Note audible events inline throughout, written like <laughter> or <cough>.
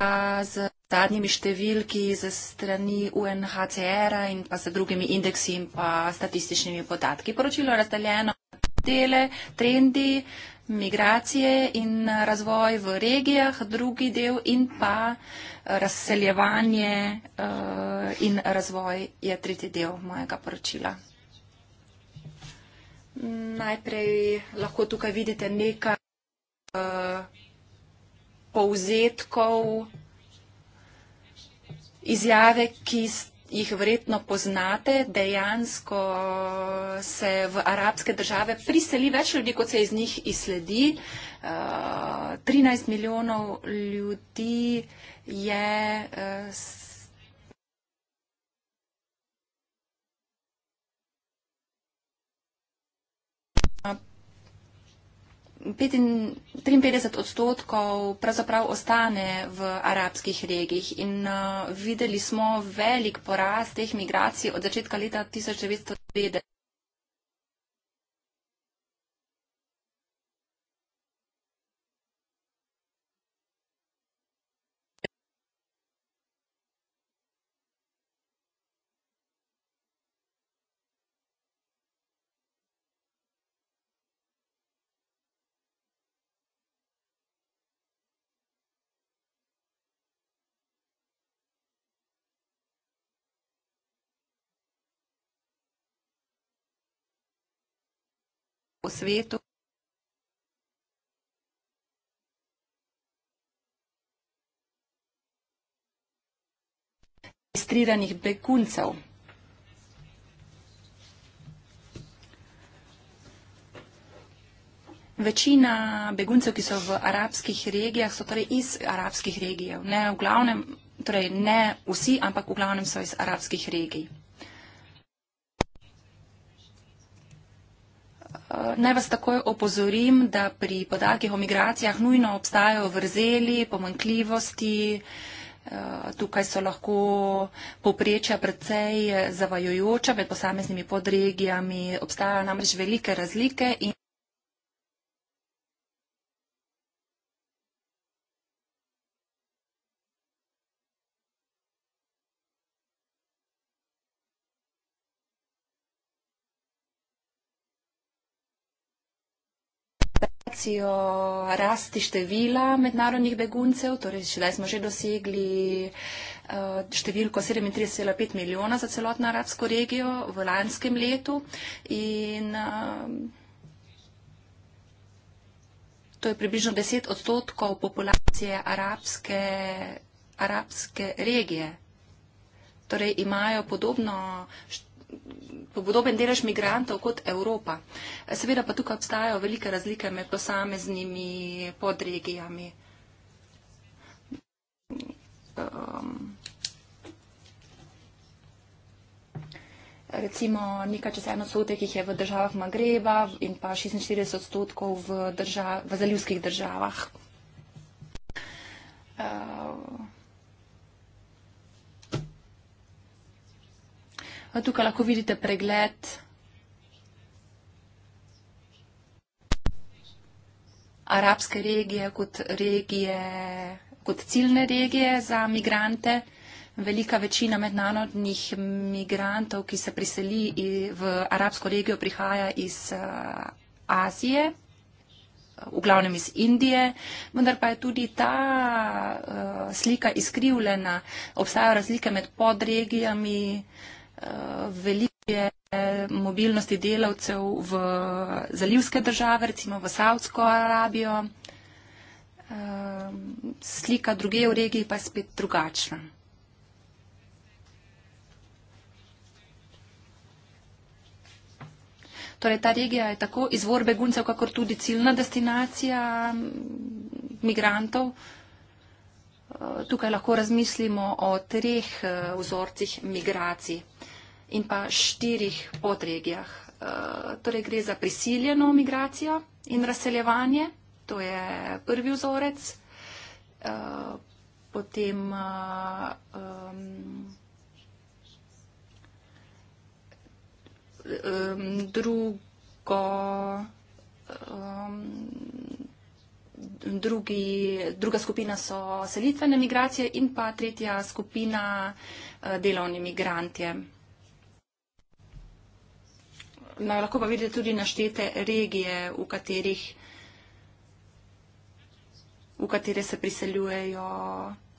pa z zadnjimi številki ze strani UNHCR-a in pa z drugimi indeksi in pa statističnimi podatki. Poročilo je razdeljeno dele, trendi, migracije in razvoj v regijah, drugi del in pa razseljevanje uh, in razvoj je tretji del mojega poročila. Najprej lahko tukaj vidite nekaj uh, povzetkov izjave, ki jih verjetno poznate, dejansko se v arabske države priseli več ljudi, kot se iz njih izsledi. 13 eh, milijonov ljudi je eh, 53 odstotkov pravzaprav ostane v arabskih regijih in uh, videli smo velik porast teh migracij od začetka leta 1990. po svetu. registriranih beguncev. Večina beguncev, ki so v arabskih regijah, so torej iz arabskih regijev. Ne v glavnem, torej ne vsi, ampak v glavnem so iz arabskih regij. Eh, naj vas takoj opozorim, da pri podatkih o migracijah nujno obstajajo vrzeli, pomankljivosti, eh, tukaj so lahko poprečja precej zavajojoča med posameznimi podregijami, obstajajo namreč velike razlike. akcijo rasti števila mednarodnih beguncev, torej sedaj smo že dosegli eh, številko 37,5 milijona za celotno arabsko regijo v lanskem letu. In, eh, To je približno 10 odstotkov populacije arabske, arabske regije. Torej imajo podobno št, podoben delež migrantov kot Evropa. Seveda pa tukaj obstajajo velike razlike med posameznimi podregijami. Um, recimo nekaj čez eno sote, ki jih je v državah Magreba in pa 46 odstotkov v, držav, v zaljivskih državah. Uh, Tukaj lahko vidite pregled. Arabske regije kot, regije kot ciljne regije za migrante. Velika večina mednarodnih migrantov, ki se priseli v arabsko regijo, prihaja iz eh, Azije, v glavnem iz Indije, vendar pa je tudi ta eh, slika izkrivljena. Obstajajo razlike med podregijami veliko je mobilnosti delavcev v zalivske države, recimo v Saudsko Arabijo. Eh, slika druge v regiji pa je spet drugačna. Torej, ta regija je tako izvor beguncev, kakor tudi ciljna destinacija mm, migrantov. Eh, tukaj lahko razmislimo o treh eh, vzorcih migracij in pa štirih podregijah. Eh, torej gre za prisiljeno migracijo in razseljevanje, to je prvi vzorec. Eh, potem um, drugo, um, drugi, druga skupina so selitvene migracije in pa tretja skupina delovni migranti na, lahko pa vidite tudi naštete regije, v, katerih, v katere se priseljujejo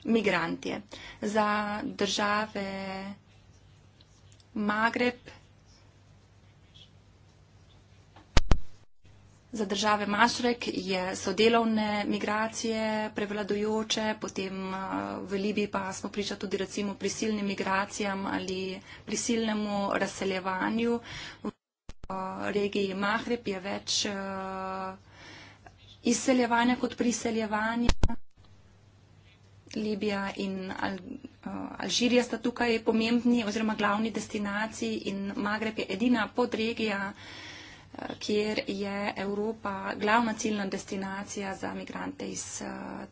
migrantje. Za države Magreb, za države Mašrek je, so delovne migracije prevladojoče, potem eh, v Libiji pa smo priča tudi recimo prisilnim migracijam ali prisilnemu razseljevanju regiji Mahreb je več eh, izseljevanja kot priseljevanja. Libija in Al eh, Alžirija sta tukaj pomembni oziroma glavni destinaciji in Magreb je edina podregija, eh, kjer je Evropa glavna ciljna destinacija za migrante iz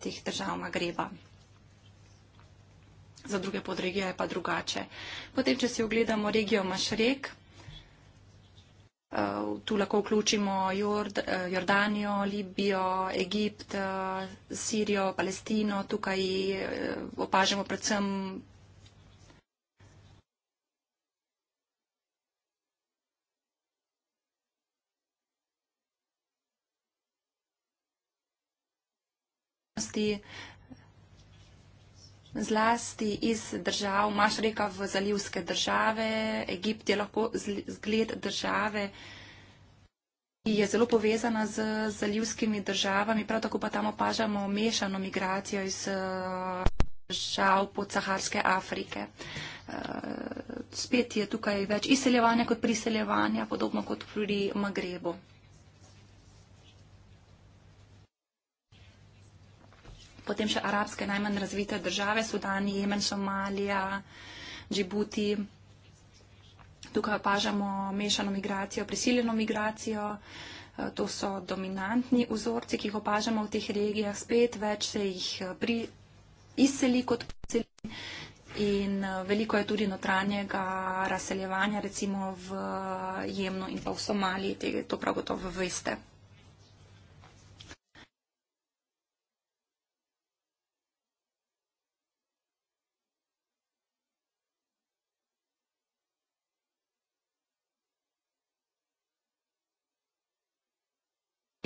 teh držav Magreba. Za druge podregije je pa drugače. Potem, če si ogledamo regijo Mašrek, Eh, tu lahko vključimo Jord, eh, Jordanijo, Libijo, Egipt, eh, Sirijo, Palestino. Tukaj opažamo predvsem. Uh, zlasti iz držav, imaš reka v zalivske države, Egipt je lahko zgled države, ki je zelo povezana z zalivskimi državami, prav tako pa tam opažamo mešano migracijo iz držav podsaharske Afrike. Spet je tukaj več izseljevanja kot priseljevanja, podobno kot pri Magrebu. potem še arabske najmanj razvite države, Sudan, Jemen, Somalija, Džibuti. Tukaj opažamo mešano migracijo, prisiljeno migracijo. Eh, to so dominantni vzorci, ki jih opažamo v teh regijah. Spet več se jih eh, pri, izseli kot priseli in eh, veliko je tudi notranjega razseljevanja, recimo v Jemnu in pa v Somaliji, te, to prav gotovo veste.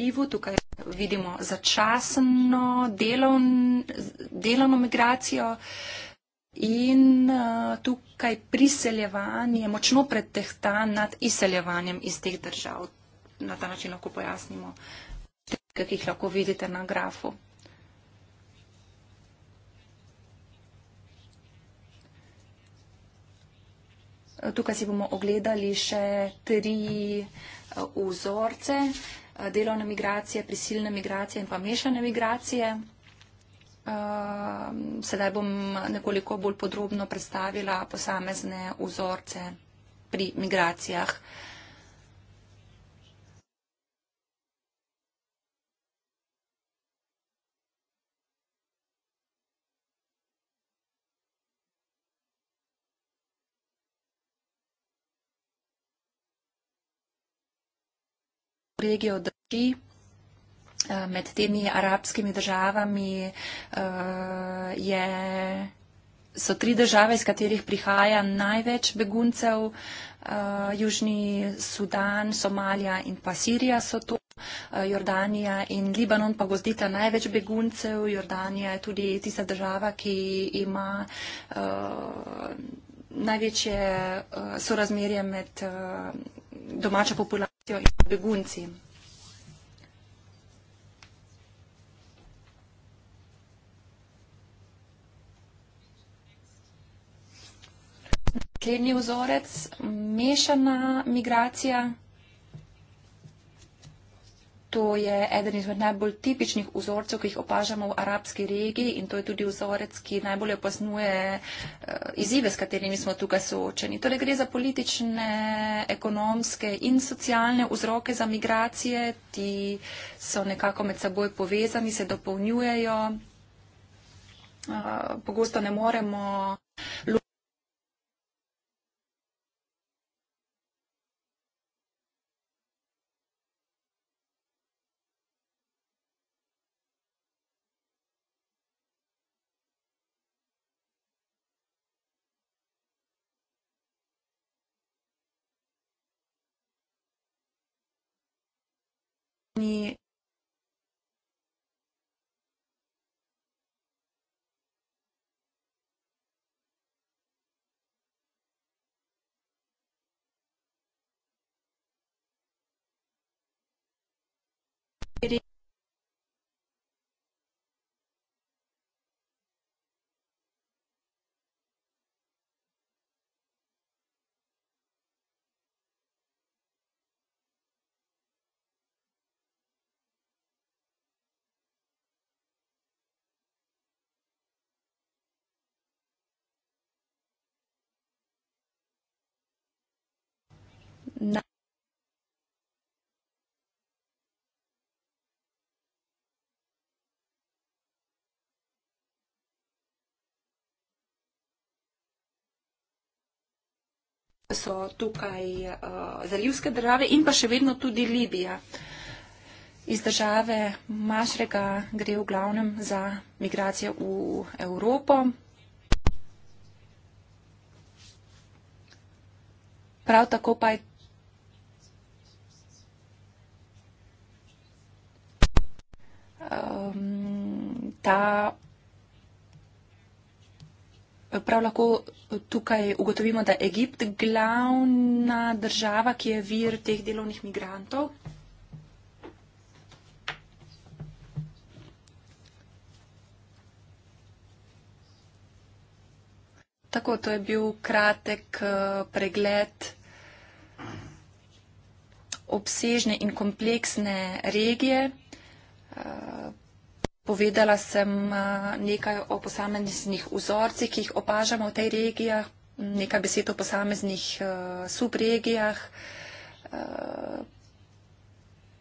vplivu. Tukaj vidimo začasno delovn, delovno migracijo in uh, tukaj priseljevanje močno pretehta nad izseljevanjem iz teh držav. Na ta način lahko pojasnimo, kak jih lahko vidite na grafu. Tukaj si bomo ogledali še tri eh, vzorce. Uh, Eh, delovne migracije, prisilne migracije in pa mešane migracije. Ehm, sedaj bom nekoliko bolj podrobno predstavila posamezne vzorce pri migracijah. regijo drži. Eh, med temi arabskimi državami uh, je, so tri države, iz katerih prihaja največ beguncev, uh, Južni Sudan, Somalija in pa Sirija so to, uh, Jordanija in Libanon pa gozdita največ beguncev. Jordanija je tudi tista država, ki ima uh, največje uh, sorazmerje med uh, domačo populacijo migracijo in begunci. Naslednji vzorec, mešana migracija. To je eden izmed najbolj tipičnih vzorcev, ki jih opažamo v arabski regiji in to je tudi vzorec, ki najbolje opaznuje eh, izzive, s katerimi smo tukaj soočeni. Torej gre za politične, ekonomske in socialne vzroke za migracije, ti so nekako med seboj povezani, se dopolnjujejo. Eh, pogosto ne moremo. ni na so tukaj uh, zalivske države in pa še vedno tudi Libija. Iz države Mašrega gre v glavnem za migracije v Evropo. Prav tako pa je um, ta, prav lahko tukaj ugotovimo, da je Egipt glavna država, ki je vir teh delovnih migrantov. Tako, to je bil kratek eh, pregled obsežne in kompleksne regije povedala sem eh, nekaj o posameznih vzorcih, ki jih opažamo v tej regijah, nekaj besed o posameznih eh, subregijah. Eh,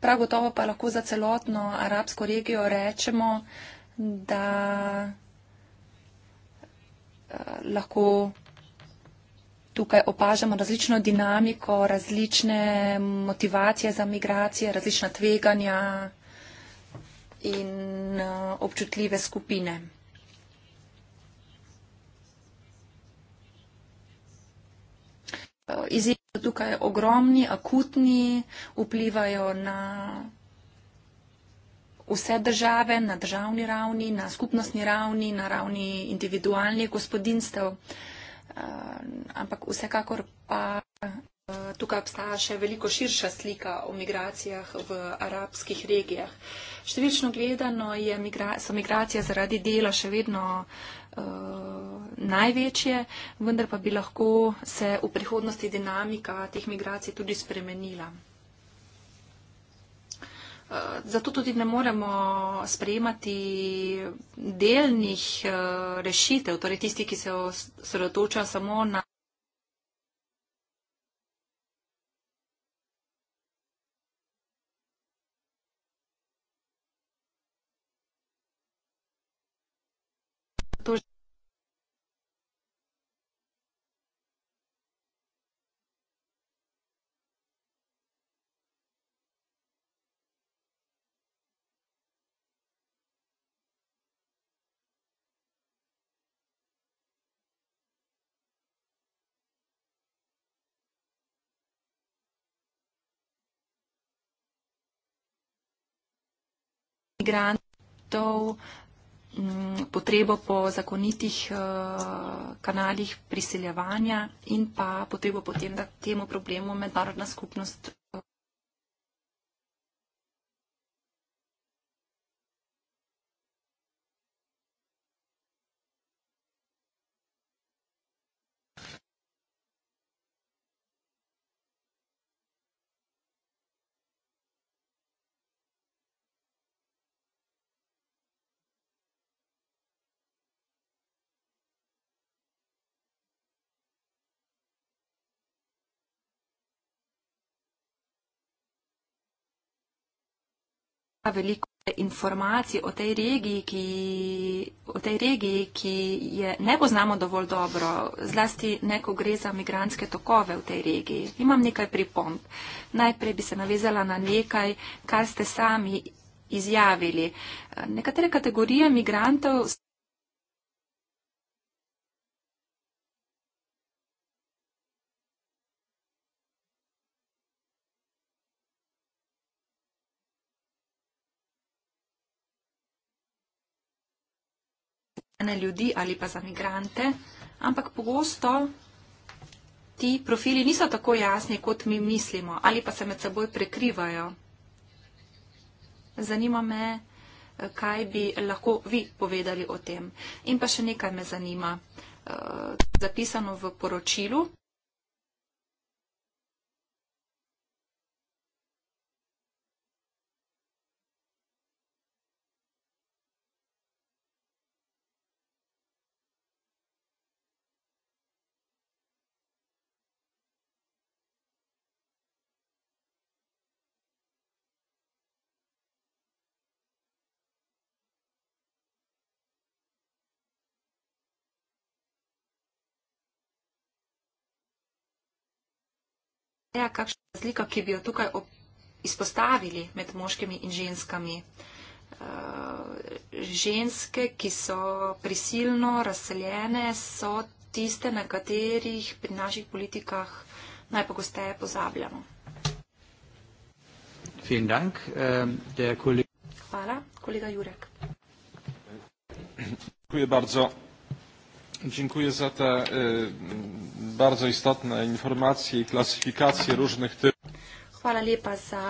prav gotovo pa lahko za celotno arabsko regijo rečemo, da lahko tukaj opažamo različno dinamiko, različne motivacije za migracije, različna tveganja in eh, občutljive skupine. Eh, izjemno so tukaj ogromni, akutni, vplivajo na vse države, na državni ravni, na skupnostni ravni, na ravni individualnih gospodinstev, eh, ampak vsekakor pa Tukaj obstaja še veliko širša slika o migracijah v arabskih regijah. Številčno gledano je, so migracije zaradi dela še vedno uh, največje, vendar pa bi lahko se v prihodnosti dinamika teh migracij tudi spremenila. Eh, zato tudi ne moremo sprejemati delnih eh, rešitev, torej tisti, ki se osredotočajo samo na. to že. migrantov, Mm, potrebo po zakonitih eh, kanalih priseljevanja in pa potrebo potem, da temu problemu mednarodna skupnost. veliko informacij o tej regiji, ki, o tej regiji, ki je, ne poznamo dovolj dobro, zlasti ne, ko gre za migranske tokove v tej regiji. Imam nekaj pripomb. Najprej bi se navezala na nekaj, kar ste sami izjavili. Nekatere kategorije migrantov. zaposlene ljudi ali pa za migrante, ampak pogosto ti profili niso tako jasni, kot mi mislimo, ali pa se med seboj prekrivajo. Zanima me, kaj bi lahko vi povedali o tem. In pa še nekaj me zanima, eh, zapisano v poročilu. Ja, kakšna razlika, ki bi jo tukaj op- izpostavili med moškimi in ženskami? Uh, ženske, ki so prisilno razseljene, so tiste, na katerih pri naših politikah najpogosteje pozabljamo. Dank, um, eh, kolega... Hvala, kolega Jurek. Hvala. Dziękuję za te bardzo istotne informacje i klasyfikacje różnych typów. Hvala lepa za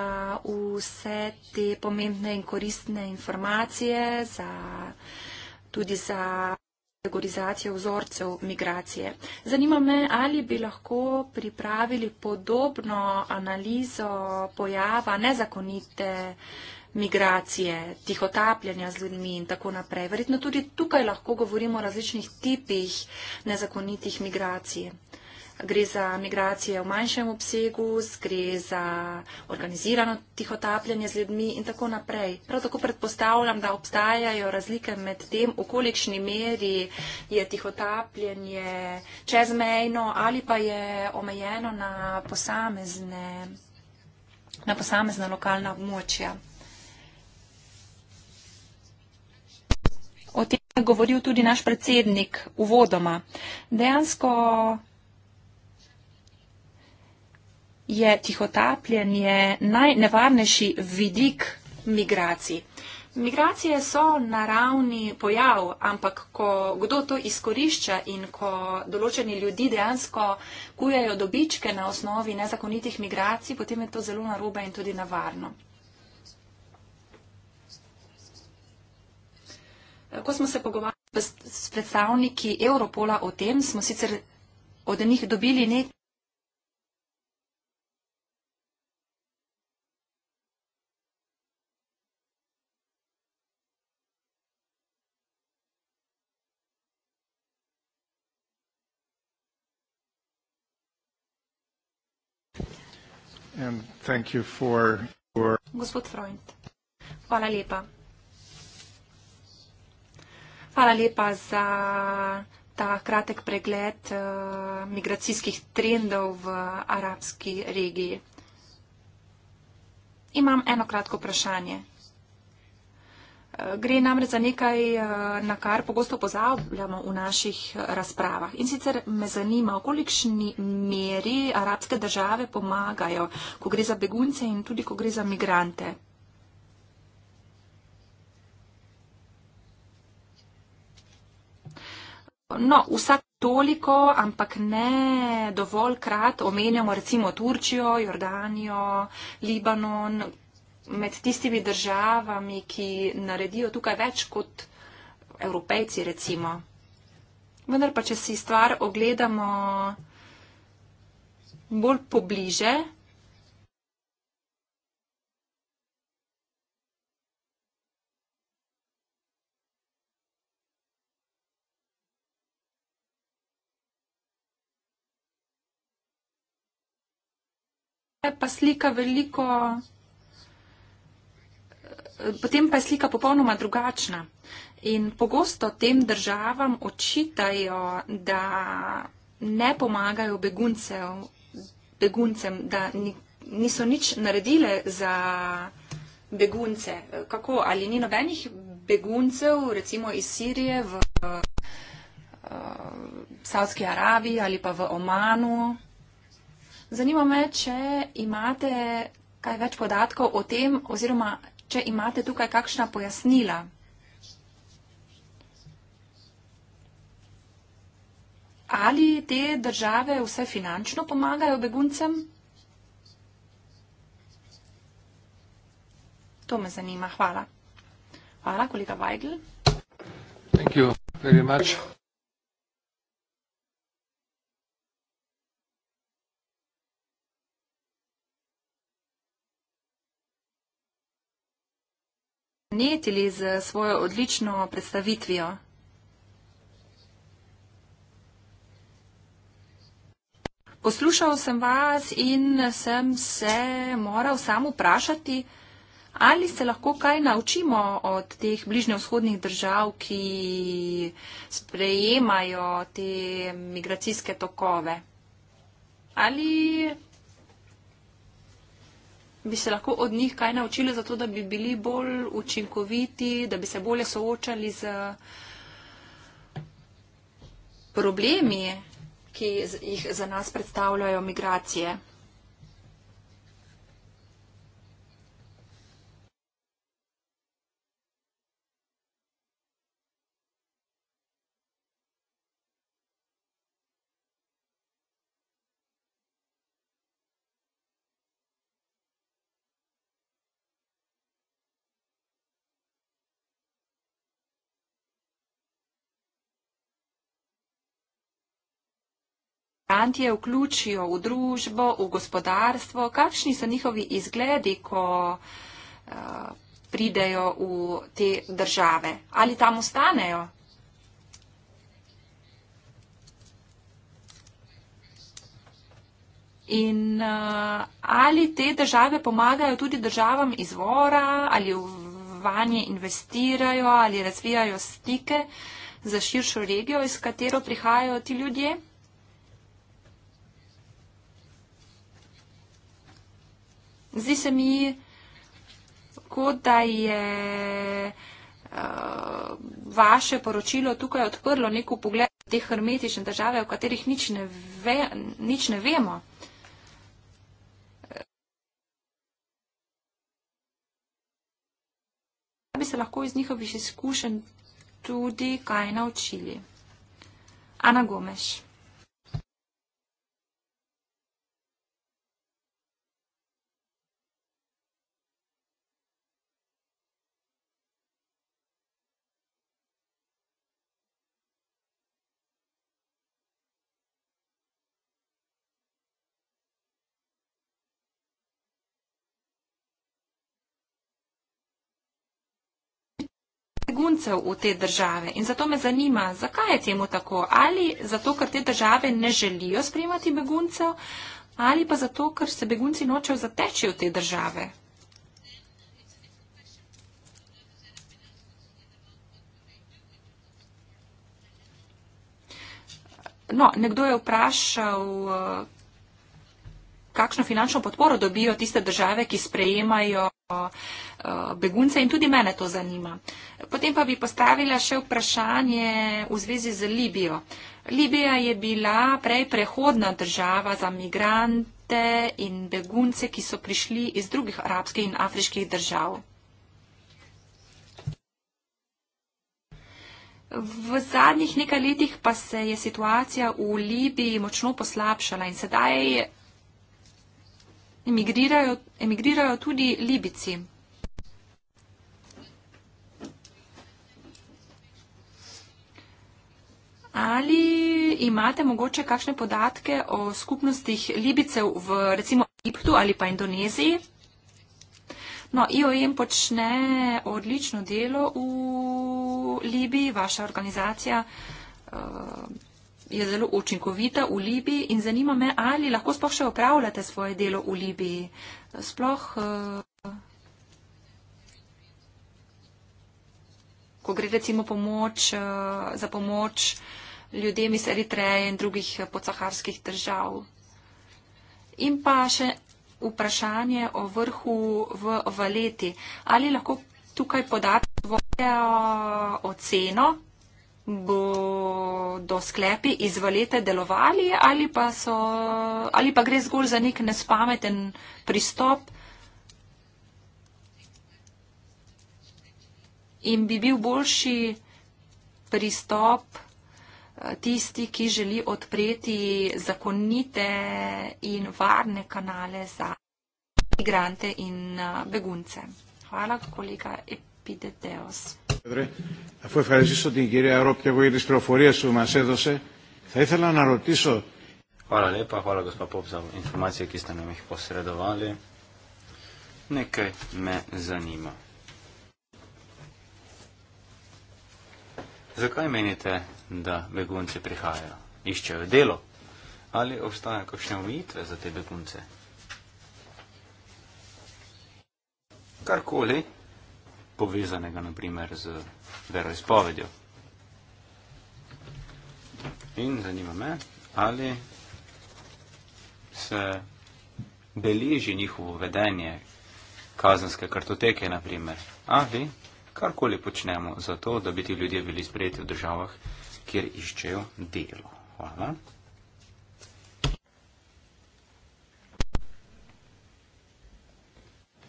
vse te pomembne in koristne informacije, za, tudi za kategorizacije vzorcev migracije. Zanima me, ali bi lahko pripravili podobno analizo pojava nezakonite migracije, tihotapljanja z ljudmi in tako naprej. Verjetno tudi tukaj lahko govorimo o različnih tipih nezakonitih migracij gre za migracije v manjšem obsegu, gre za organizirano tihotapljanje z ljudmi in tako naprej. Prav tako predpostavljam, da obstajajo razlike med tem, v kolikšni meri je tihotapljanje čezmejno ali pa je omejeno na posamezne, na posamezne lokalna območja. O tem je govoril tudi naš predsednik uvodoma. Dejansko je tihotapljenje najnevarnejši vidik migracij. Migracije so naravni pojav, ampak ko kdo to izkorišča in ko določeni ljudi dejansko kujajo dobičke na osnovi nezakonitih migracij, potem je to zelo narobe in tudi navarno. Ko smo se pogovarjali s predstavniki Europola o tem, smo sicer od njih dobili nekaj. Gospod Freund, hvala lepa. Hvala lepa za ta kratek pregled uh, migracijskih trendov v arabski regiji. Imam eno kratko vprašanje. Eh, gre namreč za nekaj, eh, na kar pogosto pozabljamo v naših razpravah. In sicer me zanima, v kolikšni meri arabske države pomagajo, ko gre za begunce in tudi, ko gre za migrante. No, vsak toliko, ampak ne dovolj krat omenjamo recimo Turčijo, Jordanijo, Libanon, med tistimi državami, ki naredijo tukaj več kot evropejci, recimo. Vendar pa, če si stvar ogledamo bolj pobliže, pa slika veliko potem pa je slika popolnoma drugačna. In pogosto tem državam očitajo, da ne pomagajo beguncev, beguncem, da niso nič naredile za begunce. Kako? Ali ni nobenih beguncev, recimo iz Sirije v, v eh, Saudski Arabiji ali pa v Omanu? Zanima me, če imate kaj več podatkov o tem, oziroma če imate tukaj kakšna pojasnila. Ali te države vse finančno pomagajo beguncem? To me zanima. Hvala. Hvala, kolega Weigl. Thank you very much. presenetili z svojo odlično predstavitvijo. Poslušal sem vas in sem se moral sam vprašati, ali se lahko kaj naučimo od teh bližnjevzhodnih držav, ki sprejemajo te migracijske tokove. Ali bi se lahko od njih kaj naučili, zato da bi bili bolj učinkoviti, da bi se bolje soočali z problemi, ki jih za nas predstavljajo migracije. fantje vključijo v družbo, v gospodarstvo, kakšni so njihovi izgledi, ko eh, pridejo v te države. Ali tam ostanejo? In eh, ali te države pomagajo tudi državam izvora, ali v vanje investirajo, ali razvijajo stike za širšo regijo, iz katero prihajajo ti ljudje? Zdi se mi, kot da je uh, vaše poročilo tukaj odprlo nek pogled te hermetične države, o katerih nič ne, ve, nič ne vemo. Da bi se lahko iz njihovih izkušenj tudi kaj naučili. Ana Gomes. beguncev v te države. In zato me zanima, zakaj je temu tako? Ali zato, ker te države ne želijo sprejemati beguncev, ali pa zato, ker se begunci nočejo zateči v te države? No, nekdo je vprašal, kakšno finančno podporo dobijo tiste države, ki sprejemajo uh, begunce in tudi mene to zanima. Potem pa bi postavila še vprašanje v zvezi z Libijo. Libija je bila prej prehodna država za migrante in begunce, ki so prišli iz drugih arabskih in afriških držav. V zadnjih nekaj letih pa se je situacija v Libiji močno poslabšala in sedaj emigrirajo, emigrirajo tudi Libici. Ali imate mogoče kakšne podatke o skupnostih Libicev v recimo Egiptu ali pa Indoneziji? No, IOM počne odlično delo v Libiji, vaša organizacija. Uh, je zelo učinkovita v Libiji in zanima me, ali lahko sploh še opravljate svoje delo v Libiji. Sploh, eh, ko gre recimo pomoč, eh, za pomoč ljudem iz Eritreje in drugih podsaharskih držav. In pa še vprašanje o vrhu v Valeti. Ali lahko tukaj podate svojo oceno? bodo sklepi iz valete delovali ali pa, so, ali pa gre zgolj za nek nespameten pristop in bi bil boljši pristop eh, tisti, ki želi odpreti zakonite in varne kanale za migrante in eh, begunce. Hvala, kolega Epideteos. Πρόεδρε, αφού ευχαριστήσω την κυρία Ρόπ και εγώ για τις πληροφορίες που μας έδωσε, θα ήθελα να ρωτήσω... Hvala lepa, hvala gospod Pop za informacije, ki ste nam jih posredovali. Nekaj me zanima. Zakaj menite, da begunci prihajajo? Iščejo delo? Ali obstajajo kakšne omejitve za te begunce? Karkoli, povezanega naprimer z veroizpovedjo. In zanima me, ali se beleži njihovo vedenje kazenske kartoteke, naprimer, ali karkoli počnemo za to, da bi ti ljudje bili sprejeti v državah, kjer iščejo delo. Hvala.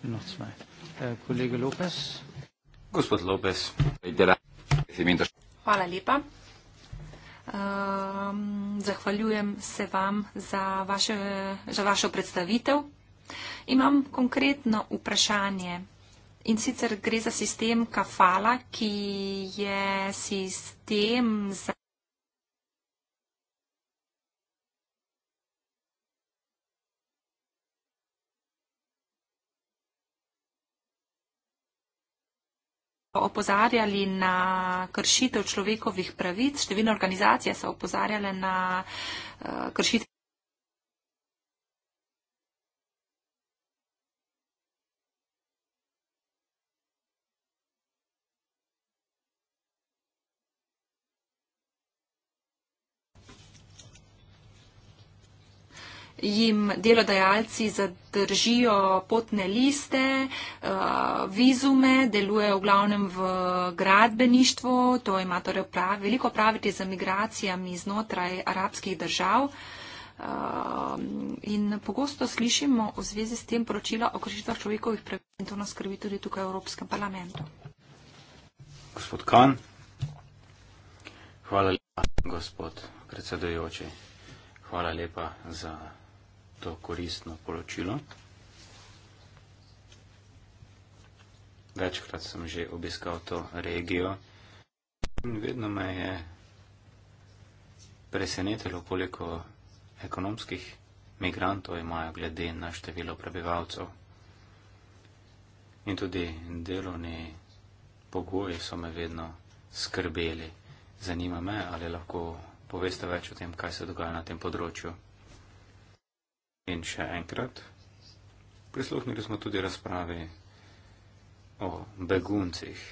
Not smart. Uh, colleague Lopez. Gospod Lopes, predsednik. Hvala lepa. Um, zahvaljujem se vam za, vaše, za vašo predstavitev. Imam konkretno vprašanje. In sicer gre za sistem Kafala, ki je sistem za. opozarjali na kršitev človekovih pravic, številne organizacije so opozarjale na eh, kršitev. jim delodajalci zadržijo potne liste, eh, vizume, delujejo v glavnem v gradbeništvu, to ima torej prav, veliko praviti za migracijami znotraj arabskih držav. Eh, in pogosto slišimo v zvezi s tem poročila o kršitvah človekovih pravic in to nas skrbi tudi tukaj v Evropskem parlamentu. Gospod Kan, hvala lepa, gospod predsedujoči. Hvala lepa za to koristno poročilo. Večkrat sem že obiskal to regijo in vedno me je presenetilo, koliko ekonomskih migrantov imajo glede na število prebivalcev. In tudi delovni pogoji so me vedno skrbeli. Zanima me, ali lahko poveste več o tem, kaj se dogaja na tem področju. In še enkrat, prisluhnili smo tudi razpravi o beguncih.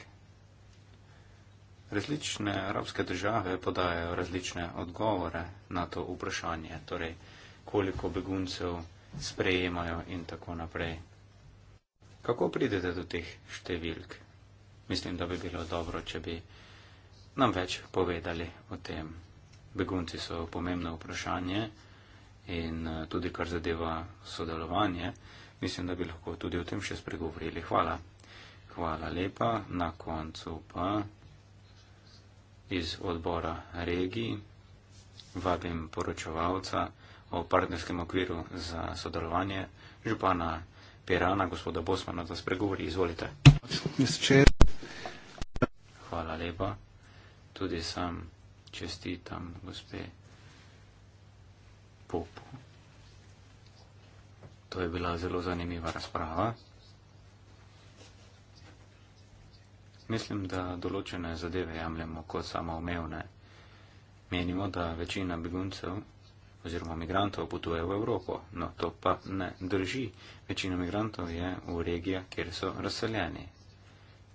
Različne arabske države podajajo različne odgovore na to vprašanje, torej koliko beguncev sprejemajo in tako naprej. Kako pridete do teh številk? Mislim, da bi bilo dobro, če bi nam več povedali o tem. Begunci so pomembno vprašanje in eh, tudi kar zadeva sodelovanje. Mislim, da bi lahko tudi o tem še spregovorili. Hvala. Hvala lepa. Na koncu pa iz odbora regij vabim poročevalca o partnerskem okviru za sodelovanje župana Pirana, gospoda Bosmana, da spregovori. Izvolite. Hvala lepa. Tudi sam čestitam gospe popu. To je bila zelo zanimiva razprava. Mislim, da določene zadeve jemljemo kot samoumevne. Menimo, da večina beguncev oziroma migrantov potuje v Evropo, no to pa ne drži. Večina migrantov je v regijah, kjer so razseljeni.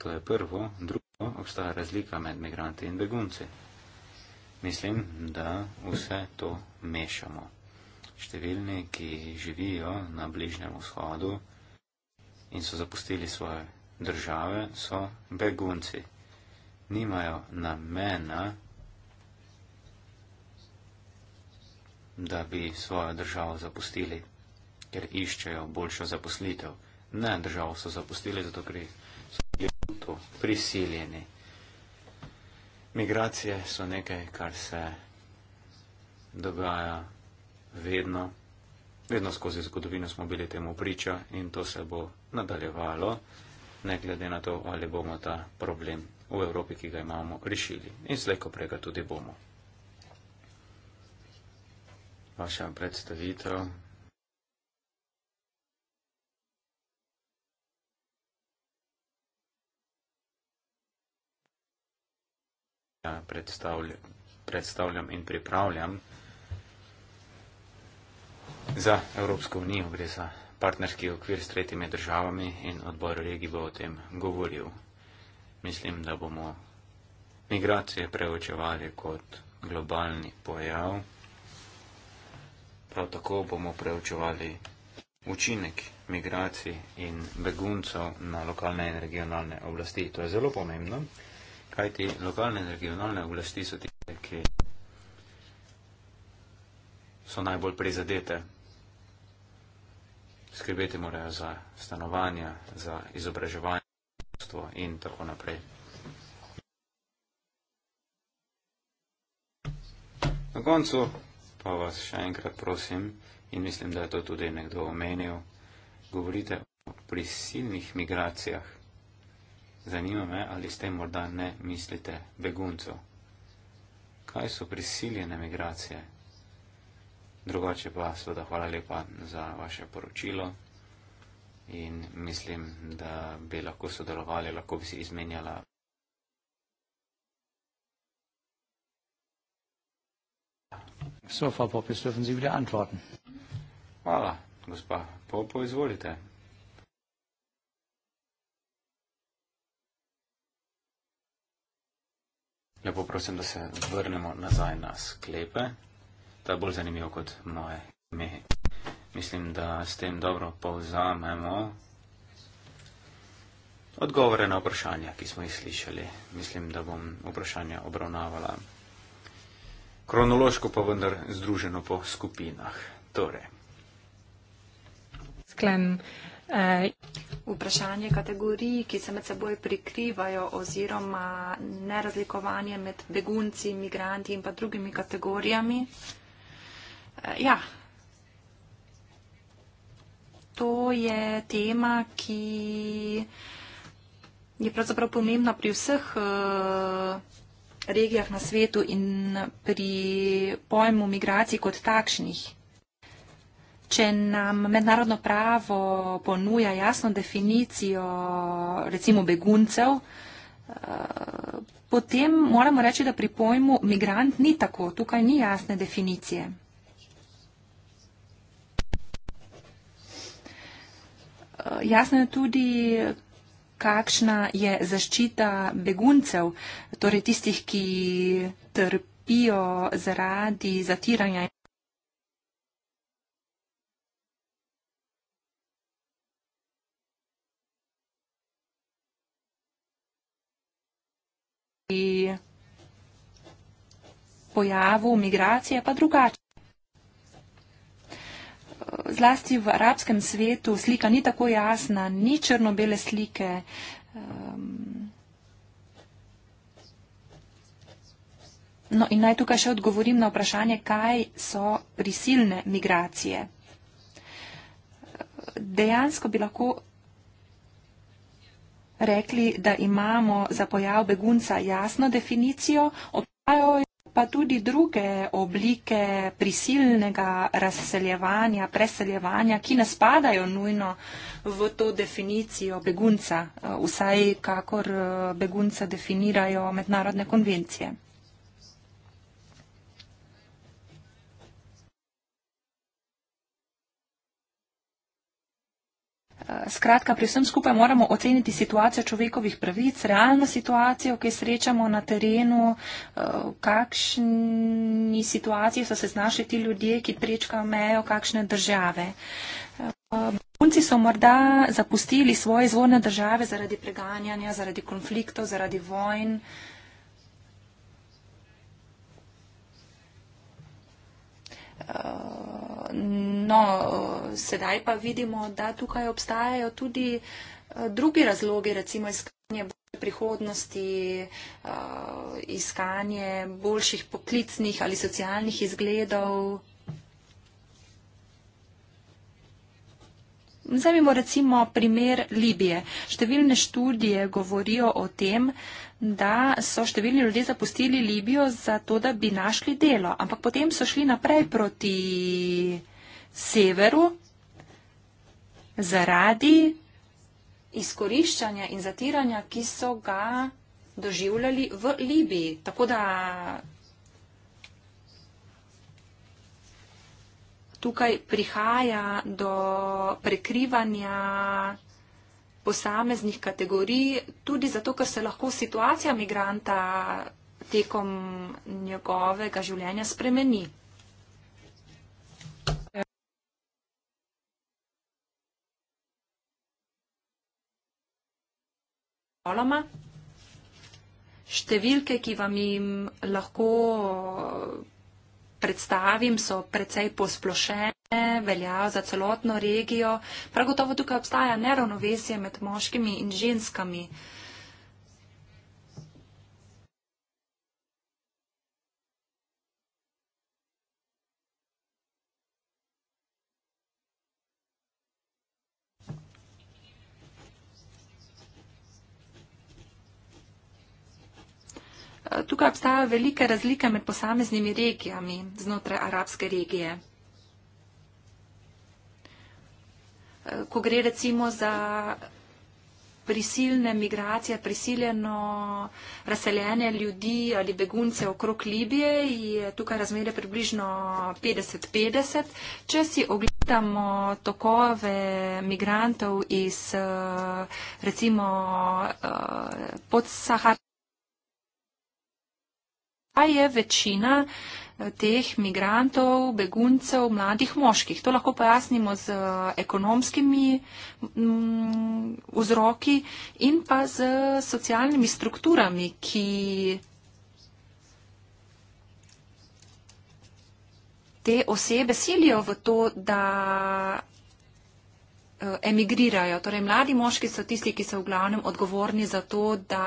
To je prvo, drugo, obstaja razlika med migranti in begunci. Mislim, da vse to mešamo številni, ki živijo na Bližnjem vzhodu in so zapustili svoje države, so begunci. Nimajo namena, da bi svojo državo zapustili, ker iščejo boljšo zaposlitev. Ne, državo so zapustili, zato ker so bili tu prisiljeni. Migracije so nekaj, kar se dogaja vedno, vedno skozi zgodovino smo bili temu priča in to se bo nadaljevalo, ne glede na to, ali bomo ta problem v Evropi, ki ga imamo, rešili. In slejko prega tudi bomo. Vaša predstavitev. Ja, predstavljam in pripravljam. Za Evropsko unijo gre za partnerski okvir s tretjimi državami in odbor regij bo o tem govoril. Mislim, da bomo migracije preučevali kot globalni pojav. Prav tako bomo preučevali učinek migracij in beguncov na lokalne in regionalne oblasti. To je zelo pomembno, kajti lokalne in regionalne oblasti so tiste, ki so najbolj prizadete skrbeti morajo za stanovanja, za izobraževanje in tako naprej. Na koncu pa vas še enkrat prosim in mislim, da je to tudi nekdo omenil, govorite o prisilnih migracijah. Zanima me, ali ste morda ne mislite beguncev. Kaj so prisiljene migracije? Drugače pa seveda hvala lepa za vaše poročilo in mislim, da bi lahko sodelovali, lahko bi si izmenjala. So, Frau Popis, dürfen Sie wieder antworten. Hvala, gospa Popo, izvolite. Lepo prosim, da se vrnemo nazaj na sklepe da bolj zanimivo kot moje ime. Mislim, da s tem dobro povzamemo odgovore na vprašanja, ki smo jih slišali. Mislim, da bom vprašanja obravnavala kronološko, pa vendar združeno po skupinah. Torej. Sklen. Eh, Vprašanje kategorij, ki se med seboj prikrivajo oziroma nerazlikovanje med begunci, imigranti in pa drugimi kategorijami. Uh, ja. To je tema, ki je pravzaprav pomembna pri vseh eh, regijah na svetu in pri pojmu migracij kot takšnih. Če nam mednarodno pravo ponuja jasno definicijo recimo beguncev, eh, potem moramo reči, da pri pojmu migrant ni tako, tukaj ni jasne definicije. Jasno je tudi, kakšna je zaščita beguncev, torej tistih, ki trpijo zaradi zatiranja. pojavu migracije pa drugače zlasti v arabskem svetu slika ni tako jasna, ni črno-bele slike. Um, no in naj tukaj še odgovorim na vprašanje, kaj so prisilne migracije. Dejansko bi lahko rekli, da imamo za pojav begunca jasno definicijo pa tudi druge oblike prisilnega razseljevanja, preseljevanja, ki ne spadajo nujno v to definicijo begunca, eh, vsaj kakor eh, begunca definirajo mednarodne konvencije. Skratka, pri vsem skupaj moramo oceniti situacijo človekovih pravic, realno situacijo, ki srečamo na terenu, v eh, kakšni situaciji so se znašli ti ljudje, ki prečkajo mejo, kakšne države. Eh, Bunci so morda zapustili svoje izvorne države zaradi preganjanja, zaradi konfliktov, zaradi vojn. Uh, No, sedaj pa vidimo, da tukaj obstajajo tudi eh, drugi razlogi, recimo iskanje boljše prihodnosti, eh, iskanje boljših poklicnih ali socialnih izgledov. Zajmimo recimo primer Libije. Številne študije govorijo o tem, da da so številni ljudje zapustili Libijo za to, da bi našli delo. Ampak potem so šli naprej proti severu zaradi izkoriščanja in zatiranja, ki so ga doživljali v Libiji. Tako da tukaj prihaja do prekrivanja posameznih kategorij, tudi zato, ker se lahko situacija migranta tekom njegovega življenja spremeni. Številke, ki vam jim lahko predstavim, so precej posplošene, veljajo za celotno regijo. Prav gotovo tukaj obstaja neravnovesje med moškimi in ženskami. Uh, tukaj obstajajo velike razlike med posameznimi regijami znotraj arabske regije. Eh, ko gre recimo za prisilne migracije, prisiljeno razseljenje ljudi ali begunce okrog Libije, je tukaj razmerje približno 50-50. Če si ogledamo tokove migrantov iz eh, recimo eh, podsaharskih, pa je večina eh, teh migrantov, beguncev, mladih moških. To lahko pojasnimo z eh, ekonomskimi mm, vzroki in pa z socialnimi strukturami, ki te osebe silijo v to, da Eh, emigrirajo. Torej, mladi moški so tisti, ki so v glavnem odgovorni za to, da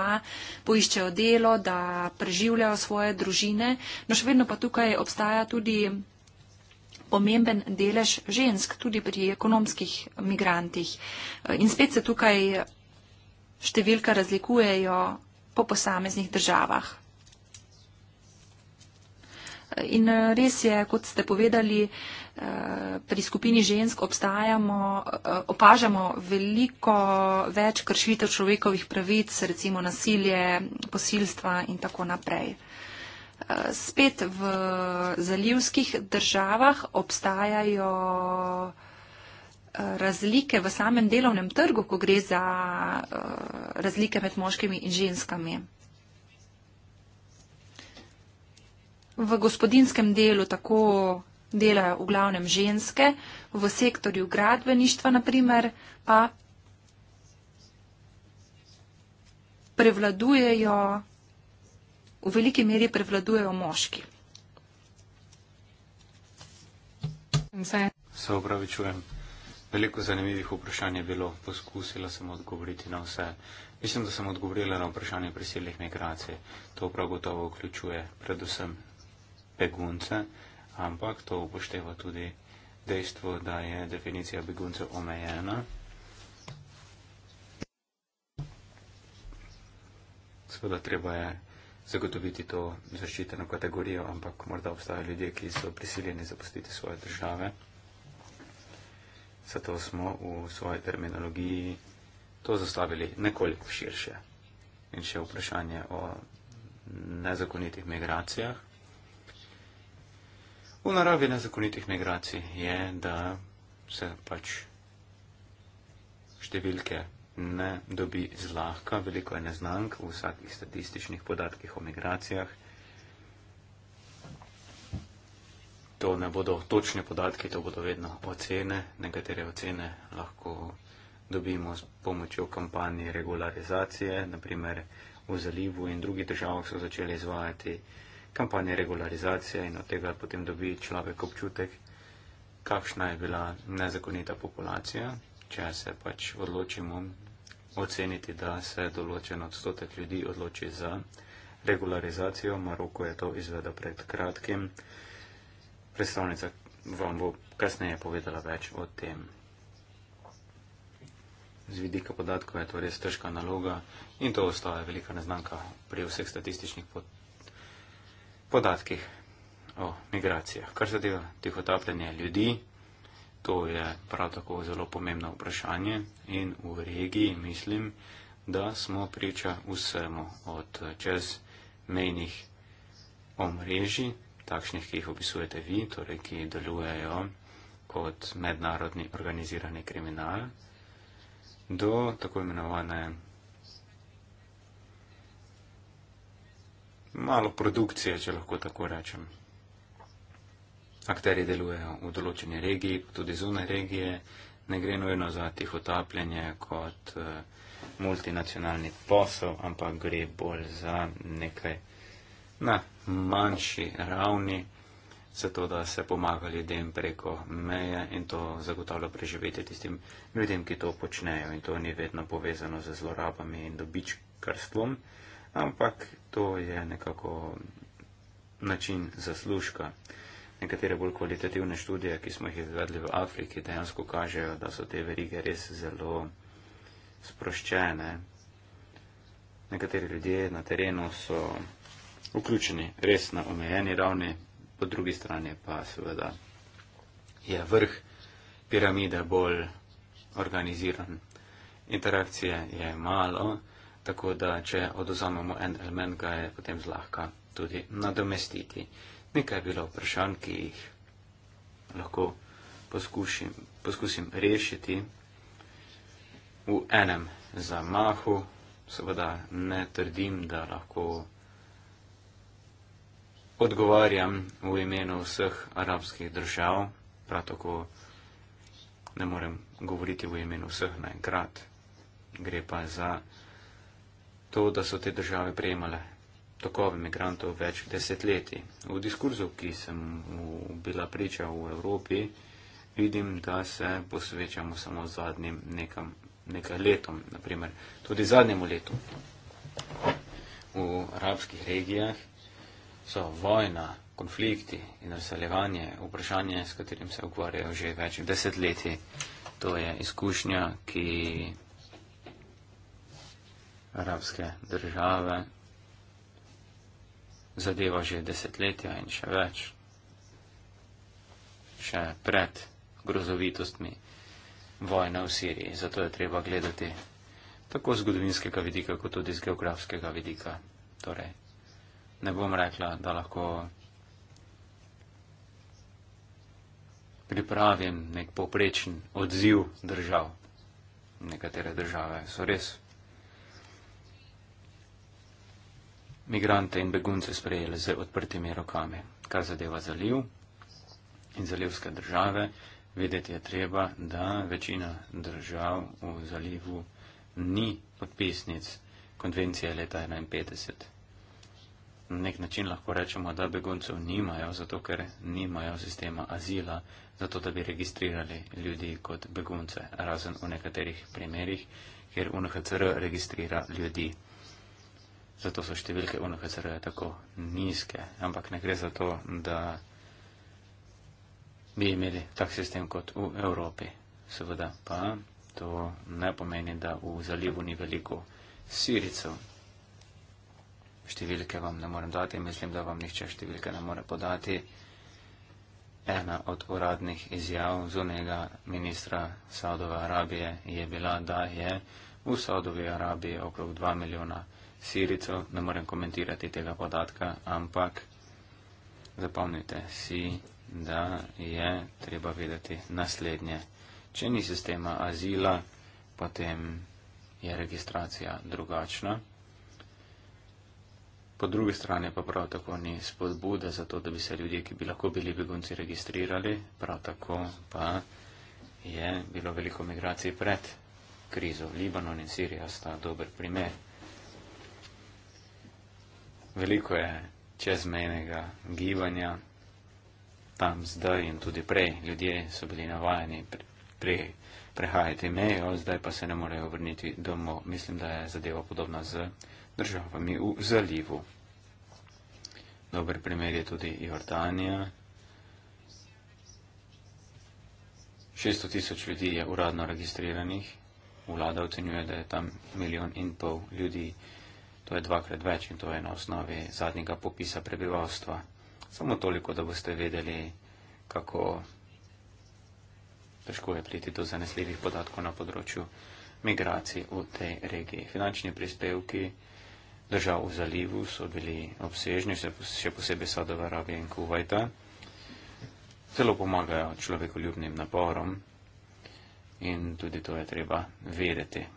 poiščejo delo, da preživljajo svoje družine. No, še vedno pa tukaj obstaja tudi pomemben delež žensk, tudi pri ekonomskih migrantih. Eh, in spet se tukaj številka razlikujejo po posameznih državah in eh, res je, kot ste povedali, eh, pri skupini žensk obstajamo, eh, opažamo veliko več kršitev človekovih pravic, recimo nasilje, posilstva in tako naprej. Spet v zalivskih državah obstajajo razlike v samem delovnem trgu, ko gre za razlike med moškimi in ženskami. V gospodinskem delu tako delajo v glavnem ženske, v sektorju gradbeništva naprimer pa prevladujejo, v veliki meri prevladujejo moški. Se upravičujem. Veliko zanimivih vprašanj je bilo, poskusila sem odgovoriti na vse. Mislim, da sem odgovorila na vprašanje prisilnih migracij. To prav gotovo vključuje predvsem begunca, ampak to upošteva tudi dejstvo, da je definicija begunca omejena. Seveda treba je zagotoviti to zaščiteno kategorijo, ampak morda obstajajo ljudje, ki so prisiljeni zapustiti svoje države. Zato smo v svoji terminologiji to zastavili nekoliko širše. In še vprašanje o nezakonitih migracijah. V naravi nezakonitih migracij je, da se pač številke ne dobi zlahka, veliko je neznank v vsakih statističnih podatkih o migracijah. To ne bodo točne podatke, to bodo vedno ocene. Nekatere ocene lahko dobimo s pomočjo kampanje regularizacije. Naprimer v Zalivu in drugih državah so začeli izvajati kampanje regularizacije in od tega potem dobi človek občutek, kakšna je bila nezakonita populacija, če se pač odločimo oceniti, da se določen odstotek ljudi odloči za regularizacijo. Maroko je to izvedel pred kratkim. Predstavnica vam bo kasneje povedala več o tem. Z vidika podatkov je to res težka naloga in to ostaja velika neznanka pri vseh statističnih podatkih podatkih o migracijah. Kar zadeva tihotapljanje ljudi, to je prav tako zelo pomembno vprašanje in v regiji mislim, da smo priča vsemu od čez mejnih omrežij, takšnih, ki jih opisujete vi, torej ki delujejo kot mednarodni organizirani kriminal, do tako imenovane malo produkcije, če lahko tako rečem. Akteri delujejo v določeni regiji, tudi zunaj regije, ne gre nujno za tihotapljanje kot eh, multinacionalni posel, ampak gre bolj za nekaj na manjši ravni, zato da se pomaga ljudem preko meje in to zagotavlja preživetje tistim ljudem, ki to počnejo in to ni vedno povezano z zlorabami in dobičkarstvom ampak to je nekako način zaslužka. Nekatere bolj kvalitativne študije, ki smo jih izvedli v Afriki, dejansko kažejo, da so te verige res zelo sproščene. Nekateri ljudje na terenu so vključeni res na omejeni ravni, po drugi strani pa seveda je vrh piramide bolj organiziran. Interakcije je malo tako da če oduzamemo en element, ga je potem zlahka tudi nadomestiti. Nekaj je bilo vprašanj, ki jih lahko poskušim, poskusim rešiti v enem zamahu. Seveda ne trdim, da lahko odgovarjam v imenu vseh arabskih držav, prav tako ne morem govoriti v imenu vseh naenkrat. Gre pa za to, da so te države prejemale tokove imigrantov več desetletij. V diskurzu, ki sem v, bila priča v Evropi, vidim, da se posvečamo samo zadnjim nekam, nekaj letom, naprimer tudi zadnjemu letu. V arabskih regijah so vojna, konflikti in razseljevanje vprašanje, s katerim se ukvarjajo že več desetletij. To je izkušnja, ki arabske države zadeva že desetletja in še več, še pred grozovitostmi vojne v Siriji. Zato je treba gledati tako z zgodovinskega vidika, kot tudi z geografskega vidika. Torej, ne bom rekla, da lahko pripravim nek poprečen odziv držav. Nekatere države so res migrante in begunce sprejeli z odprtimi rokami. Kar zadeva zaliv in zalivske države, vedeti je treba, da večina držav v zalivu ni podpisnic konvencije leta 1951. Na nek način lahko rečemo, da beguncev nimajo, zato ker nimajo sistema azila, zato da bi registrirali ljudi kot begunce, razen v nekaterih primerjih, kjer UNHCR registrira ljudi zato so številke UNHCR tako nizke. Ampak ne gre za to, da bi imeli tak sistem kot v Evropi. Seveda pa to ne pomeni, da v zalivu ni veliko siricev. Številke vam ne morem dati, mislim, da vam nihče številke ne more podati. Ena od uradnih izjav zunega ministra Saudove Arabije je bila, da je v Saudovi Arabiji okrog 2 milijona Sirico, ne morem komentirati tega podatka, ampak zapomnite si, da je treba vedeti naslednje. Če ni sistema azila, potem je registracija drugačna. Po drugi strani pa prav tako ni spodbude za to, da bi se ljudje, ki bi lahko bili begunci, registrirali, prav tako pa je bilo veliko migracij pred krizo. Libanon in Sirija sta dober primer veliko je čezmejnega gibanja tam zdaj in tudi prej. Ljudje so bili navajeni pre, pre, prehajati mejo, zdaj pa se ne morejo vrniti domov. Mislim, da je zadeva podobna z državami v zalivu. Dober primer je tudi Jordanija. 600 tisoč ljudi je uradno registriranih, vlada ocenjuje, da je tam milijon in pol ljudi. To je dvakrat več in to je na osnovi zadnjega popisa prebivalstva. Samo toliko, da boste vedeli, kako težko je priti do zanesljivih podatkov na področju migracij v tej regiji. Finančni prispevki držav v zalivu so bili obsežni, še posebej Sadova, Arabija in Kuwaita. Celo pomagajo človekoljubnim naporom in tudi to je treba vedeti.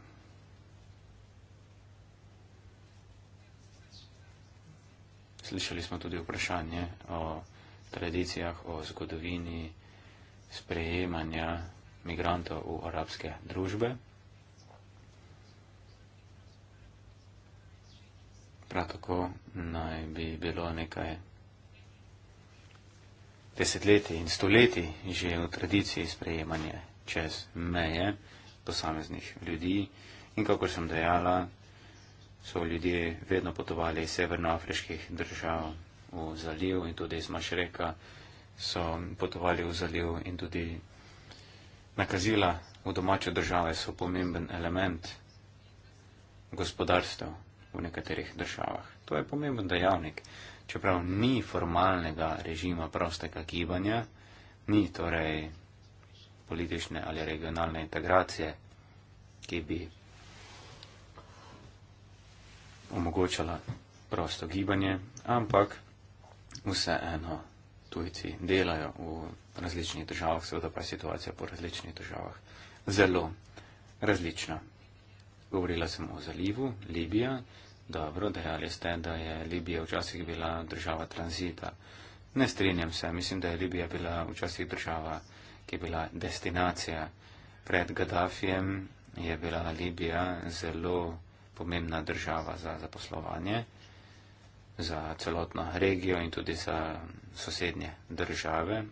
slišali smo tudi vprašanje o tradicijah, o zgodovini sprejemanja migrantov v arabske družbe. Prav tako naj bi bilo nekaj desetletij in stoletij že v tradiciji sprejemanje čez meje posameznih ljudi. In kako sem dejala, so ljudje vedno potovali iz severnoafriških držav v zaliv in tudi iz Mašreka so potovali v zaliv in tudi nakazila v domače države so pomemben element gospodarstva v nekaterih državah. To je pomemben dejavnik. Čeprav ni formalnega režima prostega gibanja, ni torej politične ali regionalne integracije, ki bi omogočala prosto gibanje, ampak vseeno tujci delajo v različnih državah, seveda pa je situacija po različnih državah zelo različna. Govorila sem o zalivu Libija. Dobro, dejali ste, da je Libija včasih bila država tranzita. Ne strinjam se, mislim, da je Libija bila včasih država, ki je bila destinacija. Pred Gaddafijem je bila Libija zelo pomembna država za zaposlovanje, za celotno regijo in tudi za sosednje države.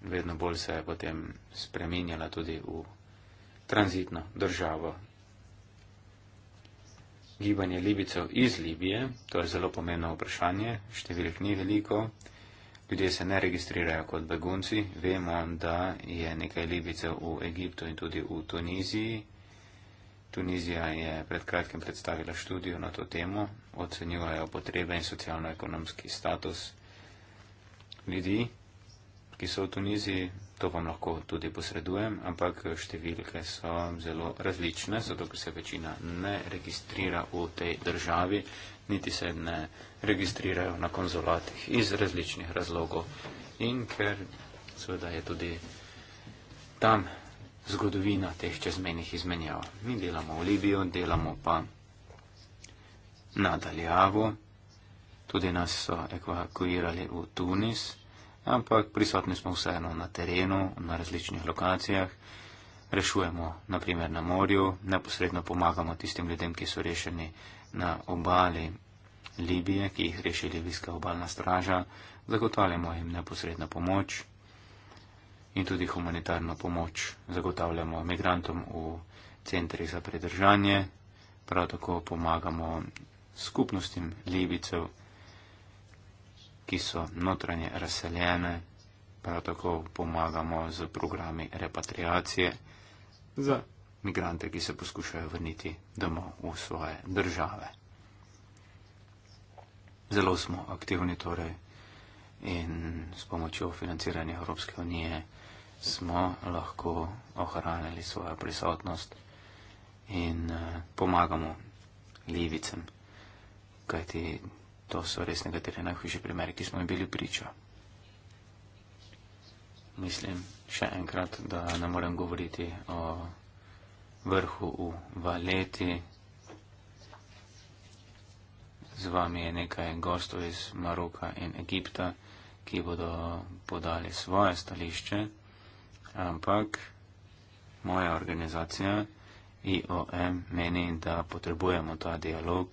Vedno bolj se je potem spreminjala tudi v tranzitno državo. Gibanje Libicev iz Libije, to je zelo pomembno vprašanje, številk ni veliko ljudje se ne registrirajo kot begunci. Vemo, da je nekaj Libicev v Egiptu in tudi v Tuniziji. Tunizija je pred kratkim predstavila študijo na to temo, ocenjujejo potrebe in socialno-ekonomski status ljudi, ki so v Tuniziji, to vam lahko tudi posredujem, ampak številke so zelo različne, zato ker se večina ne registrira v tej državi, niti se ne registrirajo na konzulatih iz različnih razlogov in ker seveda je tudi tam zgodovina teh čezmenih izmenjav. Mi delamo v Libijo, delamo pa nadaljavo, tudi nas so evakuirali v Tunis, ampak prisotni smo vseeno na terenu, na različnih lokacijah, rešujemo naprimer na morju, neposredno pomagamo tistim ljudem, ki so rešeni na obali Libije, ki jih reši libijska obalna straža, zagotavljamo jim neposredno pomoč in tudi humanitarno pomoč zagotavljamo migrantom v centri za predržanje, prav tako pomagamo skupnostim libicev, ki so notranje razseljene, prav tako pomagamo z programi repatriacije za migrante, ki se poskušajo vrniti domov v svoje države zelo smo aktivni torej in s pomočjo financiranja Evropske unije smo lahko ohranili svojo prisotnost in uh, pomagamo Livicem, kajti to so res nekateri najhujši primeri, ki smo jim bili priča. Mislim še enkrat, da ne morem govoriti o vrhu v Valeti. Z vami je nekaj gostov iz Maroka in Egipta, ki bodo podali svoje stališče, ampak moja organizacija IOM meni, da potrebujemo ta dialog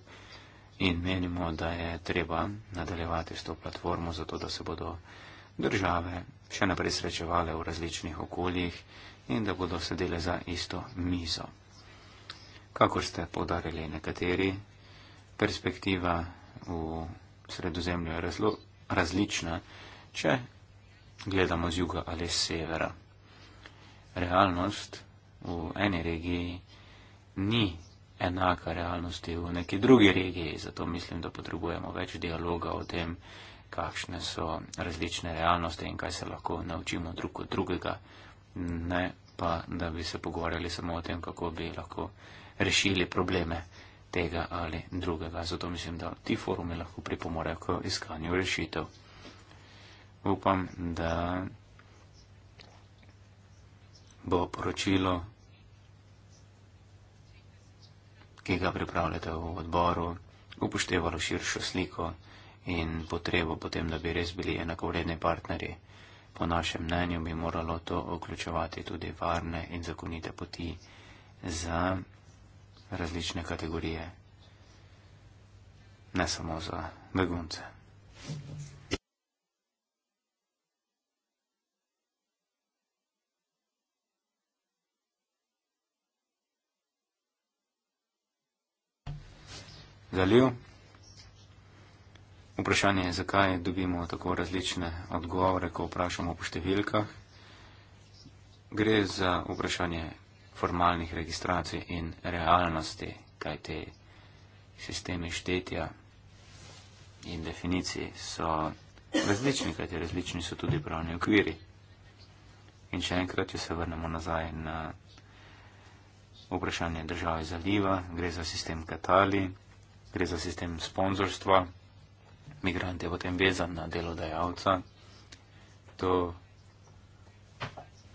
in menimo, da je treba nadaljevati s to platformo, zato da se bodo države še naprej srečevale v različnih okoljih in da bodo sedele za isto mizo. Kakor ste podarili nekateri, perspektiva v sredozemlju je razlo, različna, če gledamo z juga ali z severa. Realnost v eni regiji ni enaka realnosti v neki drugi regiji, zato mislim, da potrebujemo več dialoga o tem, kakšne so različne realnosti in kaj se lahko naučimo drug od drugega, ne pa, da bi se pogovarjali samo o tem, kako bi lahko rešili probleme tega ali drugega. Zato mislim, da ti forumi lahko pripomorejo k iskanju rešitev. Upam, da bo poročilo, ki ga pripravljate v odboru, upoštevalo širšo sliko in potrebo potem, da bi res bili enakovredni partnerji. Po našem mnenju bi moralo to vključevati tudi varne in zakonite poti za različne kategorije, ne samo za begunce. Zaliv. Vprašanje je, zakaj dobimo tako različne odgovore, ko vprašamo po številkah. Gre za vprašanje, formalnih registracij in realnosti, kaj te sistemi štetja in definicij so različni, kaj te različni so tudi pravni okviri. In še enkrat, če se vrnemo nazaj na vprašanje države zaliva, gre za sistem Katali, gre za sistem sponzorstva, migrant je potem vezan na delodajalca. To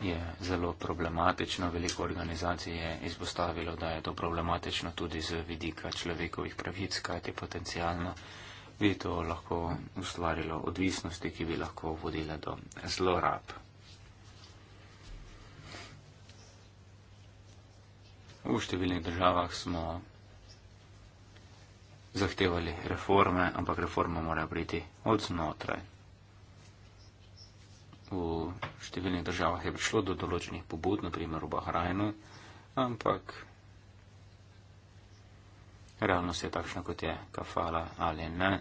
je zelo problematično. Veliko organizacij je izpostavilo, da je to problematično tudi z vidika človekovih pravic, kajti potencijalno bi to lahko ustvarilo odvisnosti, ki bi lahko vodile do zlorab. V številnih državah smo zahtevali reforme, ampak reforma mora priti od znotraj. V številnih državah je prišlo do določenih pobud, naprimer v Bahrajnu, ampak realnost je takšna, kot je kafala ali ne.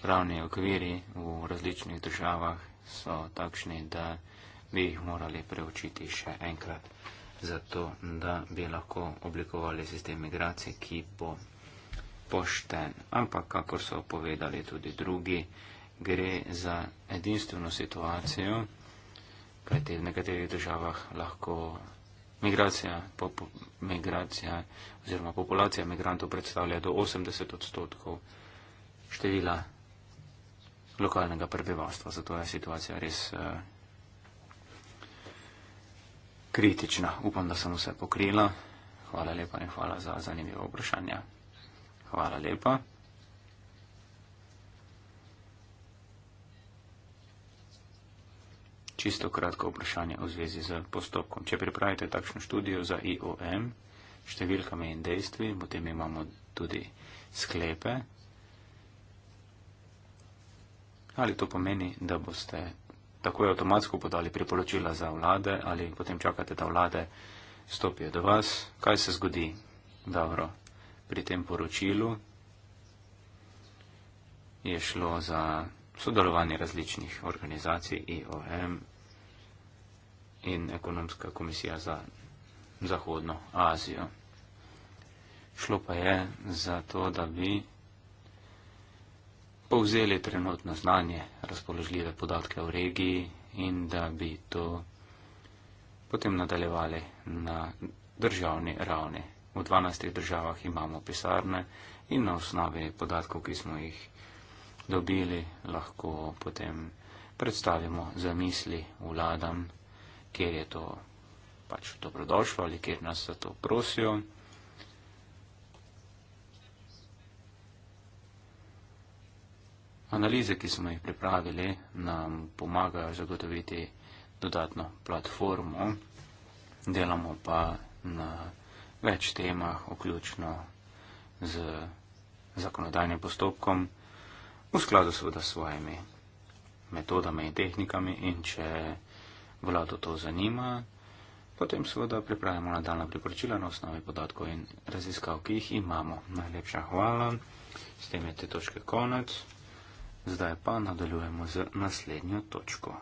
Pravni okviri v različnih državah so takšni, da bi jih morali preučiti še enkrat, zato da bi lahko oblikovali sistem migracije, ki bo pošten. Ampak, kakor so povedali tudi drugi, gre za edinstveno situacijo, kajte v nekaterih državah lahko migracija, po, po, migracija oziroma populacija migrantov predstavlja do 80 odstotkov števila lokalnega prebivalstva. Zato je situacija res uh, kritična. Upam, da sem vse pokrila. Hvala lepa in hvala za zanimivo vprašanje. Hvala lepa. Čisto kratko vprašanje v zvezi z postopkom. Če pripravite takšno študijo za IOM, številkami in dejstvi, potem imamo tudi sklepe. Ali to pomeni, da boste takoj avtomatsko podali priporočila za vlade ali potem čakate, da vlade stopijo do vas? Kaj se zgodi, Davro, pri tem poročilu? Je šlo za sodelovanje različnih organizacij IOM in ekonomska komisija za Zahodno Azijo. Šlo pa je za to, da bi povzeli trenutno znanje, razpoložljive podatke v regiji in da bi to potem nadaljevali na državni ravni. V 12 državah imamo pisarne in na osnovi podatkov, ki smo jih dobili, lahko potem predstavimo zamisli vladam kjer je to pač dobrodošlo ali kjer nas za to prosijo. Analize, ki smo jih pripravili, nam pomagajo zagotoviti dodatno platformo, delamo pa na več temah, vključno z zakonodajnim postopkom, v skladu seveda s svojimi metodami in tehnikami in če vlado to zanima. Potem seveda pripravimo nadaljna priporočila na osnovi podatkov in raziskav, ki jih imamo. Najlepša hvala. S tem je te točke konec. Zdaj pa nadaljujemo z naslednjo točko.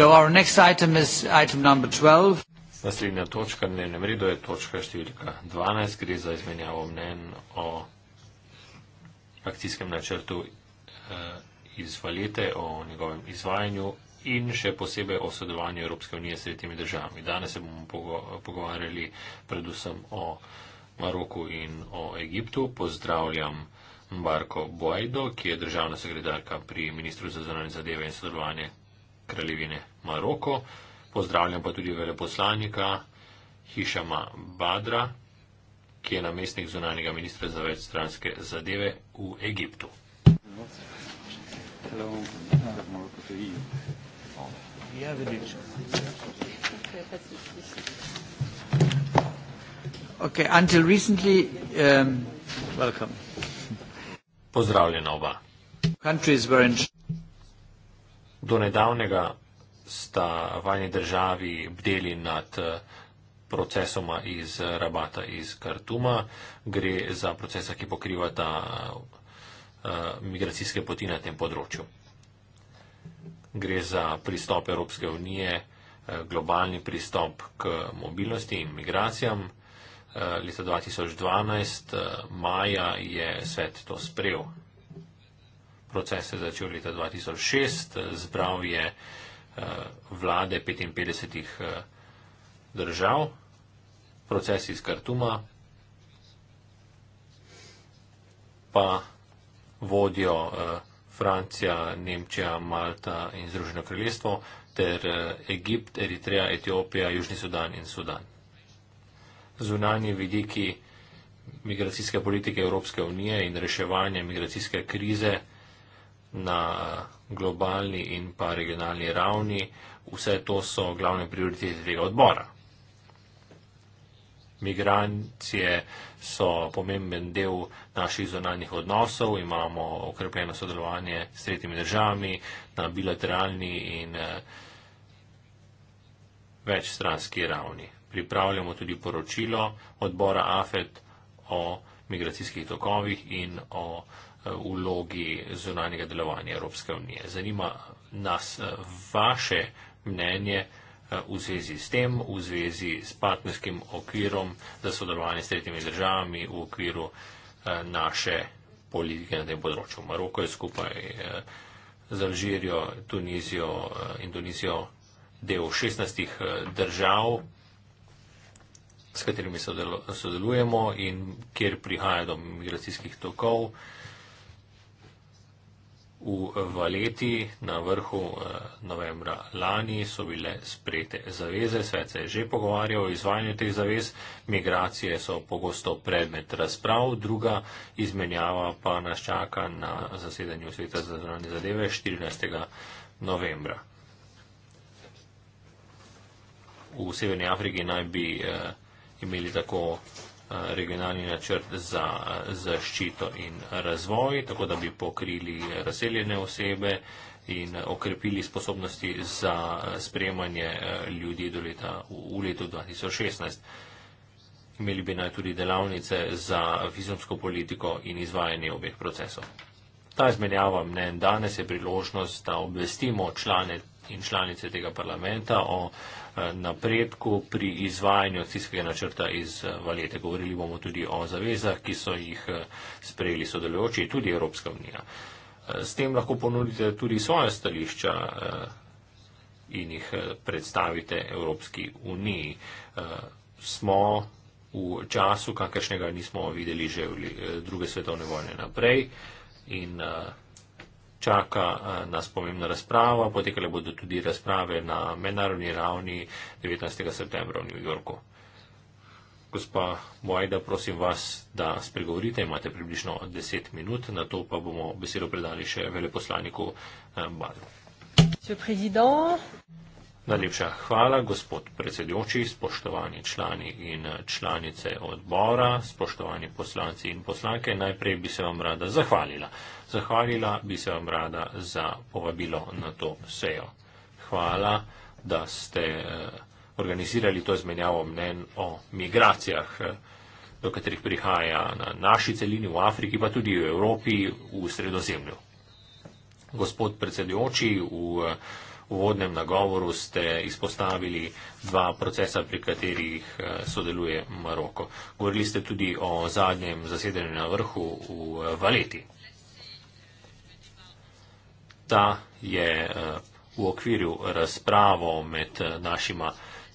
Our next item is item number 12. Naslednja točka na dnevnem redu je točka številka 12. Gre za izmenjavo mnenj o akcijskem načrtu eh, iz Valette, o njegovem izvajanju in še posebej o sodelovanju Evropske unije s tretjimi državami. Danes se bomo pogovarjali predvsem o Maroku in o Egiptu. Pozdravljam Mbarko Boaidó, ki je državna sekretarka pri ministru za zunanje zadeve in sodelovanje kraljevine Maroko. Pozdravljam pa tudi veleposlanika Hišama Badra, ki je namestnik zunanjega ministra za večstranske zadeve v Egiptu. Ja, okay, um, Pozdravljena oba. countries were in Do nedavnega sta v eni državi bdeli nad eh, procesoma iz Rabata iz Kartuma. Gre za procesa, ki pokrivata eh, migracijske poti na tem področju. Gre za pristop Evropske unije, eh, globalni pristop k mobilnosti in migracijam. Leta 2012, maja, je svet to sprejel. Proces se je začel leta 2006, zbral je eh, vlade 55 eh, držav, proces iz Kartuma, pa vodijo eh, Francija, Nemčija, Malta in Združeno kraljestvo ter Egipt, Eritreja, Etiopija, Južni Sudan in Sudan. Zunanji vidiki migracijske politike Evropske unije in reševanje migracijske krize na globalni in pa regionalni ravni. Vse to so glavne prioritete tega odbora. Migrancije so pomemben del naših zonalnih odnosov, imamo okrepljeno sodelovanje s tretjimi državami na bilateralni in eh, večstranski ravni. Pripravljamo tudi poročilo odbora AFET o migracijskih tokovih in o Eh, vlogi zunanjega delovanja Evropske unije. Zanima nas eh, vaše mnenje eh, v zvezi s tem, v zvezi s partnerskim okvirom za sodelovanje s tretjimi državami v okviru naše politike na tem področju. Maroko je skupaj z Alžirijo, Tunizijo, Indonizijo del 16 držav, s katerimi sodelujemo in kjer prihaja do migracijskih tokov. V Valeti na vrhu eh, novembra lani so bile sprejete zaveze, svet se je že pogovarjal o izvajanju teh zavez, migracije so pogosto predmet razprav, druga izmenjava pa nas čaka na zasedanju sveta za zunanje zadeve 14. novembra. V Severni Afriki naj bi eh, imeli tako Eh, regionalni načrt za eh, zaščito in razvoj, tako da bi pokrili razseljene osebe in okrepili sposobnosti za eh, sprejemanje ljudi do leta, v letu 2016. Imeli bi naj tudi delavnice za vizumsko politiko in izvajanje obeh procesov. Ta izmenjava mnen danes je priložnost, da obvestimo člane in članice tega parlamenta o eh, napredku pri izvajanju akcijskega načrta iz eh, valete. Govorili bomo tudi o zavezah, ki so jih eh, sprejeli sodelujoči, tudi Evropska unija. S tem lahko ponudite tudi svoje stališča in jih predstavite Evropski uniji. Smo v času, kakršnega nismo videli že v druge svetovne vojne naprej in uh, čaka eh, nas pomembna razprava, potekale bodo tudi razprave na mednarodni ravni 19. septembra v New Yorku. Gospa Mojda, prosim vas, da spregovorite, imate približno 10 minut, na to pa bomo besedo predali še veleposlaniku eh, Balju. Najlepša hvala, gospod predsedujoči, spoštovani člani in eh, članice odbora, spoštovani poslanci in poslanke. Najprej bi se vam rada zahvalila. Zahvalila bi se vam rada za povabilo na to sejo. Hvala, da ste eh, organizirali to izmenjavo mnen o migracijah, eh, do katerih prihaja na naši celini v Afriki, pa tudi v Evropi, v sredozemlju. Gospod predsedujoči, v eh, uvodnem nagovoru ste izpostavili dva procesa, pri katerih sodeluje Maroko. Govorili ste tudi o zadnjem zasedanju na vrhu v Valeti ta je eh, v okviru razpravo med eh, našima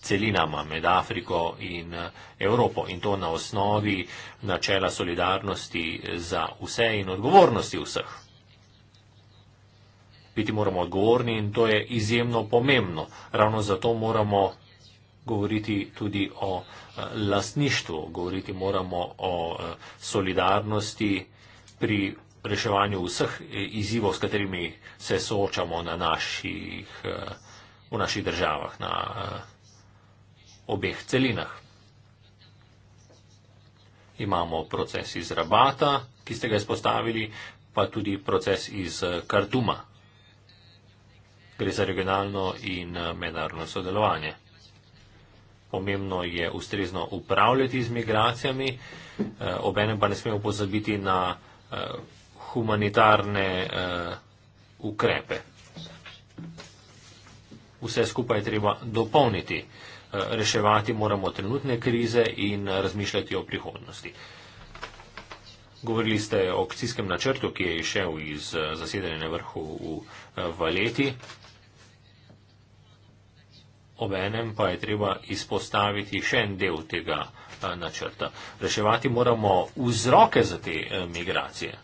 celinama, med Afriko in eh, Evropo in to na osnovi načela solidarnosti za vse in odgovornosti vseh. Biti moramo odgovorni in to je izjemno pomembno. Ravno zato moramo govoriti tudi o lasništvu, govoriti moramo o solidarnosti pri reševanju vseh eh, izzivov, s katerimi se soočamo na naših, eh, v naših državah, na eh, obeh celinah. Imamo proces iz Rabata, ki ste ga izpostavili, pa tudi proces iz Kartuma. Gre za regionalno in mednarodno sodelovanje. Pomembno je ustrezno upravljati z migracijami, obenem pa ne smemo pozabiti na humanitarne uh, ukrepe. Vse skupaj treba dopolniti. Eh, reševati moramo trenutne krize in razmišljati o prihodnosti. Govorili ste o akcijskem načrtu, ki je išel iz eh, zasedanja na vrhu v Valeti. Obenem pa je treba izpostaviti še en del tega načrta. Reševati moramo vzroke za te migracije.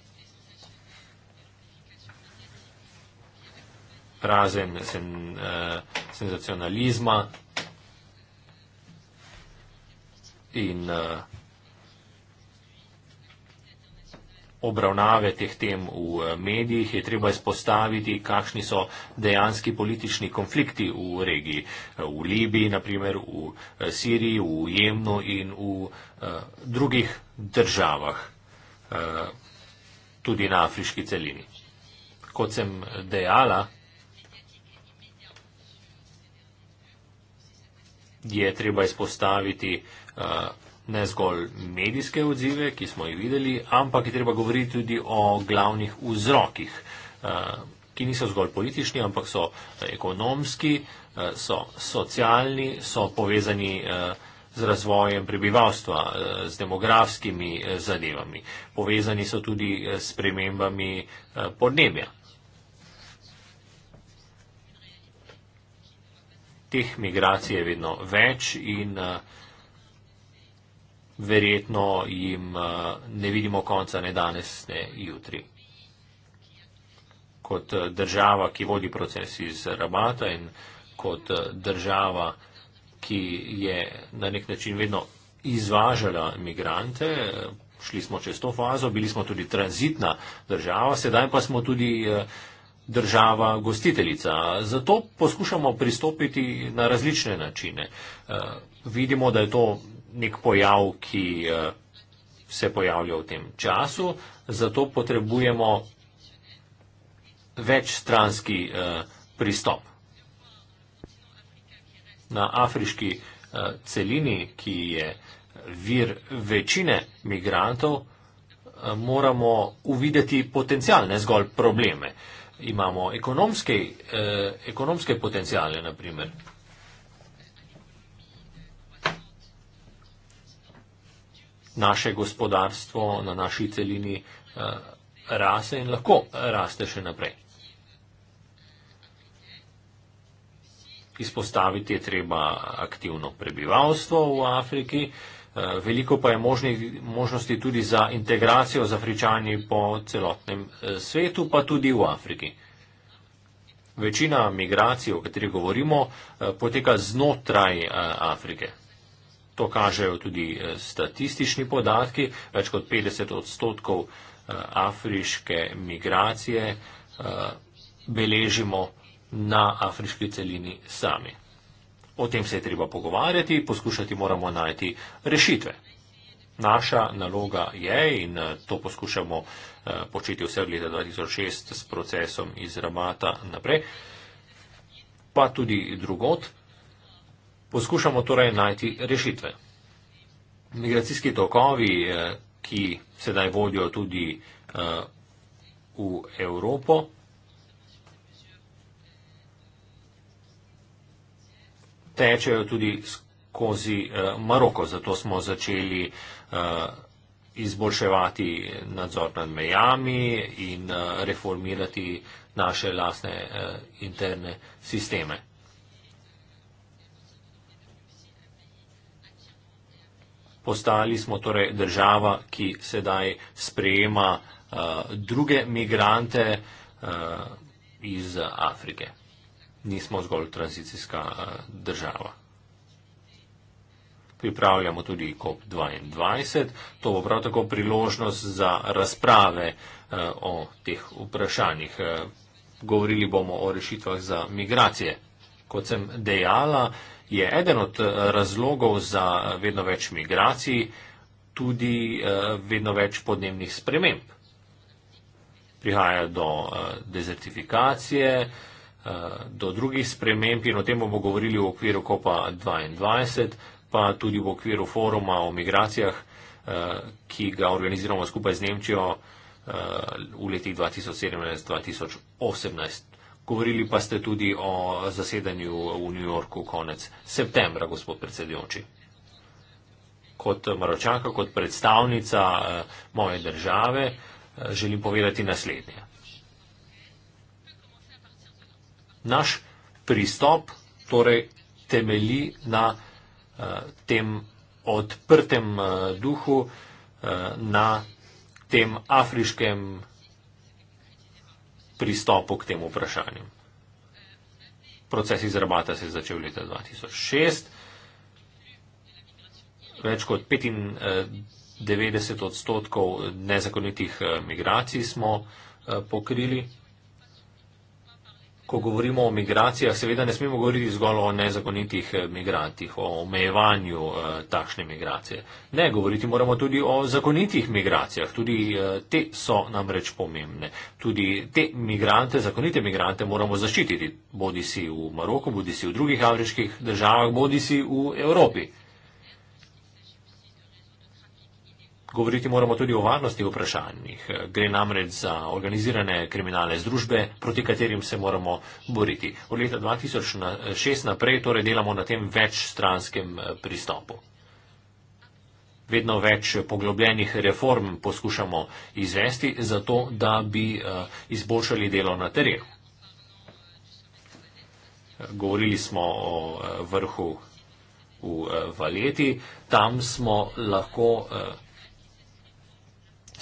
razen sen, uh, senzacionalizma in uh, obravnave teh tem v uh, medijih, je treba izpostaviti, kakšni so dejanski politični konflikti v regiji, v Libiji, naprimer, v uh, Siriji, v Jemnu in v uh, drugih državah, uh, tudi na afriški celini. Kot sem dejala, je treba izpostaviti eh, ne zgolj medijske odzive, ki smo jih videli, ampak je treba govoriti tudi o glavnih vzrokih, eh, ki niso zgolj politični, ampak so eh, ekonomski, so socialni, so povezani z razvojem prebivalstva, z demografskimi zadevami. Povezani so tudi s premembami podnebja. teh migracij je vedno več in eh, verjetno jim eh, ne vidimo konca ne danes, ne jutri. Kot eh, država, ki vodi proces iz Rabata in kot država, ki je na nek način vedno izvažala migrante, šli smo čez to fazo, bili smo tudi tranzitna država, sedaj pa smo tudi država gostiteljica. Zato poskušamo pristopiti na različne načine. Eh, vidimo, da je to nek pojav, ki eh, se pojavlja v tem času, zato potrebujemo večstranski eh, pristop. Na afriški celini, ki je vir večine migrantov, moramo uvideti potencial, ne zgolj probleme imamo ekonomske, eh, ekonomske potencijale, naprimer. Naše gospodarstvo na naši celini eh, rase in lahko raste še naprej. Izpostaviti je treba aktivno prebivalstvo v Afriki, eh, Eh, veliko pa je možnih, možnosti tudi za integracijo z Afričani po celotnem eh, svetu, pa tudi v Afriki. Večina migracij, o kateri govorimo, eh, poteka znotraj Afrike. To kažejo tudi statistični podatki. Več kot 50 odstotkov afriške migracije beležimo na afriški celini sami. O tem se je treba pogovarjati, poskušati moramo najti rešitve. Naša naloga je, in eh, to poskušamo eh, početi vse od leta 2006 s procesom iz Ramata naprej, pa tudi drugot, poskušamo torej najti rešitve. Migracijski tokovi, eh, ki sedaj vodijo tudi v Evropo, tečejo tudi skozi uh, Maroko. Zato smo začeli uh, izboljševati nadzor nad mejami in uh, reformirati naše lasne uh, interne sisteme. Postali smo torej država, ki sedaj sprejema uh, druge migrante uh, iz Afrike nismo zgolj tranzicijska eh, država. Pripravljamo tudi COP22, to bo prav tako priložnost za razprave eh, o teh vprašanjih. Eh, govorili bomo o rešitvah za migracije. Kot sem dejala, je eden od razlogov za vedno več migracij tudi vedno več podnebnih sprememb. Prihaja do dezertifikacije, Eh, do drugih sprememb in o tem bomo govorili v okviru COP22, pa tudi v okviru foruma o migracijah, eh, ki ga organiziramo skupaj z Nemčijo eh, v letih 2017-2018. Govorili pa ste tudi o zasedanju v New Yorku konec septembra, gospod predsedujoči. Kot maročanka, kot predstavnica moje države želim povedati naslednje. naš pristop torej temelji na eh, tem odprtem eh, duhu, eh, na tem afriškem pristopu k tem vprašanjem. Proces izrabata se je začel leta 2006. Več kot 95 odstotkov nezakonitih eh, migracij smo eh, pokrili ko govorimo o migracijah, seveda ne smemo govoriti zgolj o nezakonitih eh, migrantih, o omejevanju eh, takšne migracije. Ne, govoriti moramo tudi o zakonitih migracijah. Tudi eh, te so namreč pomembne. Tudi te migrante, zakonite migrante moramo zaščititi, bodi si v Maroku, bodi si v drugih afriških državah, bodi si v Evropi. Govoriti moramo tudi o varnosti vprašanjih. Gre namreč za organizirane kriminalne združbe, proti katerim se moramo boriti. Od leta 2006 naprej torej delamo na tem večstranskem eh, pristopu. Vedno več poglobljenih reform poskušamo izvesti, zato da bi eh, izboljšali delo na terenu. Govorili smo o eh, vrhu v Valeti. Tam smo lahko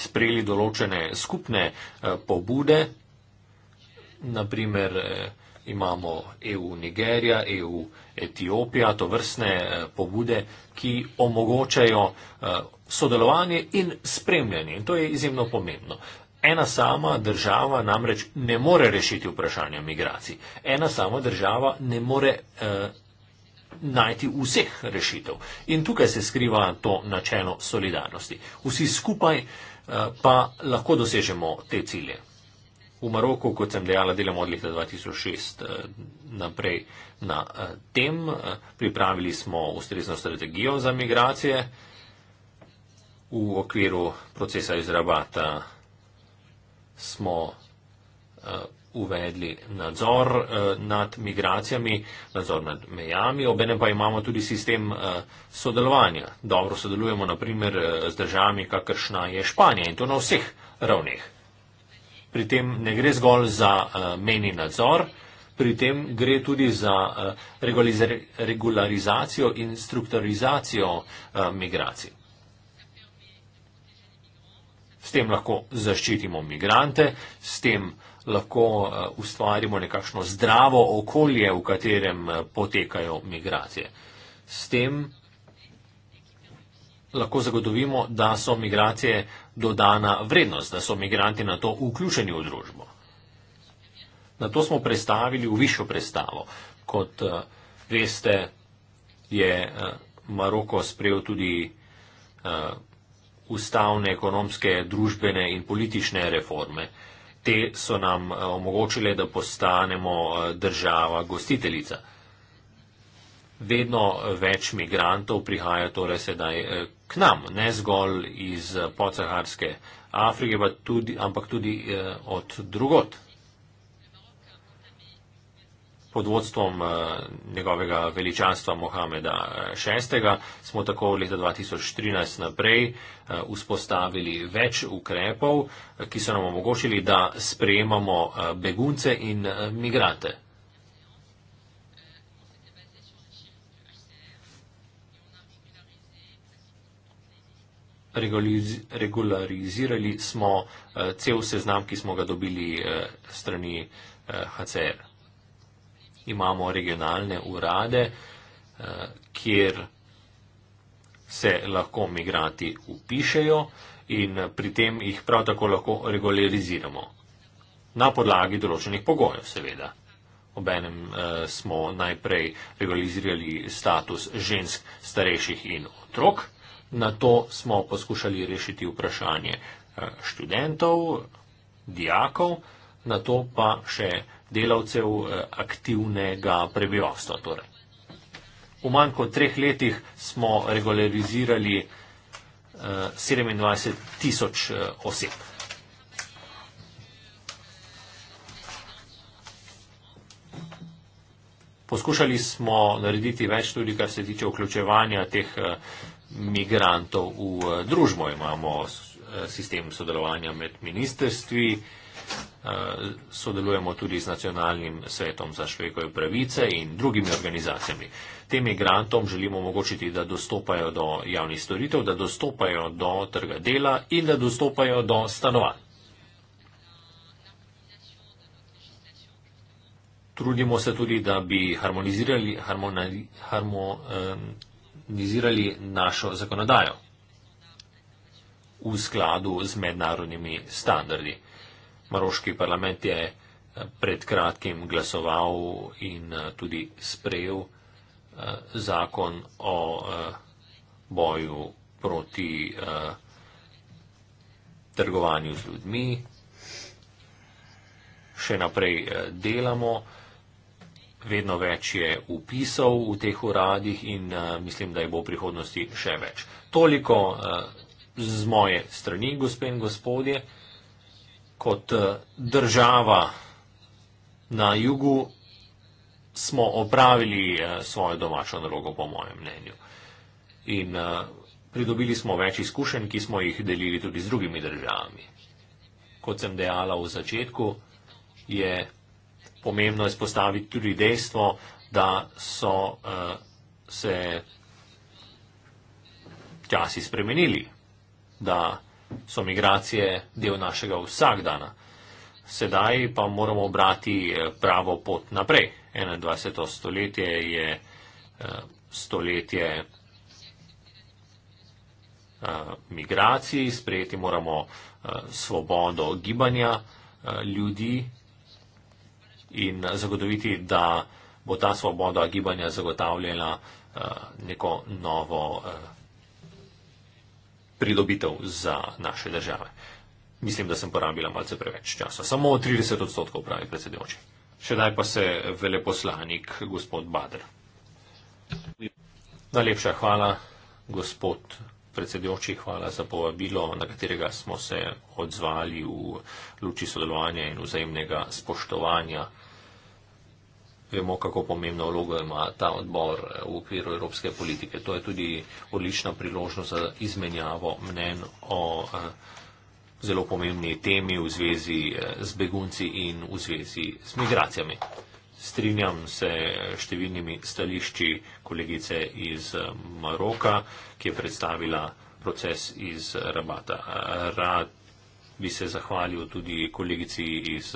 sprejeli določene skupne eh, pobude, naprimer eh, imamo EU Nigerija, EU Etiopija, to vrstne eh, pobude, ki omogočajo sodelovanje in spremljanje. In to je izjemno pomembno. Ena sama država namreč ne more rešiti vprašanja migracij. Ena sama država ne more eh, najti vseh rešitev. In tukaj se skriva to načelo solidarnosti. Vsi skupaj eh, Eh, pa lahko dosežemo te cilje. V Maroku, kot sem dejala, delamo od leta 2006 eh, naprej na eh, tem. Pripravili smo ustrezno strategijo za migracije v okviru procesa iz Rabata smo uvedli nadzor eh, nad migracijami, nadzor nad mejami, obenem pa imamo tudi sistem eh, sodelovanja. Dobro sodelujemo naprimer eh, z državami, kakršna je Španija in to na vseh ravneh. Pri tem ne gre zgolj za meni nadzor, pri tem gre tudi za regularizacijo in strukturizacijo migracij. S tem lahko zaščitimo migrante, s tem lahko eh, ustvarimo nekakšno zdravo okolje, v katerem eh, potekajo migracije. S tem lahko zagotovimo, da so migracije dodana vrednost, da so migranti na to vključeni v družbo. Na to smo predstavili v višjo predstavo. Kot eh, veste, je Maroko sprejel tudi ustavne, ekonomske, družbene in politične reforme te so nam eh, omogočile, da postanemo eh, država gostiteljica. Vedno eh, več migrantov prihaja torej sedaj k nam, ne zgolj iz podsaharske Afrike, tudi, ampak tudi od drugot pod vodstvom eh, njegovega veličanstva Mohameda VI. Eh, smo tako od leta 2013 naprej eh, vzpostavili več ukrepov, ki so nam omogočili, da sprejemamo begunce in migrante. Regularizirali smo cel seznam, ki smo ga dobili strani HCR imamo regionalne urade, eh, kjer se lahko migranti upišejo in pri tem jih prav tako lahko regulariziramo. Na podlagi določenih pogojev, seveda. Obenem eh, smo najprej regularizirali status žensk, starejših in otrok, na to smo poskušali rešiti vprašanje eh, študentov, dijakov, na to pa še delavcev eh, aktivnega prebivalstva. Torej. V manj kot treh letih smo regularizirali 27 eh, tisoč eh, oseb. Poskušali smo narediti več tudi, kar se tiče vključevanja teh migrantov v družbo. Imamo sistem sodelovanja med ministrstvi, Eh, sodelujemo tudi z Nacionalnim svetom za človekove pravice in drugimi organizacijami. Tem migrantom želimo omogočiti, da dostopajo do javnih storitev, da dostopajo do trga dela in da dostopajo do stanovanj. Trudimo se tudi, da bi harmonizirali, harmoni, harmonizirali našo zakonodajo v skladu z mednarodnimi standardi. Maroški parlament je eh, pred kratkim glasoval in eh, tudi sprejel eh, zakon o boju proti trgovanju z ljudmi. Še naprej delamo, vedno več je upisov v teh uradih in mislim, da je bo v prihodnosti še več. Toliko z moje strani, gospe in gospodje kot eh, država na jugu smo opravili eh, svojo domačo nalogo, po mojem mnenju. In eh, pridobili smo več izkušenj, ki smo jih delili tudi z drugimi državami. Kot sem dejala v začetku, je pomembno izpostaviti tudi dejstvo, da so se časi spremenili, da so migracije del našega vsakdana. Sedaj pa moramo obrati eh, pravo pot naprej. 21. stoletje je eh, stoletje eh, migracij, sprejeti moramo svobodo gibanja ljudi in zagotoviti, da bo ta svoboda gibanja zagotavljena neko novo pridobitev za naše države. Mislim, da sem porabila malce preveč časa. Samo 30 odstotkov pravi predsedujoči. Še naj pa se veleposlanik gospod Bader. Najlepša hvala, gospod predsedujoči, hvala za povabilo, na katerega smo se odzvali v luči sodelovanja in vzajemnega spoštovanja vemo, kako pomembno vlogo ima ta odbor eh, v okviru evropske politike. To je tudi odlična priložnost za izmenjavo mnen o eh, zelo pomembni temi v zvezi eh, z begunci in v zvezi s migracijami. Strinjam se številnimi stališči kolegice iz Maroka, ki je predstavila proces iz Rabata. Rad bi se zahvalil tudi kolegici iz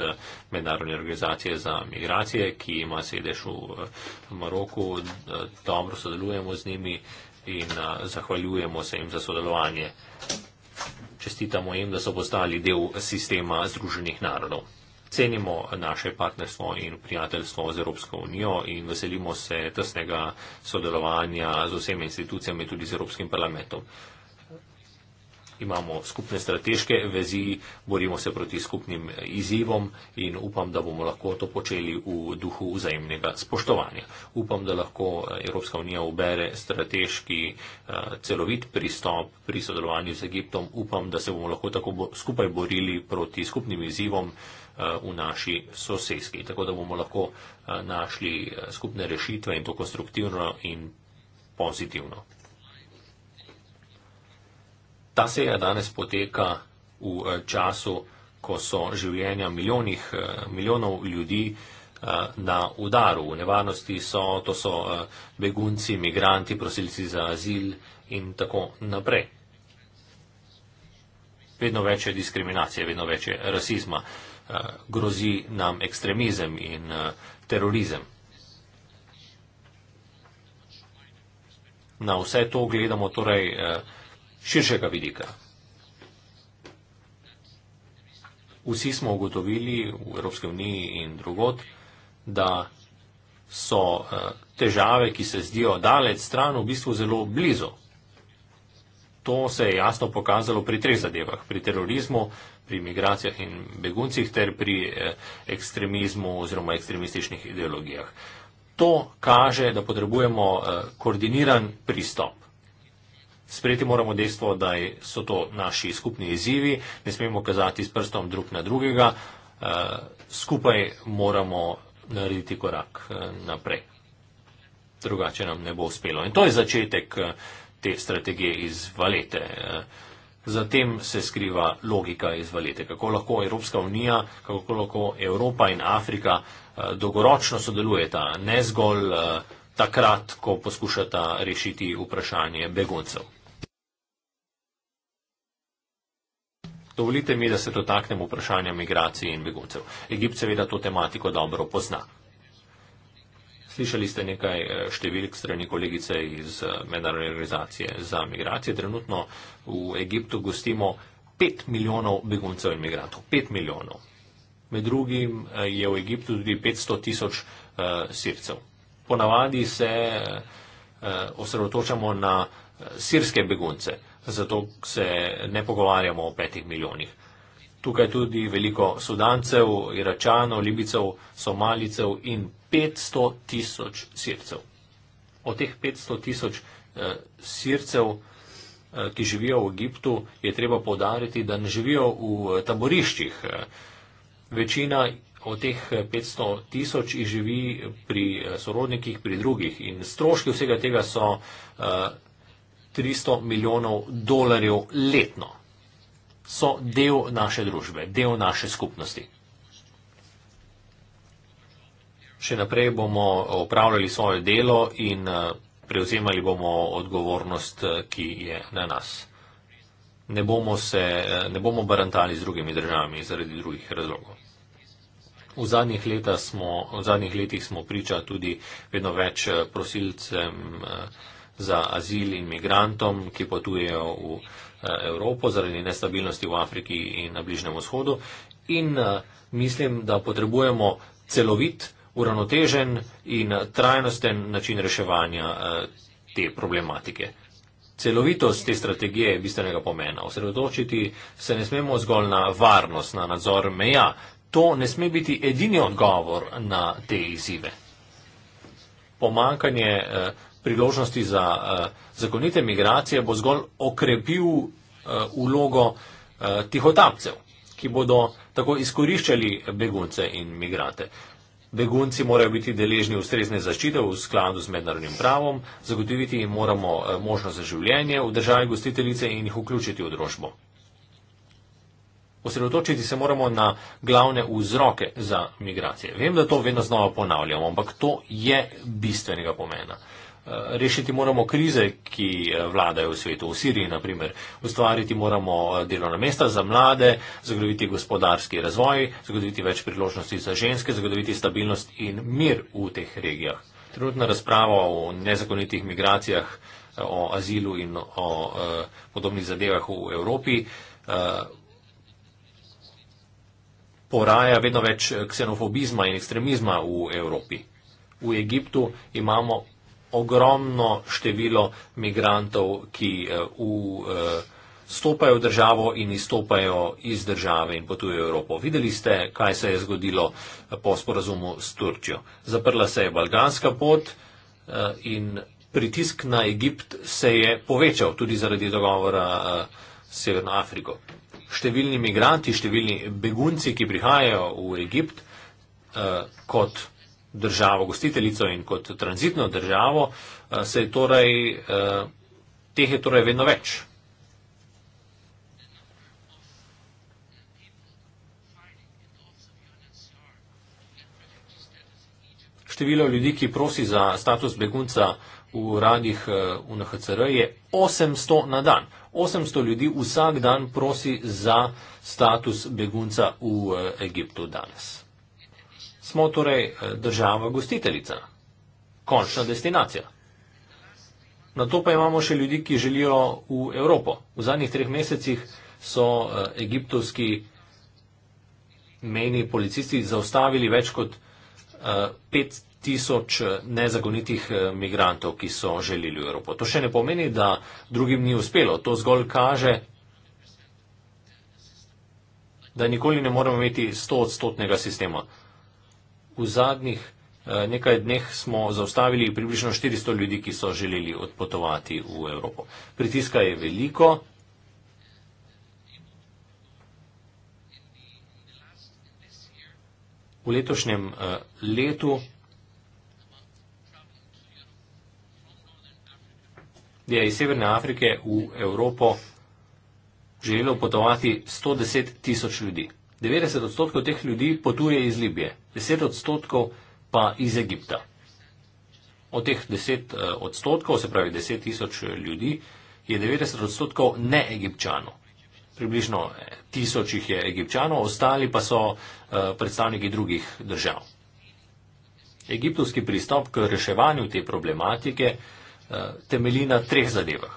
Mednarodne organizacije za migracije, ki ima sedež v Maroku. Dobro sodelujemo z njimi in zahvaljujemo se jim za sodelovanje. Čestitamo jim, da so postali del sistema Združenih narodov. Cenimo naše partnerstvo in prijateljstvo z Evropsko unijo in veselimo se tesnega sodelovanja z vsemi institucijami, tudi z Evropskim parlamentom imamo skupne strateške vezi, borimo se proti skupnim izzivom in upam, da bomo lahko to počeli v duhu vzajemnega spoštovanja. Upam, da lahko eh, Evropska unija ubere strateški eh, celovit pristop pri sodelovanju z Egiptom. Upam, da se bomo lahko tako skupaj borili proti skupnim izzivom eh, v naši sosedski, tako da bomo lahko našli skupne rešitve in to konstruktivno in pozitivno. Ta seja danes poteka v eh, času, ko so življenja milijonih, eh, milijonov ljudi eh, na udaru. V nevarnosti so, to so begunci, migranti, prosilci za azil in tako naprej. Vedno več je diskriminacije, vedno več je rasizma. Grozi nam ekstremizem in terorizem. Na vse to gledamo torej eh, širšega vidika. Vsi smo ugotovili v Evropske unije in drugot, da so eh, težave, ki se zdijo daleč stran, v bistvu zelo blizu. To se je jasno pokazalo pri treh zadevah. Pri terorizmu, pri migracijah in beguncih ter pri eh, ekstremizmu oziroma ekstremističnih ideologijah. To kaže, da potrebujemo eh, koordiniran pristop. Sprejeti moramo dejstvo, da so to naši skupni izzivi, ne smemo kazati s prstom drug na drugega, eh, skupaj moramo narediti korak eh, naprej. Drugače nam ne bo uspelo. In to je začetek eh, te strategije iz valete. Zatem se skriva logika iz valete, kako lahko Evropska unija, kako lahko Evropa in Afrika dolgoročno sodelujeta, ne zgolj takrat, ko poskušata rešiti vprašanje beguncev. Dovolite mi, da se dotaknem vprašanja migracij in begoncev. Egipt seveda to tematiko dobro pozna. Slišali ste nekaj eh, številk strani kolegice iz eh, Mednarodne organizacije za migracije. Trenutno v Egiptu gostimo 5 milijonov beguncev in migrantov. 5 milijonov. Med drugim eh, je v Egiptu tudi 500 tisoč sircev. Ponavadi se osredotočamo na sirske begunce zato se ne pogovarjamo o petih milijonih. Tukaj tudi veliko sudancev, iračanov, libicev, somalicev in 500 tisoč sircev. Od teh 500 tisoč eh, sircev, eh, ki živijo v Egiptu, je treba povdariti, da ne živijo v eh, taboriščih. Večina od teh 500 tisoč živi pri sorodnikih, pri drugih in stroški vsega tega so 300 milijonov dolarjev letno. So del naše družbe, del naše skupnosti. Še naprej bomo upravljali svoje delo in eh, prevzemali bomo odgovornost, eh, ki je na nas. Ne bomo, se, eh, ne bomo barantali z drugimi državami zaradi drugih razlogov. V zadnjih, smo, v zadnjih letih smo priča tudi vedno več prosilcem, za azil in migrantom, ki potujejo v eh, Evropo zaradi nestabilnosti v Afriki in na Bližnem vzhodu. In eh, mislim, da potrebujemo celovit, uravnotežen in trajnosten način reševanja eh, te problematike. Celovitost te strategije je bistvenega pomena. Osredotočiti se ne smemo zgolj na varnost, na nadzor meja. To ne sme biti edini odgovor na te izzive. Pomankanje priložnosti za uh, zakonite migracije bo zgolj okrepil uh, eh, ulogo uh, eh, tihotapcev, ki bodo tako izkoriščali begunce in migrante. Begunci morajo biti deležni ustrezne zaščite v skladu z mednarodnim pravom, zagotoviti jim moramo uh, možnost za življenje v državi gostiteljice in jih vključiti v družbo. Osredotočiti se moramo na glavne vzroke za migracije. Vem, da to vedno znova ponavljamo, ampak to je bistvenega pomena. Uh, Eh, rešiti moramo krize, ki eh, vladajo v svetu, v Siriji naprimer. Ustvariti moramo eh, delovna mesta za mlade, zagotoviti gospodarski razvoj, zagotoviti več priložnosti za ženske, zagotoviti stabilnost in mir v teh regijah. Trenutna razprava o nezakonitih migracijah, o azilu in o podobnih zadevah v Evropi poraja vedno več ksenofobizma in ekstremizma v Evropi. V Egiptu imamo ogromno število migrantov, ki eh, vstopajo eh, v državo in izstopajo iz države in potujejo v Evropo. Videli ste, kaj se je zgodilo eh, po sporazumu s Turčjo. Zaprla se je balganska pot in pritisk na Egipt se je povečal tudi zaradi dogovora s Severno Afriko. Številni migranti, številni begunci, ki prihajajo v Egipt kot državo gostiteljico in kot tranzitno državo, eh, se je torej, eh, teh je torej vedno več. Število ljudi, ki prosi za status begunca v radih v eh, NHCR, je 800 na dan. 800 ljudi vsak dan prosi za status begunca v Egiptu danes smo torej eh, država gostiteljica, končna destinacija. Na to pa imamo še ljudi, ki želijo v Evropo. V zadnjih treh mesecih so eh, egiptovski meni policisti zaustavili več kot eh, pet tisoč nezagonitih migrantov, ki so želeli v Evropo. To še ne pomeni, da drugim ni uspelo. To zgolj kaže, da nikoli ne moremo imeti 100-odstotnega sistema v zadnjih eh, nekaj dneh smo zaustavili približno 400 ljudi, ki so želeli odpotovati v Evropo. Pritiska je veliko. V letošnjem eh, letu je iz Severne Afrike v Evropo želelo potovati 110 tisoč ljudi. 90 odstotkov teh ljudi potuje iz Libije, 10 odstotkov pa iz Egipta. Od teh 10 eh, odstotkov, se pravi 10 tisoč eh, ljudi, je 90 odstotkov neegipčano. Približno eh, tisoč jih je egipčano, ostali pa so predstavniki drugih držav. Egiptovski pristop k reševanju te problematike temelji na treh zadevah.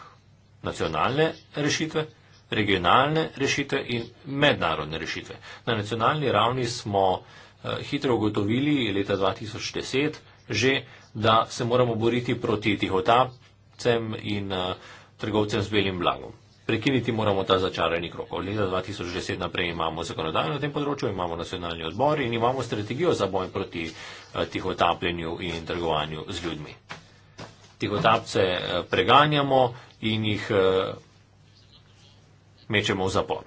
Nacionalne rešitve, regionalne rešitve in mednarodne rešitve. Na nacionalni ravni smo eh, hitro ugotovili leta 2010 že, da se moramo boriti proti tihotapcem in eh, trgovcem z belim blagom. Prekiniti moramo ta začarani krok. Od leta 2010 naprej imamo zakonodajo na tem področju, imamo nacionalni odbor in imamo strategijo za boj proti eh, tihotapljenju in trgovanju z ljudmi. Tihotapce preganjamo in jih mečemo v zapor.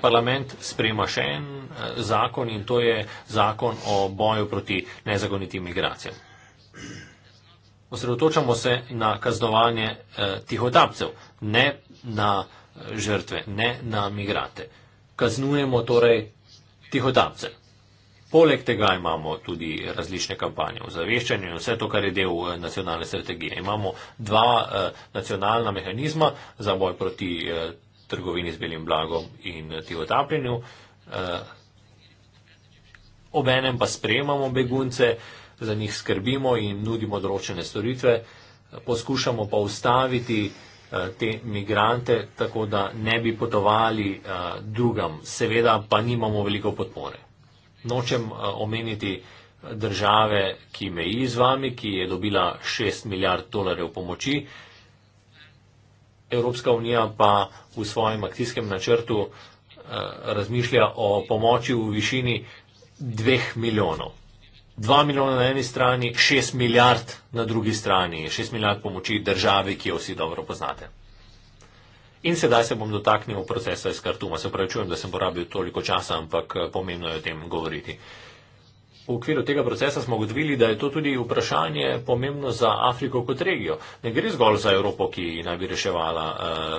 Parlament sprejema še en eh, zakon in to je zakon o boju proti nezakonitim migracijam. Osredotočamo se na kaznovanje eh, tihotapcev, ne na eh, žrtve, ne na migrate. Kaznujemo torej tihotapce. Poleg tega imamo tudi različne kampanje ozaveščanja in vse to, kar je del eh, nacionalne strategije. Imamo dva eh, nacionalna mehanizma za boj proti eh, trgovini z belim blagom in tihotapljenju. Eh, obenem pa sprejemamo begunce, za njih skrbimo in nudimo določene storitve, poskušamo pa ustaviti eh, te migrante, tako da ne bi potovali uh, drugam. Seveda pa nimamo veliko podpore nočem eh, omeniti države, ki meji z vami, ki je dobila 6 milijard dolarjev pomoči. Evropska unija pa v svojem akcijskem načrtu eh, razmišlja o pomoči v višini 2 milijonov. 2 milijona na eni strani, 6 milijard na drugi strani, 6 milijard pomoči državi, ki jo vsi dobro poznate. In sedaj se bom dotaknil procesa iz kartuma. Se pravi, čujem, da sem porabil toliko časa, ampak eh, pomembno je o tem govoriti. V okviru tega procesa smo ugotovili, da je to tudi vprašanje pomembno za Afriko kot regijo. Ne gre zgolj za Evropo, ki naj bi reševala.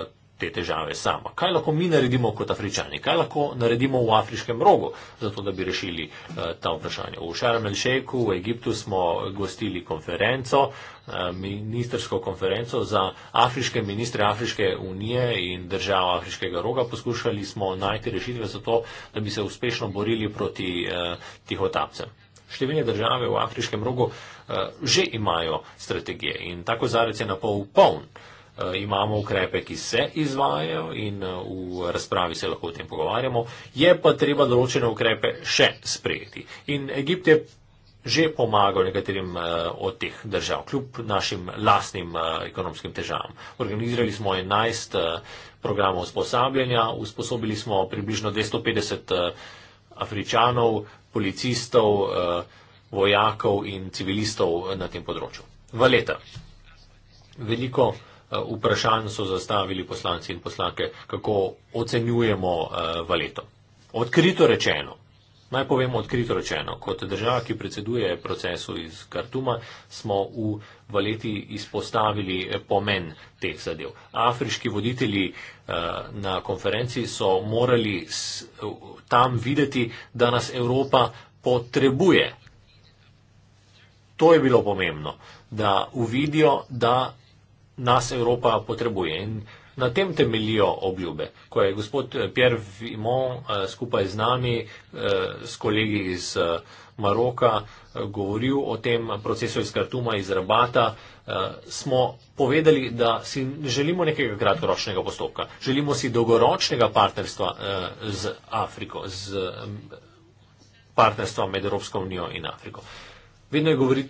Uh, te težave sama. Kaj lahko mi naredimo kot Afričani? Kaj lahko naredimo v afriškem rogu, zato da bi rešili eh, ta vprašanja? V Sharm el-Sheikhu v Egiptu smo gostili konferenco, eh, ministersko konferenco za afriške ministre Afriške unije in država afriškega roga. Poskušali smo najti rešitve za to, da bi se uspešno borili proti eh, tihotapcem. Številne države v afriškem rogu uh, že imajo strategije in tako zarec je na pol poln. Uh, Eh, imamo ukrepe, ki se izvajajo in eh, v razpravi se lahko o tem pogovarjamo, je pa treba določene ukrepe še sprejeti. In Egipt je že pomagal nekaterim eh, od teh držav, kljub našim lastnim ekonomskim težavam. Organizirali smo 11 programov usposabljanja, usposobili smo približno 250 afričanov, policistov, vojakov in civilistov na tem področju. Valeta. Veliko Eh, vprašanj so zastavili poslanci in poslanke, kako ocenjujemo eh, valeto. Odkrito rečeno, naj povemo odkrito rečeno, kot država, ki predseduje procesu iz Kartuma, smo v valeti izpostavili eh, pomen teh zadev. Afriški voditelji na konferenci so morali tam videti, da nas Evropa potrebuje. To je bilo pomembno, da uvidijo, da nas Evropa potrebuje. In na tem temeljijo obljube, ko je gospod Pierre Vimon eh, skupaj z nami, eh, s kolegi iz eh, Maroka, govoril o tem procesu iz Kartuma, iz Rabata, smo povedali, da si želimo nekega kratkoročnega postopka. Želimo si dolgoročnega partnerstva z Afriko, z partnerstva med Evropsko unijo in Afriko. Vedno je, govori,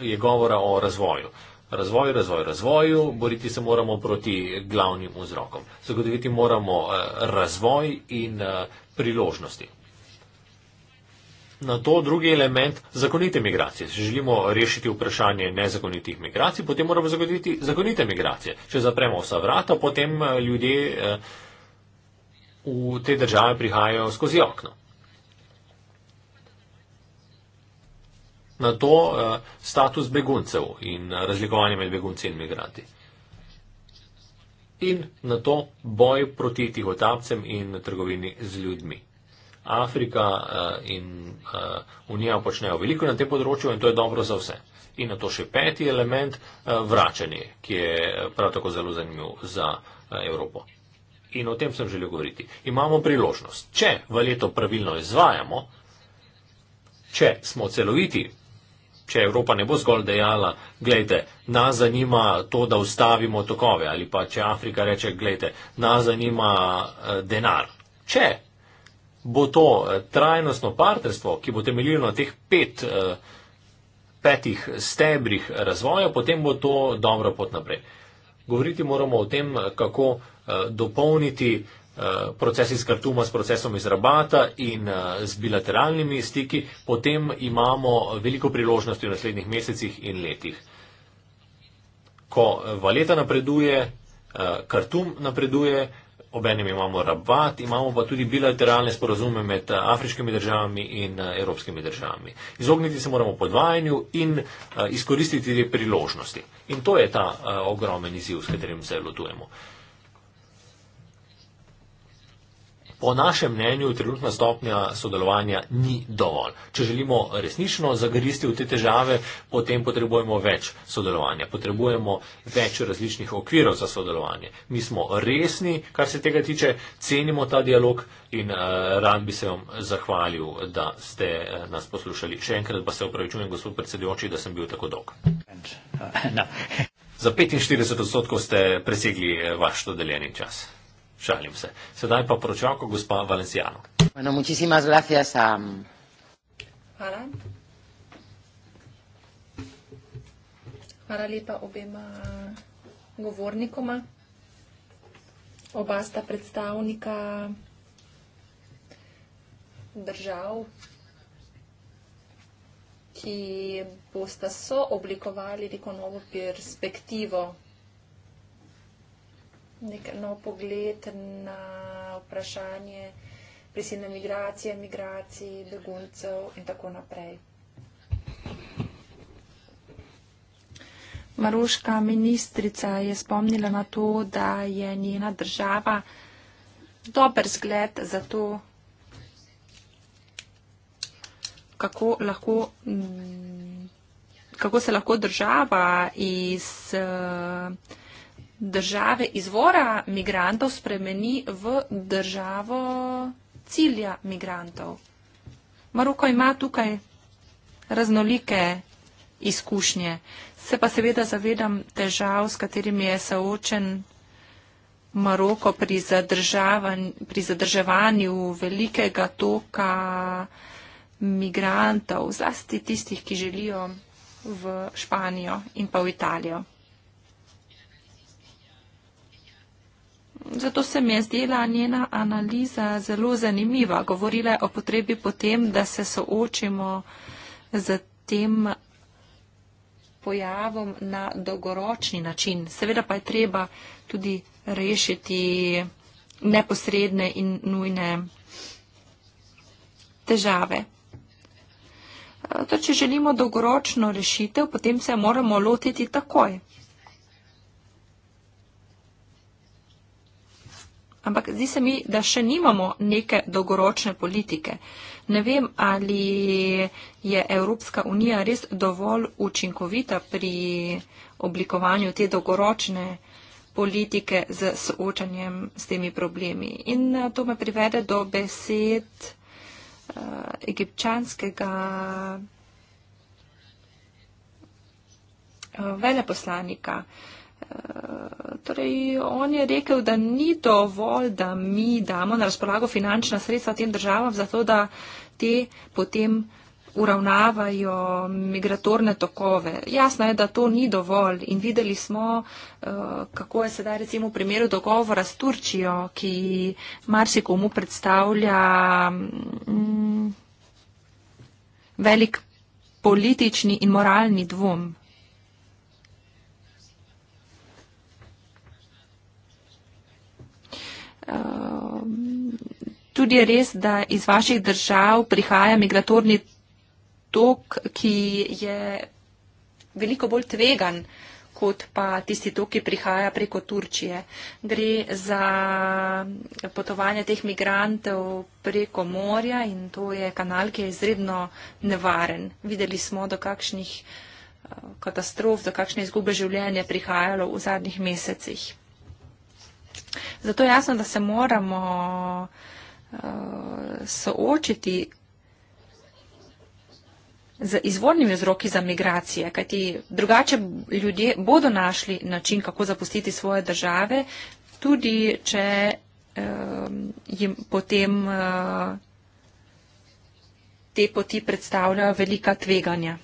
je govora o razvoju. Uh, razvoju, razvoju, razvoju, boriti se moramo proti glavnim vzrokom. Zagotoviti moramo eh, razvoj in eh, priložnosti. Na to drugi element zakonite migracije. Če želimo rešiti vprašanje nezakonitih migracij, potem moramo zagotoviti zakonite migracije. Če zapremo vsa vrata, potem eh, ljudje v te države prihajajo skozi okno. na to uh, status beguncev in eh, razlikovanje med begunci in imigranti. In na to boj proti tihotapcem in trgovini z ljudmi. Afrika uh, in uh, Unija počnejo veliko na tem področju in to je dobro za vse. In na to še peti element, uh, vračanje, ki je prav tako zelo zanimiv za uh, Evropo. In o tem sem želel govoriti. Imamo priložnost, če v leto pravilno izvajamo, če smo celoviti če Evropa ne bo zgolj dejala, gledajte, nas zanima to, da ustavimo tokove, ali pa če Afrika reče, gledajte, nas zanima eh, denar. Če bo to eh, trajnostno partnerstvo, ki bo temeljilo na teh pet, eh, petih stebrih razvoja, potem bo to dobro pot naprej. Govoriti moramo o tem, kako dopolniti proces iz Kartuma s procesom iz Rabata in eh, z bilateralnimi stiki, potem imamo veliko priložnosti v naslednjih mesecih in letih. Ko eh, valeta napreduje, eh, Kartum napreduje, obenem imamo Rabat, imamo pa tudi bilateralne sporozume med afriškimi državami in evropskimi državami. Izogniti se moramo podvajanju in izkoristiti priložnosti. In to je ta ogromen izziv, s katerim se lotujemo. Po našem mnenju trenutna stopnja sodelovanja ni dovolj. Če želimo resnično zagristi v te težave, potem potrebujemo več sodelovanja, potrebujemo več različnih okvirov za sodelovanje. Mi smo resni, kar se tega tiče, cenimo ta dialog in uh, rad bi se vam zahvalil, da ste uh, nas poslušali. Še enkrat pa se upravičujem, gospod predsedujoči, da sem bil tako dolg. Uh, <laughs> no. Za 45 odstotkov ste presegli eh, vaš dodeljeni čas. Šalim se. Sedaj pa poročavko gospa Valencijano. Bueno, muchísimas gracias. A... Hvala. Hvala lepa obema govornikoma. Oba sta predstavnika držav, ki boste sooblikovali neko novo perspektivo nek nov pogled na vprašanje prisilne migracije, migracij, beguncev in tako naprej. Maroška ministrica je spomnila na to, da je njena država dober zgled za to, kako, lahko, kako se lahko država iz uh, države izvora migrantov spremeni v državo cilja migrantov. Maroko ima tukaj raznolike izkušnje. Se pa seveda zavedam težav, s katerimi je soočen Maroko pri, pri zadrževanju velikega toka migrantov, zlasti tistih, ki želijo v Španijo in pa v Italijo. Zato se mi je zdela njena analiza zelo zanimiva. Govorila je o potrebi potem, da se soočimo z tem pojavom na dolgoročni način. Seveda pa je treba tudi rešiti neposredne in nujne težave. To, torej, če želimo dolgoročno rešitev, potem se moramo lotiti takoj. ampak zdi se mi, da še nimamo neke dolgoročne politike. Ne vem, ali je Evropska unija res dovolj učinkovita pri oblikovanju te dolgoročne politike z soočanjem s temi problemi. In eh, to me privede do besed uh, egipčanskega uh, veleposlanika. Uh, Eh, torej, on je rekel, da ni dovolj, da mi damo na razpolago finančna sredstva tem državam, zato da te potem uravnavajo migratorne tokove. Jasno je, da to ni dovolj in videli smo, eh, kako je sedaj recimo v primeru dogovora s Turčijo, ki marsikomu predstavlja mm, velik politični in moralni dvom. Ehm, tudi je res, da iz vaših držav prihaja migratorni tok, ki je veliko bolj tvegan kot pa tisti tok, ki prihaja preko Turčije. Gre za potovanje teh migrantov preko morja in to je kanal, ki je izredno nevaren. Videli smo, do kakšnih eh, katastrof, do kakšne izgube življenja prihajalo v zadnjih mesecih. Zato je jasno, da se moramo uh, soočiti z izvornimi vzroki za migracije, kajti drugače ljudje bodo našli način, kako zapustiti svoje države, tudi če uh, jim potem uh, te poti predstavljajo velika tveganja.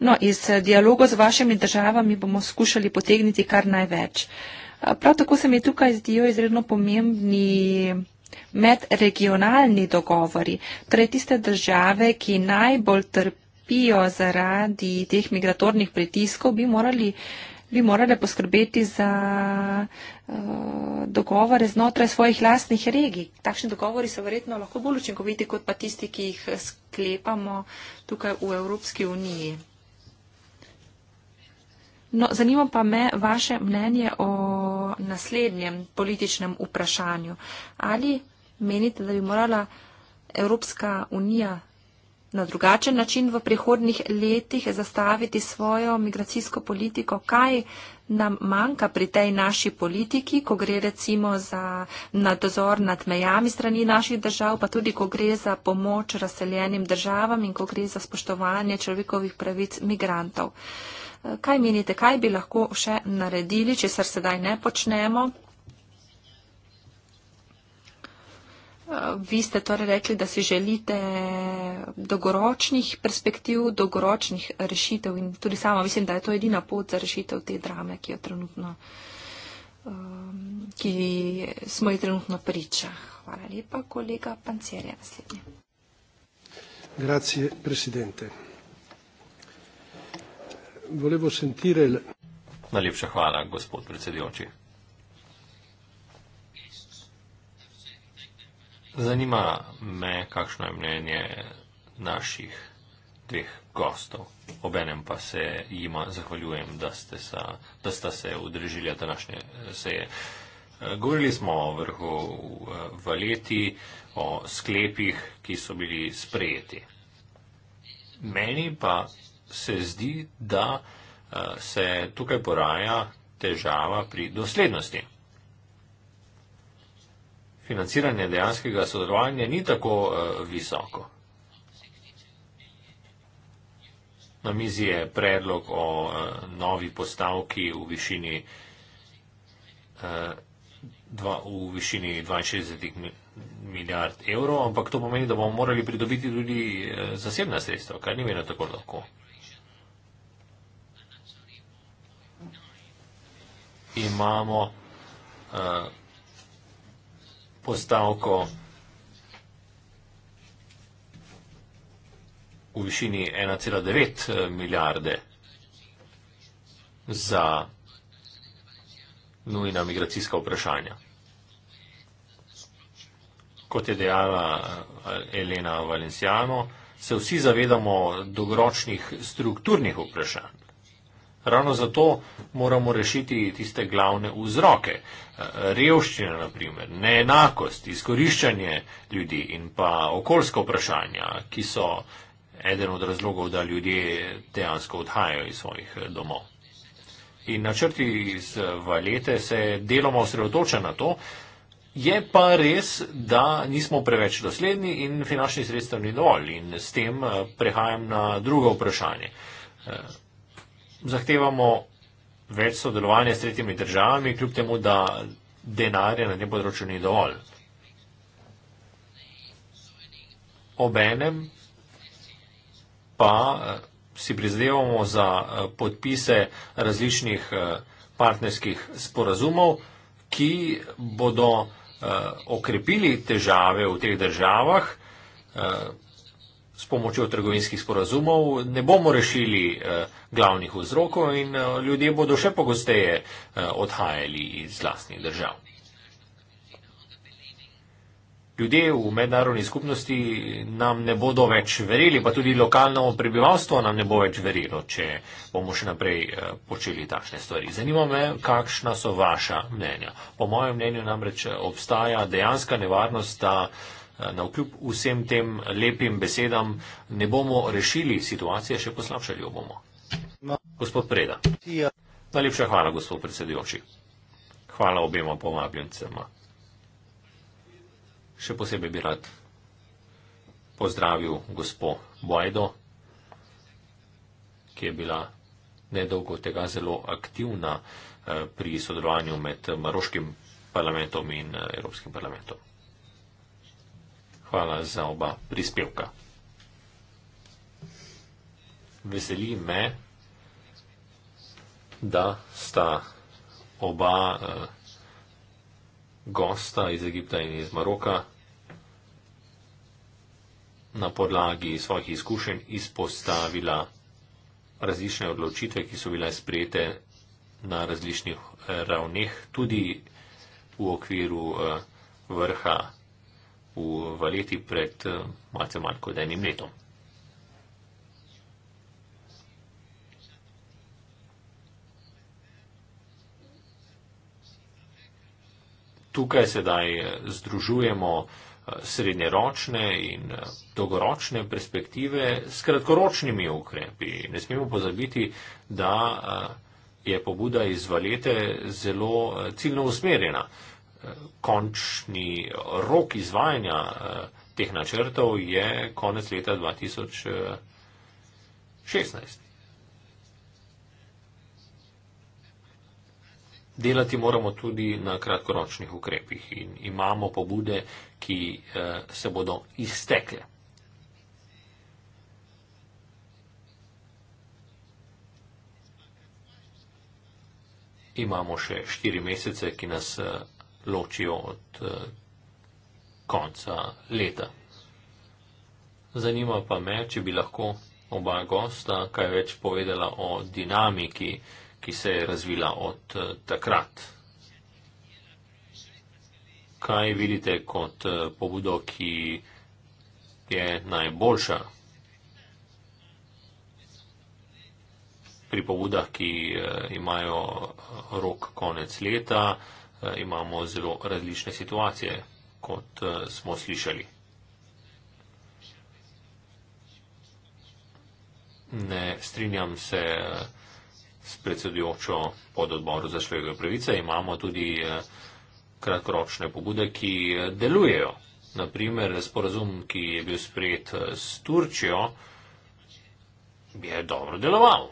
No, iz eh, dialogo z vašimi državami bomo skušali potegniti kar največ. Prav tako se mi tukaj zdijo izredno pomembni medregionalni dogovori, torej tiste države, ki najbolj trpijo zaradi teh migratornih pritiskov, bi morali bi morali poskrbeti za uh, dogovore znotraj svojih lastnih regij. Takšni dogovori so verjetno lahko bolj učinkoviti, kot pa tisti, ki jih sklepamo tukaj v Evropski uniji. No, zanima pa me vaše mnenje o naslednjem političnem vprašanju. Ali menite, da bi morala Evropska unija na drugačen način v prihodnih letih zastaviti svojo migracijsko politiko? Kaj nam manjka pri tej naši politiki, ko gre recimo za nadzor nad mejami strani naših držav, pa tudi ko gre za pomoč razseljenim državam in ko gre za spoštovanje človekovih pravic migrantov? Kaj menite, kaj bi lahko še naredili, če se sedaj ne počnemo? Vi ste torej rekli, da si želite dolgoročnih perspektiv, dolgoročnih rešitev in tudi sama mislim, da je to edina pot za rešitev te drame, ki, trenutno, um, ki smo ji trenutno priča. Hvala lepa, kolega Pancerja. Grazie, Presidente volevo sentire. Il... Najlepša hvala, gospod predsedujoči. Zanima me, kakšno je mnenje naših dveh gostov. Obenem pa se jima zahvaljujem, da, ste sa, da sta se udrežili današnje eh, seje. Eh, govorili smo o vrhu eh, v leti, o sklepih, ki so bili sprejeti. Meni pa se zdi, da eh, se tukaj poraja težava pri doslednosti. Financiranje dejanskega sodelovanja ni tako eh, visoko. Na mizi je predlog o eh, novi postavki v višini, v višini 62 milijard evrov, ampak to pomeni, da bomo morali pridobiti tudi zasebna sredstva, kar ni vedno tako lahko. imamo eh, postavko v višini 1,9 eh, milijarde za nujna migracijska vprašanja. Kot je dejala eh, Elena Valenciano, se vsi zavedamo dogročnih strukturnih vprašanj. Ravno zato moramo rešiti tiste glavne vzroke. Revščina, naprimer, neenakost, izkoriščanje ljudi in pa okoljska vprašanja, ki so eden od razlogov, da ljudje dejansko odhajajo iz svojih eh, domov. In načrti iz eh, Valete se deloma osredotoča na to, je pa res, da nismo preveč dosledni in finančni sredstev ni dovolj. In s tem eh, prehajam na drugo vprašanje zahtevamo več sodelovanja s tretjimi državami, kljub temu, da denarja na tem področju ni dovolj. Obenem pa eh, si prizadevamo za eh, podpise različnih eh, partnerskih sporazumov, ki bodo okrepili težave v teh državah, s pomočjo trgovinskih sporazumov ne bomo rešili eh, glavnih vzrokov in eh, ljudje bodo še pogosteje eh, odhajali iz vlastnih držav. Ljudje v mednarodni skupnosti nam ne bodo več verili, pa tudi lokalno prebivalstvo nam ne bo več verilo, če bomo še naprej počeli takšne stvari. Zanima me, kakšna so vaša mnenja. Po mojem mnenju namreč obstaja dejanska nevarnost, da. Eh, na vkljub vsem tem lepim besedam ne bomo rešili situacije, še poslabšali jo bomo. No. Gospod Preda. Ja. Najlepša hvala, gospod predsedujoči. Hvala obema povabljencema. Še posebej bi rad pozdravil gospo Bojdo, ki je bila nedolgo tega zelo aktivna eh, pri sodelovanju med Maroškim parlamentom in eh, Evropskim parlamentom. Hvala za oba prispevka. Veseli me, da sta oba uh, gosta iz Egipta in iz Maroka na podlagi svojih izkušenj izpostavila različne odločitve, ki so bile sprejete na različnih eh, ravneh, tudi v okviru uh, vrha v, v leti pred eh, malce manj kot enim letom. Tukaj sedaj eh, združujemo eh, srednjeročne in dolgoročne perspektive s kratkoročnimi ukrepi. Ne smemo pozabiti, da je pobuda iz valete zelo ciljno usmerjena končni rok izvajanja eh, teh načrtov je konec leta 2016. Delati moramo tudi na kratkoročnih ukrepih in imamo pobude, ki eh, se bodo iztekle. Imamo še štiri mesece, ki nas eh, ločijo od eh, konca leta. Zanima pa me, če bi lahko oba gosta kaj več povedala o dinamiki, ki se je razvila od eh, takrat. Kaj vidite kot eh, pobudo, ki je najboljša pri pobudah, ki imajo rok konec leta? Eh, imamo zelo različne situacije, kot eh, smo slišali. Ne strinjam se s predsedujočo pod odboru za človekove pravice. Imamo tudi eh, kratkoročne pobude, ki delujejo. Naprimer, sporazum, ki je bil sprejet s Turčijo, je dobro deloval.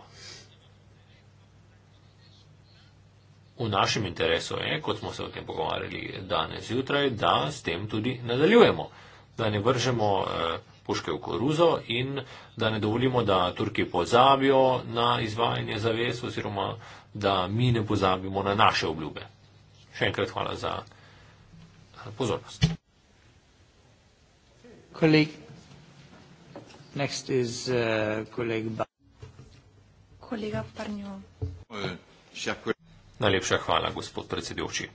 v našem interesu je, kot smo se o tem pogovarjali danes zjutraj, da s tem tudi nadaljujemo, da ne vržemo eh, puške v koruzo in da ne dovolimo, da Turki pozabijo na izvajanje zavez oziroma da mi ne pozabimo na naše obljube. Še enkrat hvala za eh, pozornost. Kolik. Next is uh, eh, colleague ba- Kolega Parnio. Uh, Najlepša hvala, gospod predsedujoči.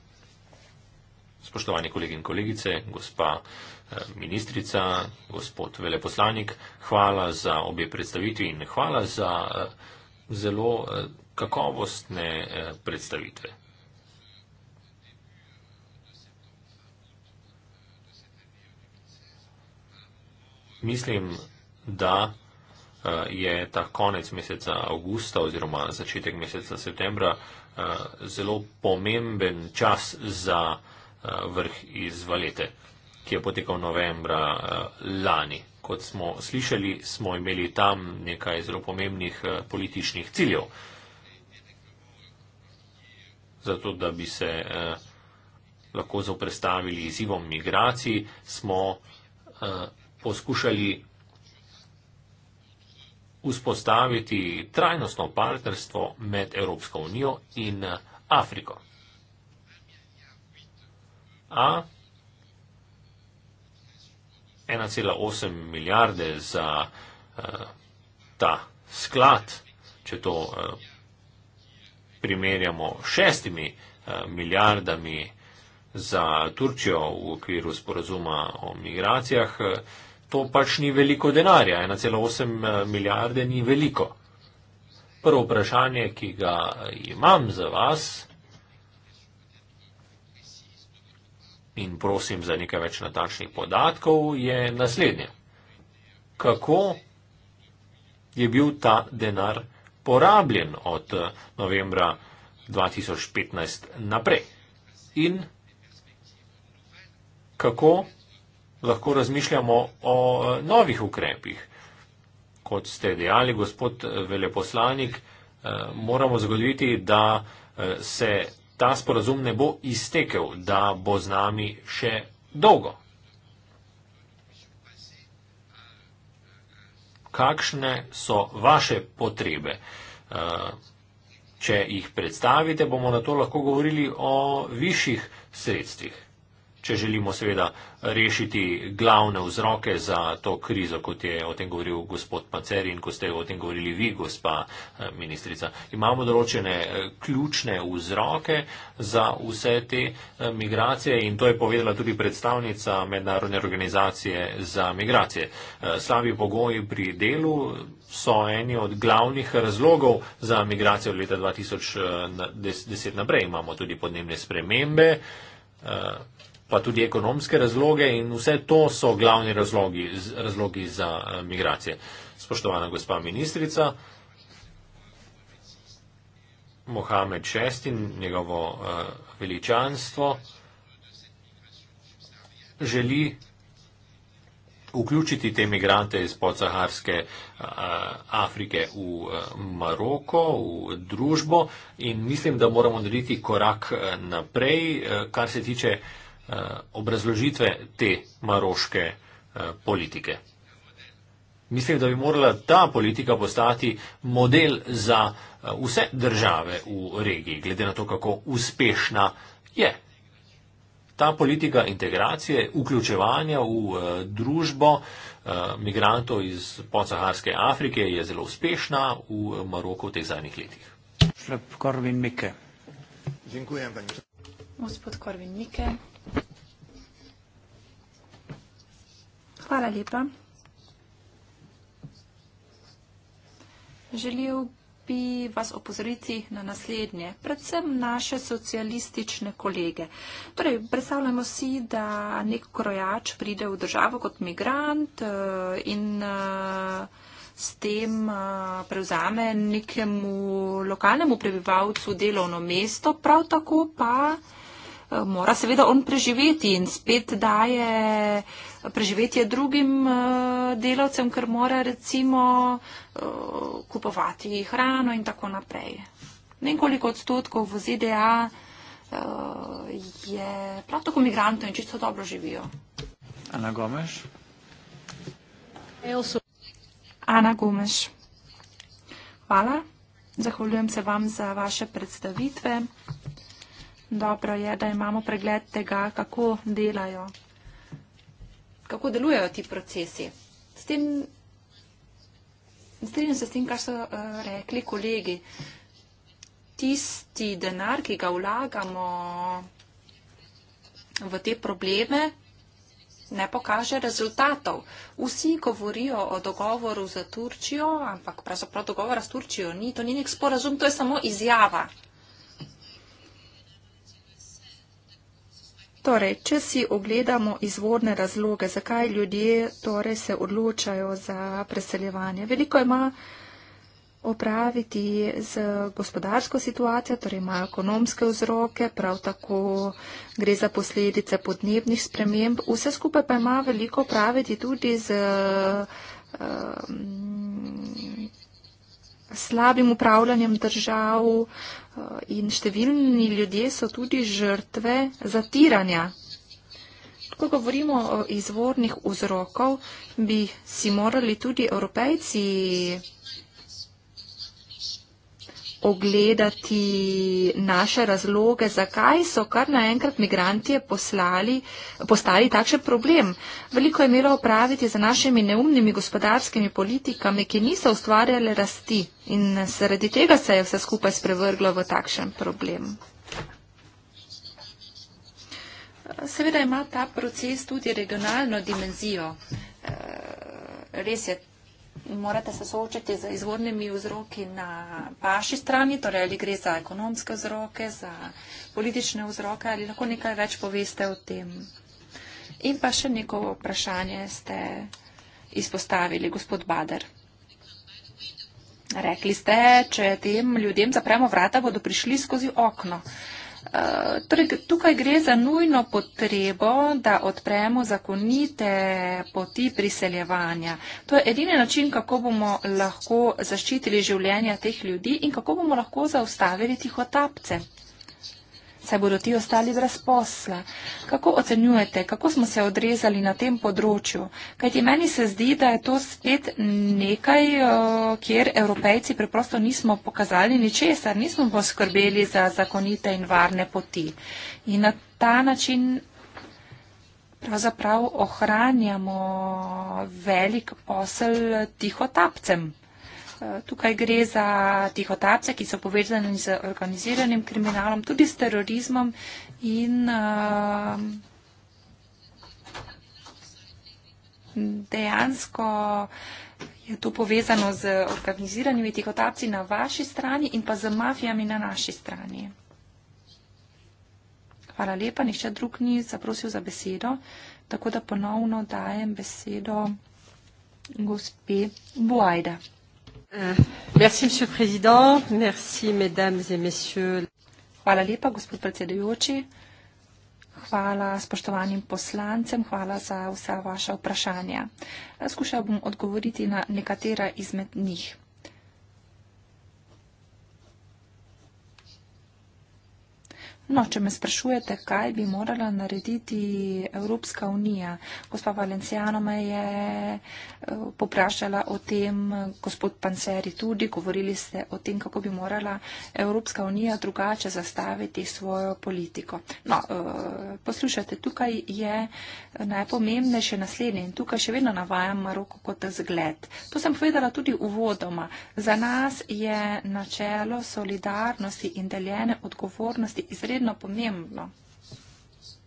Spoštovani kolegi in kolegice, gospa eh, ministrica, gospod veleposlanik, hvala za obe predstavitvi in hvala za eh, zelo eh, kakovostne predstavitve. Mislim, da je ta konec meseca avgusta oziroma začetek meseca septembra Eh, zelo pomemben čas za eh, vrh iz Valete, ki je potekal novembra eh, lani. Kot smo slišali, smo imeli tam nekaj zelo pomembnih političnih ciljev, zato da bi se lahko zoprestavili izzivom migracij, smo poskušali vzpostaviti trajnostno partnerstvo med Evropsko unijo in eh, Afriko. A 1,8 milijarde za eh, ta sklad, če to eh, primerjamo šestimi milijardami za Turčijo v okviru sporazuma o migracijah, to pač ni veliko denarja, 1,8 eh, milijarde ni veliko. Prvo vprašanje, ki ga imam za vas in prosim za nekaj več natančnih podatkov, je naslednje. Kako je bil ta denar porabljen od eh, novembra 2015 naprej? In kako lahko razmišljamo o e, novih ukrepih. Kot ste dejali, gospod e, veleposlanik, e, moramo zagotoviti, da se ta sporazum ne bo iztekel, da bo z nami še dolgo. Kakšne so vaše potrebe? Če jih predstavite, bomo na to lahko govorili o višjih sredstvih če želimo seveda rešiti glavne vzroke za to krizo, kot je o tem govoril gospod Paceri in kot ste o tem govorili vi, gospa eh, ministrica. Imamo določene eh, ključne vzroke za vse te eh, migracije in to je povedala tudi predstavnica Mednarodne organizacije za migracije. Slavi pogoji pri delu so eni od glavnih razlogov za migracijo leta 2010 naprej. Imamo tudi podnebne spremembe pa tudi ekonomske razloge in vse to so glavni razlogi, razlogi za eh, migracije. Spoštovana gospa ministrica, Mohamed VI, njegovo eh, veličanstvo, želi vključiti te migrante iz podsaharske eh, Afrike v Maroko, v družbo in mislim, da moramo narediti korak naprej, kar se tiče Eh, obrazložitve te maroške eh, politike. Mislim, da bi morala ta politika postati model za eh, vse države v regiji, glede na to, kako uspešna je. Ta politika integracije, vključevanja v družbo migrantov iz podsaharske Afrike je zelo uspešna v Maroku v teh zadnjih letih. Gospod Korvin Mike. Gospod Korvin Mike. Hvala lepa. Želel bi vas opozoriti na naslednje, predvsem naše socialistične kolege. Torej, predstavljamo si, da nek krojač pride v državo kot migrant eh, in eh, s tem eh, prevzame nekemu lokalnemu prebivalcu delovno mesto, prav tako pa mora seveda on preživeti in spet daje preživetje drugim eh, delavcem, ker mora recimo eh, kupovati hrano in tako naprej. Nekoliko odstotkov v ZDA eh, je prav tako migrantov in čisto dobro živijo. Ana Gomeš. Ana Gomeš. Hvala. Zahvaljujem se vam za vaše predstavitve. Dobro je, da imamo pregled tega, kako delajo kako delujejo ti procesi. S tem, strinjam se s tem, kar so uh, rekli kolegi, tisti denar, ki ga vlagamo v te probleme, ne pokaže rezultatov. Vsi govorijo o dogovoru za Turčijo, ampak pravzaprav dogovora s Turčijo ni, to ni nek sporazum, to je samo izjava. Torej, če si ogledamo izvorne razloge, zakaj ljudje torej, se odločajo za preseljevanje. Veliko ima opraviti z gospodarsko situacijo, torej ima ekonomske vzroke, prav tako gre za posledice podnebnih sprememb. Vse skupaj pa ima veliko opraviti tudi z. Um, slabim upravljanjem držav eh, in številni ljudje so tudi žrtve zatiranja. Ko govorimo o izvornih vzrokov, bi si morali tudi evropejci ogledati naše razloge, zakaj so kar naenkrat migrantje poslali, postali takšen problem. Veliko je imelo opraviti za našimi neumnimi gospodarskimi politikami, ki niso ustvarjale rasti in sredi tega se je vse skupaj sprevrglo v takšen problem. Seveda ima ta proces tudi regionalno dimenzijo. Res je morate se soočiti z izvornimi vzroki na vaši strani, torej ali gre za ekonomske vzroke, za politične vzroke, ali lahko nekaj več poveste o tem. In pa še neko vprašanje ste izpostavili, gospod Bader. Rekli ste, če tem ljudem zapremo vrata, bodo prišli skozi okno. Uh, Eh, torej, tukaj gre za nujno potrebo, da odpremo zakonite poti priseljevanja. To je edini način, kako bomo lahko zaščitili življenja teh ljudi in kako bomo lahko zaustavili tih otapce saj bodo ti ostali brez posla. Kako ocenjujete, kako smo se odrezali na tem področju? Kajti meni se zdi, da je to spet nekaj, kjer evropejci preprosto nismo pokazali ničesar, nismo poskrbeli za zakonite in varne poti. In na ta način. Pravzaprav ohranjamo velik posel tiho tapcem. Eh, tukaj gre za tihotapce, ki so povezani z organiziranim kriminalom, tudi s terorizmom in eh, dejansko je to povezano z organiziranimi tihotapci na vaši strani in pa z mafijami na naši strani. Hvala lepa, nišče drug ni zaprosil za besedo, tako da ponovno dajem besedo gospe Buajda. Euh, monsieur le Président. Merci, Mesdames et Messieurs. Hvala lepa, gospod predsedujoči. Hvala spoštovanim poslancem, hvala za vsa vaša vprašanja. Skušal bom odgovoriti na nekatera izmed njih. No, če me sprašujete, kaj bi morala narediti Evropska unija, gospa Valencijano me je eh, poprašala o tem, gospod Panceri tudi, govorili ste o tem, kako bi morala Evropska unija drugače zastaviti svojo politiko. No, eh, poslušajte, tukaj je najpomembnejše naslednje in tukaj še vedno navajam Maroko kot zgled. To sem povedala tudi uvodoma. Za nas je načelo solidarnosti in deljene odgovornosti izredno izredno pomembno.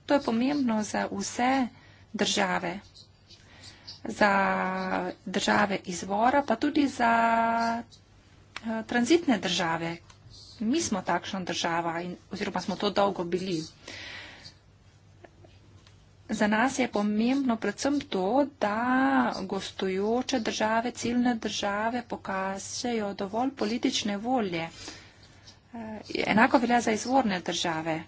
To je pomembno za vse države, za države izvora, pa tudi za eh, tranzitne države. Mi smo takšna država in, oziroma smo to dolgo bili. Za nas je pomembno predvsem to, da gostujoče države, ciljne države pokažejo dovolj politične volje. Eh, enako velja za izvorne države.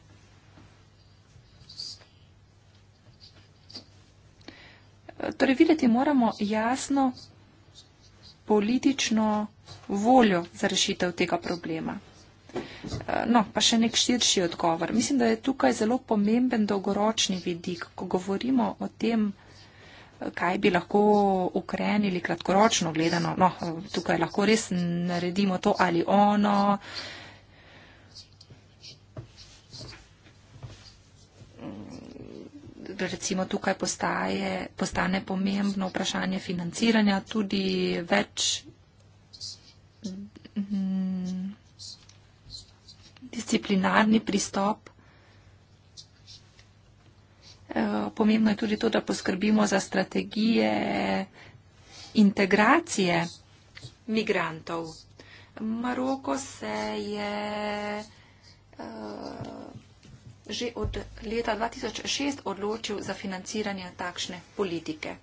Eh, torej, videti moramo jasno politično voljo za rešitev tega problema. Eh, no, pa še nek širši odgovor. Mislim, da je tukaj zelo pomemben dolgoročni vidik, ko govorimo o tem, kaj bi lahko ukrenili kratkoročno gledano. No, tukaj lahko res naredimo to ali ono, recimo tukaj postaje, postane pomembno vprašanje financiranja, tudi več mm, disciplinarni pristop. Eh, pomembno je tudi to, da poskrbimo za strategije integracije migrantov. Maroko se je. Uh, že od leta 2006 odločil za financiranje takšne politike.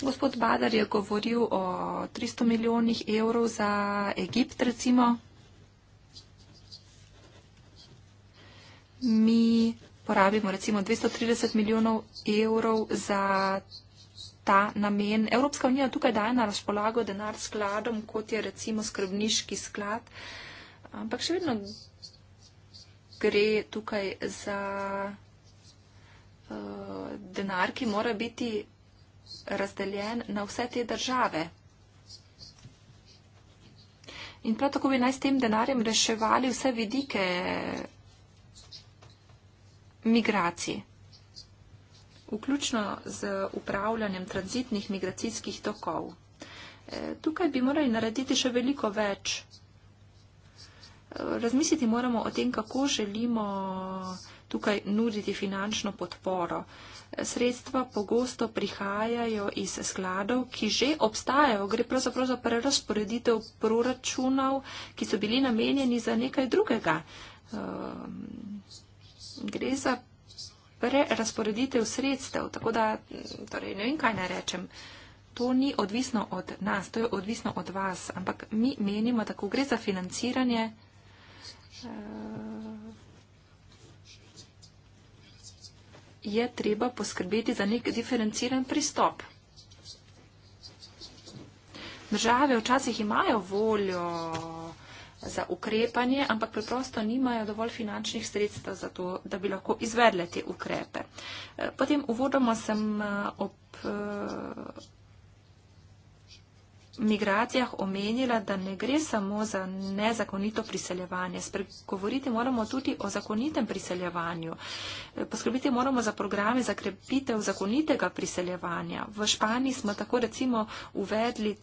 Gospod Badar je govoril o 300 milijonih evrov za Egipt, recimo. Mi porabimo recimo 230 milijonov evrov za ta namen. Evropska unija tukaj daje na razpolago denar skladom, kot je recimo skrbniški sklad, ampak še vedno gre tukaj za uh, denar, ki mora biti razdeljen na vse te države. In prav tako bi naj s tem denarjem reševali vse vidike migracij, vključno z upravljanjem tranzitnih migracijskih tokov. Eh, tukaj bi morali narediti še veliko več razmisliti moramo o tem, kako želimo tukaj nuditi finančno podporo. Sredstva pogosto prihajajo iz skladov, ki že obstajajo. Gre pravzaprav za prerasporeditev proračunov, ki so bili namenjeni za nekaj drugega. Ehm, gre za prerasporeditev sredstev, tako da torej, ne vem, kaj naj rečem. To ni odvisno od nas, to je odvisno od vas, ampak mi menimo, da ko gre za financiranje, Eh, je treba poskrbeti za nek diferenciran pristop. Države včasih imajo voljo za ukrepanje, ampak preprosto nimajo dovolj finančnih sredstev za to, da bi lahko izvedle te ukrepe. Eh, potem uvodoma sem eh, ob migracijah omenila, da ne gre samo za nezakonito priseljevanje. Spregovoriti moramo tudi o zakonitem priseljevanju. Eh, Poskrbiti moramo za programe za krepitev zakonitega priseljevanja. V Španiji smo tako recimo uvedli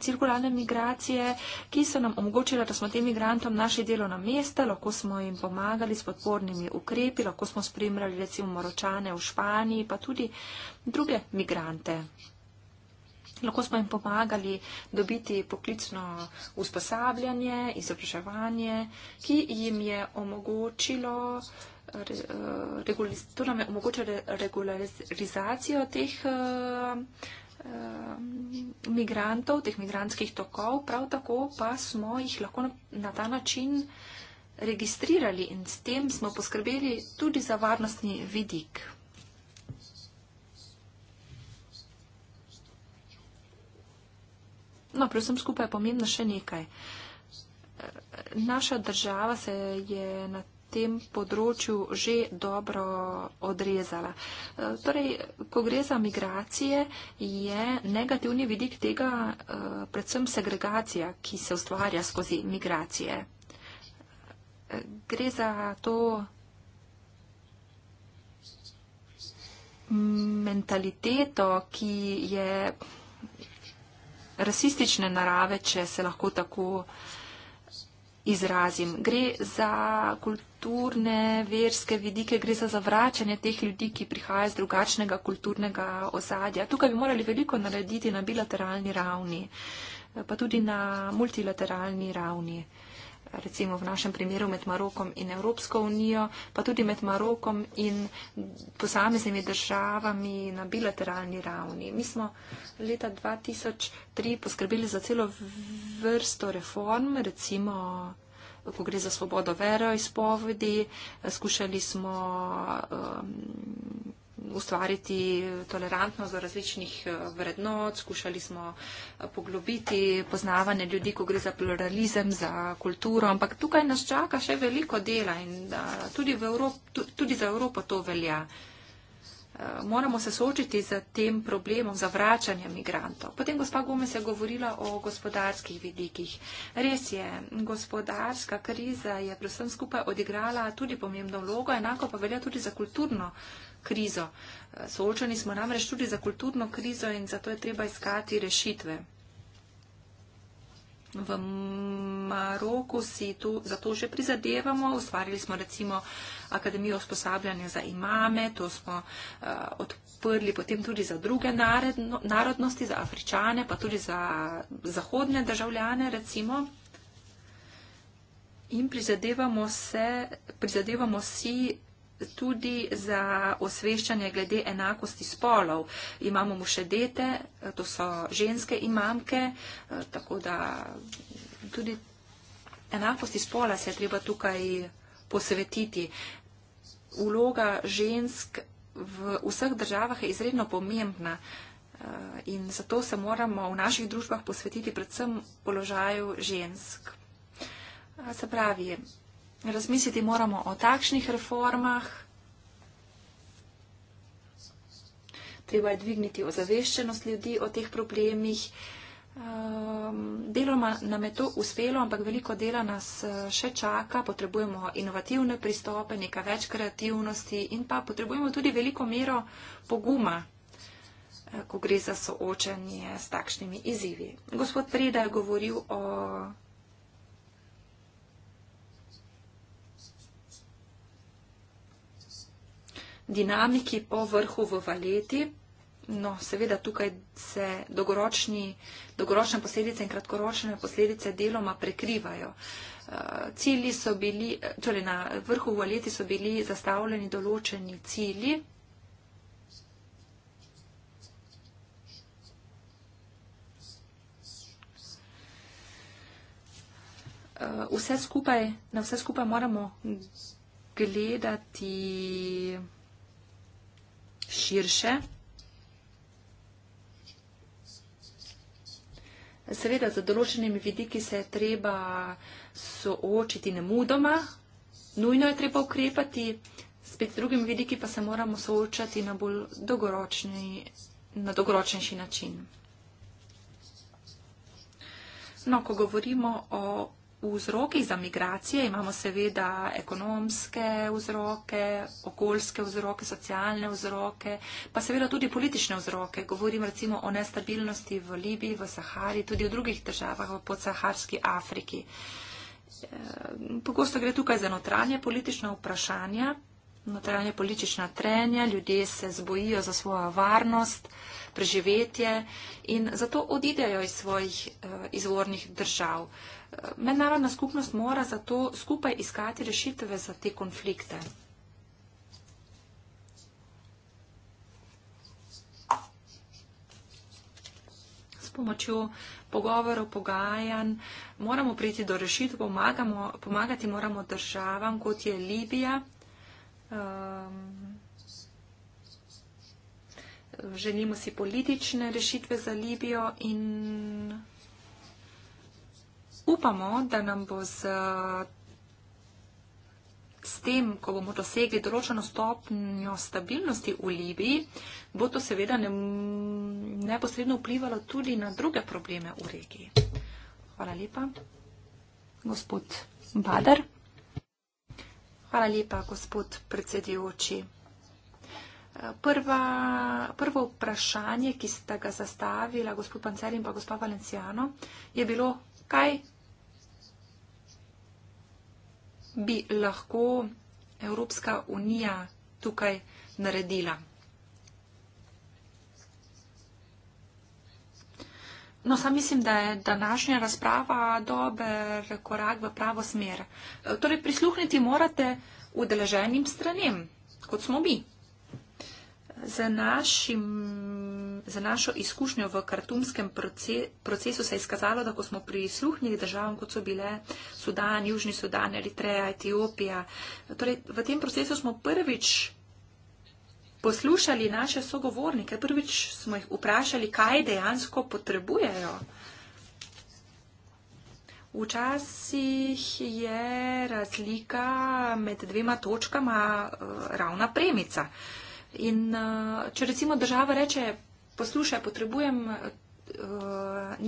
cirkularne migracije, ki so nam omogočile, da smo tem migrantom našli delo na mesta, lahko smo jim pomagali s podpornimi ukrepi, lahko smo spremljali recimo moročane v Španiji, pa tudi druge migrante. Lahko smo jim pomagali dobiti poklicno usposabljanje, izobraževanje, ki jim je omogočilo, eh, to nam je omogočilo regularizacijo teh eh, eh, migrantov, teh migrantskih tokov, prav tako pa smo jih lahko na ta način registrirali in s tem smo poskrbeli tudi za varnostni vidik. No, predvsem skupaj je pomembno še nekaj. Naša država se je na tem področju že dobro odrezala. Torej, ko gre za migracije, je negativni vidik tega predvsem segregacija, ki se ustvarja skozi migracije. Gre za to mentaliteto, ki je rasistične narave, če se lahko tako izrazim. Gre za kulturne, verske vidike, gre za zavračanje teh ljudi, ki prihajajo z drugačnega kulturnega ozadja. Tukaj bi morali veliko narediti na bilateralni ravni, pa tudi na multilateralni ravni recimo v našem primeru med Marokom in Evropsko unijo, pa tudi med Marokom in posameznimi državami na bilateralni ravni. Mi smo leta 2003 poskrbeli za celo vrsto reform, recimo ko gre za svobodo vero, izpovedi, skušali smo. Um, ustvariti tolerantnost do različnih eh, vrednot, skušali smo eh, poglobiti poznavanje ljudi, ko gre za pluralizem, za kulturo, ampak tukaj nas čaka še veliko dela in eh, tudi, Evrop, tudi za Evropo to velja. Moramo se soočiti z tem problemom zavračanja migrantov. Potem gospa Gomez je govorila o gospodarskih vidikih. Res je, gospodarska kriza je predvsem skupaj odigrala tudi pomembno vlogo, enako pa velja tudi za kulturno uh, krizo. Eh, soočeni smo namreč tudi za kulturno krizo in zato je treba iskati rešitve. V Maroku si tu, za to že prizadevamo. Ustvarili smo recimo Akademijo usposabljanja za imame, to smo uh, odprli potem tudi za druge naredno, narodnosti, za afričane, pa tudi za zahodne državljane recimo. In prizadevamo, se, prizadevamo si tudi za osveščanje glede enakosti spolov. Imamo mu še dete, to so ženske imamke, eh, tako da tudi enakosti spola se je treba tukaj posvetiti. Uloga žensk v vseh državah je izredno pomembna eh, in zato se moramo v naših družbah posvetiti predvsem položaju žensk. Se pravi, Razmisliti moramo o takšnih reformah. Treba je dvigniti ozaveščenost ljudi o teh problemih. Ehm, deloma nam je to uspelo, ampak veliko dela nas eh, še čaka. Potrebujemo inovativne pristope, nekaj več kreativnosti in pa potrebujemo tudi veliko mero poguma, eh, ko gre za soočanje s takšnimi izzivi. Gospod Preda je govoril o dinamiki po vrhu v valeti. No, seveda tukaj se dolgoročne posledice in kratkoročne posledice deloma prekrivajo. Eh, cilji so bili, torej na vrhu v valeti so bili zastavljeni določeni cilji. Eh, vse skupaj, na vse skupaj moramo gledati širše. Seveda, za določenimi vidiki se je treba soočiti nemudoma, nujno je treba ukrepati, spet z drugimi vidiki pa se moramo soočati na bolj dolgoročni, na dolgoročnejši način. No, ko govorimo o vzroki za migracije imamo seveda ekonomske vzroke, okoljske vzroke, socialne vzroke, pa seveda tudi politične vzroke. Govorim recimo o nestabilnosti v Libiji, v Sahari, tudi v drugih državah, v podsaharski Afriki. Eh, pogosto gre tukaj za notranje politična vprašanja, notranje politična trenja, ljudje se zbojijo za svojo varnost, preživetje in zato odidejo iz svojih eh, izvornih držav mednarodna skupnost mora zato skupaj iskati rešitve za te konflikte. S pomočjo pogovorov, pogajanj moramo priti do rešitev, pomagati moramo državam, kot je Libija. Um, želimo si politične rešitve za Libijo in upamo, da nam bo z, z tem, ko bomo dosegli določeno stopnjo stabilnosti v Libiji, bo to seveda ne, neposredno vplivalo tudi na druge probleme v regiji. Hvala lepa, gospod Bader. Hvala lepa, gospod predsedujoči. Prva, prvo vprašanje, ki ste ga zastavila, gospod Pancer in pa gospod Valenciano, je bilo, kaj bi lahko Evropska unija tukaj naredila. No, sam mislim, da je današnja razprava dober korak v pravo smer. Torej, prisluhniti morate udeleženim stranem, kot smo mi. Z našim za našo izkušnjo v kartumskem procesu se je izkazalo, da ko smo prisluhnili državam, kot so bile Sudan, Južni Sudan, Eritreja, Etiopija, torej v tem procesu smo prvič poslušali naše sogovornike, prvič smo jih vprašali, kaj dejansko potrebujejo. Včasih je razlika med dvema točkama eh, ravna premica. In eh, če recimo država reče, poslušaj, potrebujem uh,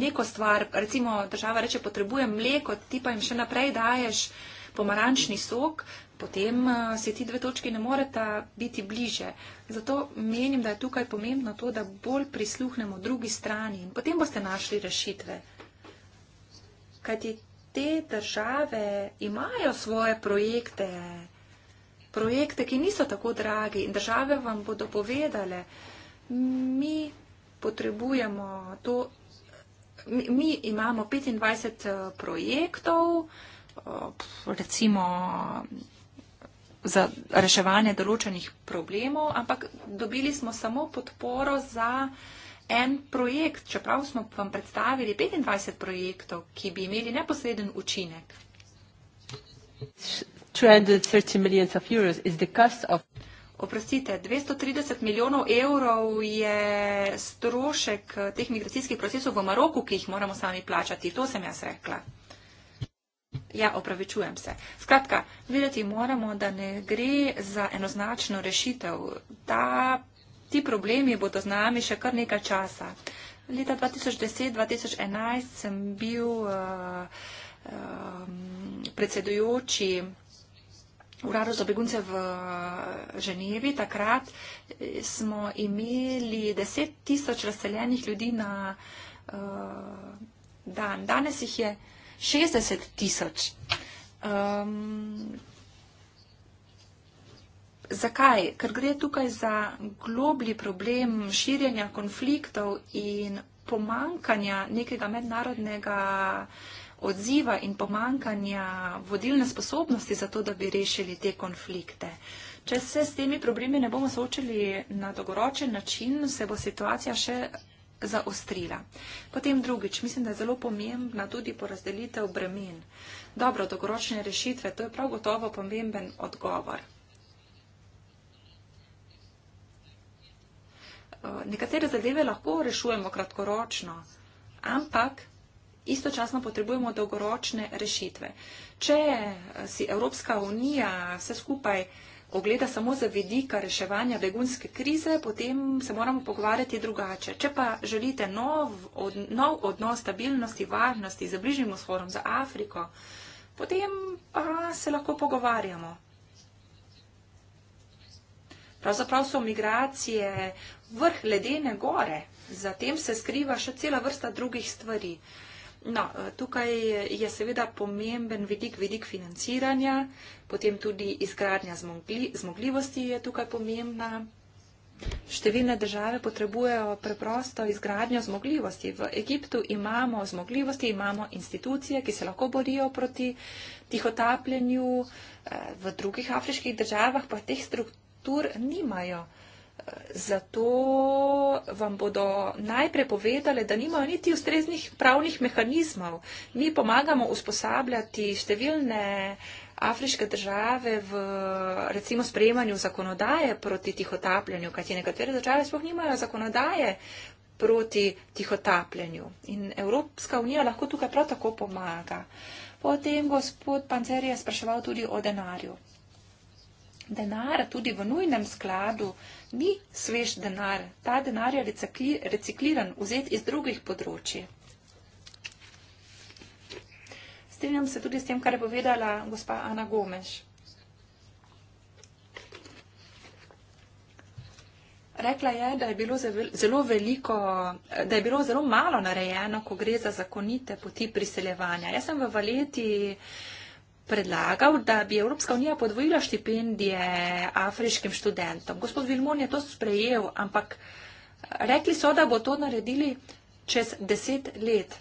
neko stvar, recimo država reče, potrebujem mleko, ti pa jim še naprej daješ pomarančni sok, potem uh, se ti dve točki ne moreta biti bliže. Zato menim, da je tukaj pomembno to, da bolj prisluhnemo drugi strani in potem boste našli rešitve. Kajti te države imajo svoje projekte, projekte, ki niso tako dragi in države vam bodo povedale, uh, mi potrebujemo to, mi, mi imamo 25 eh, projektov, eh, recimo za reševanje določenih problemov, ampak dobili smo samo podporo za en projekt, čeprav smo vam predstavili 25 projektov, ki bi imeli neposreden učinek. 230 milijonov evrov je stroški. Oprostite, 230 milijonov evrov je strošek eh, teh migracijskih procesov v Maroku, ki jih moramo sami plačati. To sem jaz rekla. Ja, opravičujem se. Skratka, videti moramo, da ne gre za enoznačno rešitev. Ta, ti problemi bodo z nami še kar nekaj časa. Leta 2010-2011 sem bil uh, uh, predsedujoči uradu za begunce v eh, Ženevi. Takrat eh, smo imeli 10 tisoč razseljenih ljudi na uh, dan. Danes jih je 60 tisoč. Um, zakaj? Ker gre tukaj za globlji problem širjenja konfliktov in pomankanja nekega mednarodnega odziva in pomankanja vodilne sposobnosti za to, da bi rešili te konflikte. Če se s temi problemi ne bomo soočili na dolgoročen način, se bo situacija še zaostrila. Potem drugič, mislim, da je zelo pomembna tudi porazdelitev bremen. Dobro, dolgoročne rešitve, to je prav gotovo pomemben odgovor. Eh, nekatere zadeve lahko rešujemo kratkoročno, ampak istočasno potrebujemo dolgoročne rešitve. Če eh, si Evropska unija vse skupaj ogleda samo za vidika reševanja begunske krize, potem se moramo pogovarjati drugače. Če pa želite nov, od, nov odnos stabilnosti, varnosti za bližnjim vzhodom, za Afriko, potem pa se lahko pogovarjamo. Pravzaprav so migracije vrh ledene gore, zatem se skriva še cela vrsta drugih stvari. No, eh, tukaj je seveda pomemben vidik, vidik financiranja, potem tudi izgradnja zmogli, zmogljivosti je tukaj pomembna. Številne države potrebujejo preprosto izgradnjo zmogljivosti. V Egiptu imamo zmogljivosti, imamo institucije, ki se lahko borijo proti tihotapljenju, eh, v drugih afriških državah pa teh struktur nimajo. Uh, Zato vam bodo najprej povedali, da nimajo niti ustreznih pravnih mehanizmov. Mi pomagamo usposabljati številne afriške države v recimo sprejemanju zakonodaje proti tihotapljanju, kajti nekatere države sploh nimajo zakonodaje proti tihotapljanju. In Evropska unija lahko tukaj prav tako pomaga. Potem gospod Pancer je spraševal tudi o denarju. Denar tudi v nujnem skladu uh, ni svež denar. Ta denar je recikliran, vzet iz drugih področji. Strenjam se tudi s tem, kar je povedala gospa Ana Gomeš. Rekla je, da je, bilo zelo veliko, da je bilo zelo malo narejeno, ko gre za zakonite poti priseljevanja. Jaz sem v Valeti uh, predlagal, da bi Evropska unija podvojila štipendije afriškim študentom. Gospod Vilmon je to sprejel, ampak eh, rekli so, da bo to naredili čez deset let.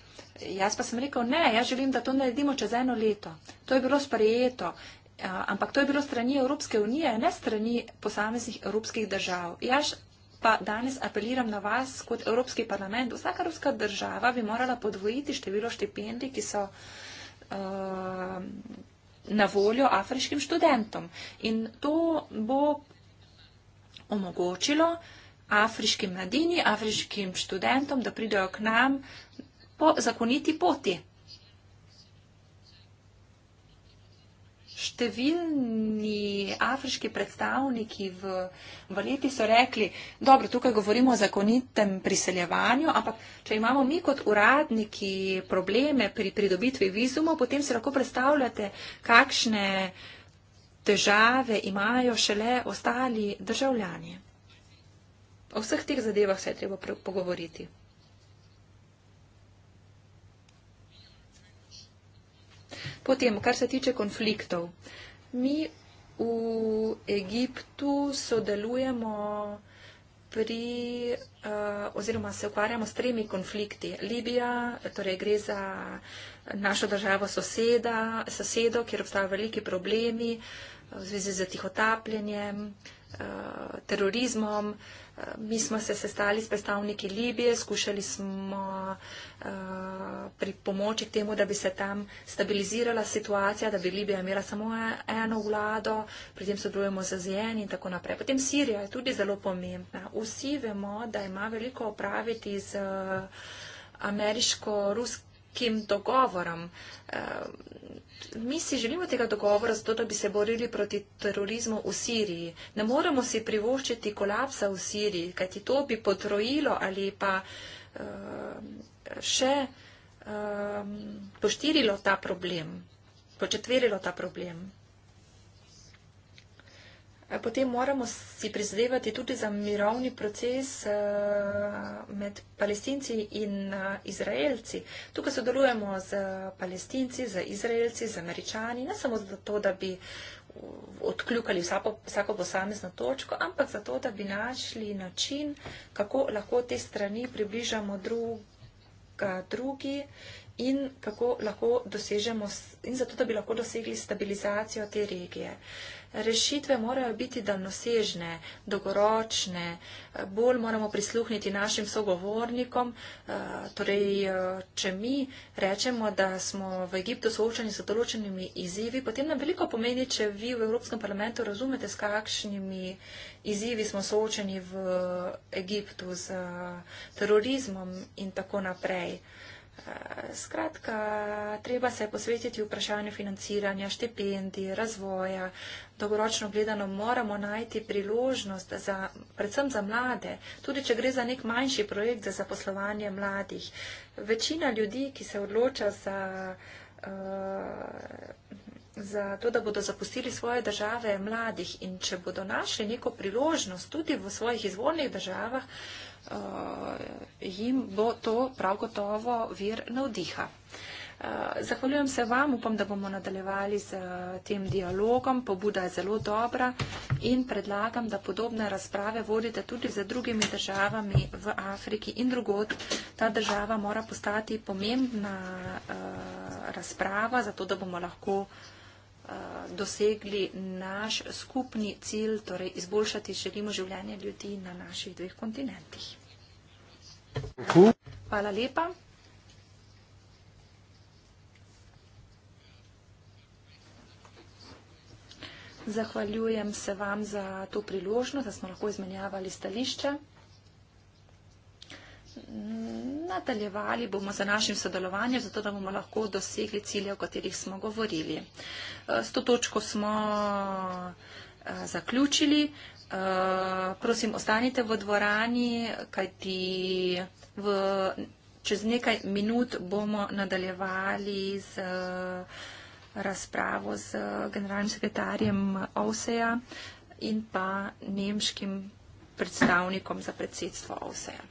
Jaz pa sem rekel, ne, jaz želim, da to naredimo čez eno leto. To je bilo sprejeto, eh, ampak to je bilo strani Evropske unije, ne strani posameznih evropskih držav. Jaz pa danes apeliram na vas kot Evropski parlament. Vsaka evropska država bi morala podvojiti število štipendij, ki so. Eh, na voljo afriškim študentom. In to bo omogočilo afriškim mladini, afriškim študentom, da pridejo k nam po zakoniti poti. številni afriški predstavniki v, v leti so rekli, dobro, tukaj govorimo o zakonitem priseljevanju, ampak če imamo mi kot uradniki probleme pri pridobitvi vizumov, potem si lahko predstavljate, kakšne težave imajo šele ostali državljani. O vseh teh zadevah se je treba pogovoriti. Potem, kar se tiče konfliktov. Mi v Egiptu sodelujemo pri eh, oziroma se ukvarjamo s tremi konflikti. Libija, torej gre za našo državo soseda, sosedo, kjer obstajajo veliki problemi eh, v zvezi z tihotapljenjem, eh, terorizmom. Mi smo se sestali s predstavniki Libije, skušali smo uh, eh, pri pomoči k temu, da bi se tam stabilizirala situacija, da bi Libija imela samo eno vlado, pri tem sodelujemo z ZN in tako naprej. Potem Sirija je tudi zelo pomembna. Vsi vemo, da ima veliko opraviti z uh, eh, ameriško-ruskim tem dogovorom. Eh, mi si želimo tega dogovora zato, da bi se borili proti terorizmu v Siriji. Ne moremo si privoščiti kolapsa v Siriji, kajti to bi potrojilo ali pa eh, še eh, poštirilo ta problem, početverilo ta problem. Eh, potem moramo si prizadevati tudi za mirovni proces eh, med palestinci in eh, izraelci. Tukaj sodelujemo z palestinci, z izraelci, z američani, ne samo zato, da bi odkljukali vsako posamezno točko, ampak zato, da bi našli način, kako lahko te strani približamo drug, drugi in kako lahko dosežemo, in zato, da bi lahko dosegli stabilizacijo te regije. Rešitve morajo biti daljnosežne, dolgoročne, bolj moramo prisluhniti našim sogovornikom. Eh, torej, eh, če mi rečemo, da smo v Egiptu soočeni z določenimi izzivi, potem nam veliko pomeni, če vi v Evropskem parlamentu razumete, s kakšnimi izzivi smo soočeni v Egiptu, z eh, terorizmom in tako naprej skratka, treba se posvetiti vprašanju financiranja, štipendij, razvoja. Dolgoročno gledano moramo najti priložnost za, predvsem za mlade, tudi če gre za nek manjši projekt za zaposlovanje mladih. Večina ljudi, ki se odloča za. Uh, za to, da bodo zapustili svoje države mladih in če bodo našli neko priložnost tudi v svojih izvornih državah, uh, uh, jim bo to prav gotovo vir navdiha. Uh, zahvaljujem se vam, upam, da bomo nadaljevali z uh, eh, tem dialogom. Pobuda je zelo dobra in predlagam, da podobne razprave vodite tudi za drugimi državami v Afriki in drugod. Ta država mora postati pomembna uh, razprava, zato da bomo lahko uh, Eh, dosegli naš skupni cilj, torej izboljšati želimo življenje ljudi na naših dveh kontinentih. Hvala lepa. Zahvaljujem se vam za to priložnost, da smo lahko izmenjavali stališče nadaljevali bomo z našim sodelovanjem, zato da bomo lahko dosegli cilje, o katerih smo govorili. Eh, s to točko smo eh, zaključili. Eh, prosim, ostanite v dvorani, kajti v, čez nekaj minut bomo nadaljevali z razpravo z generalnim sekretarjem OSEA in pa nemškim predstavnikom za predsedstvo OSEA.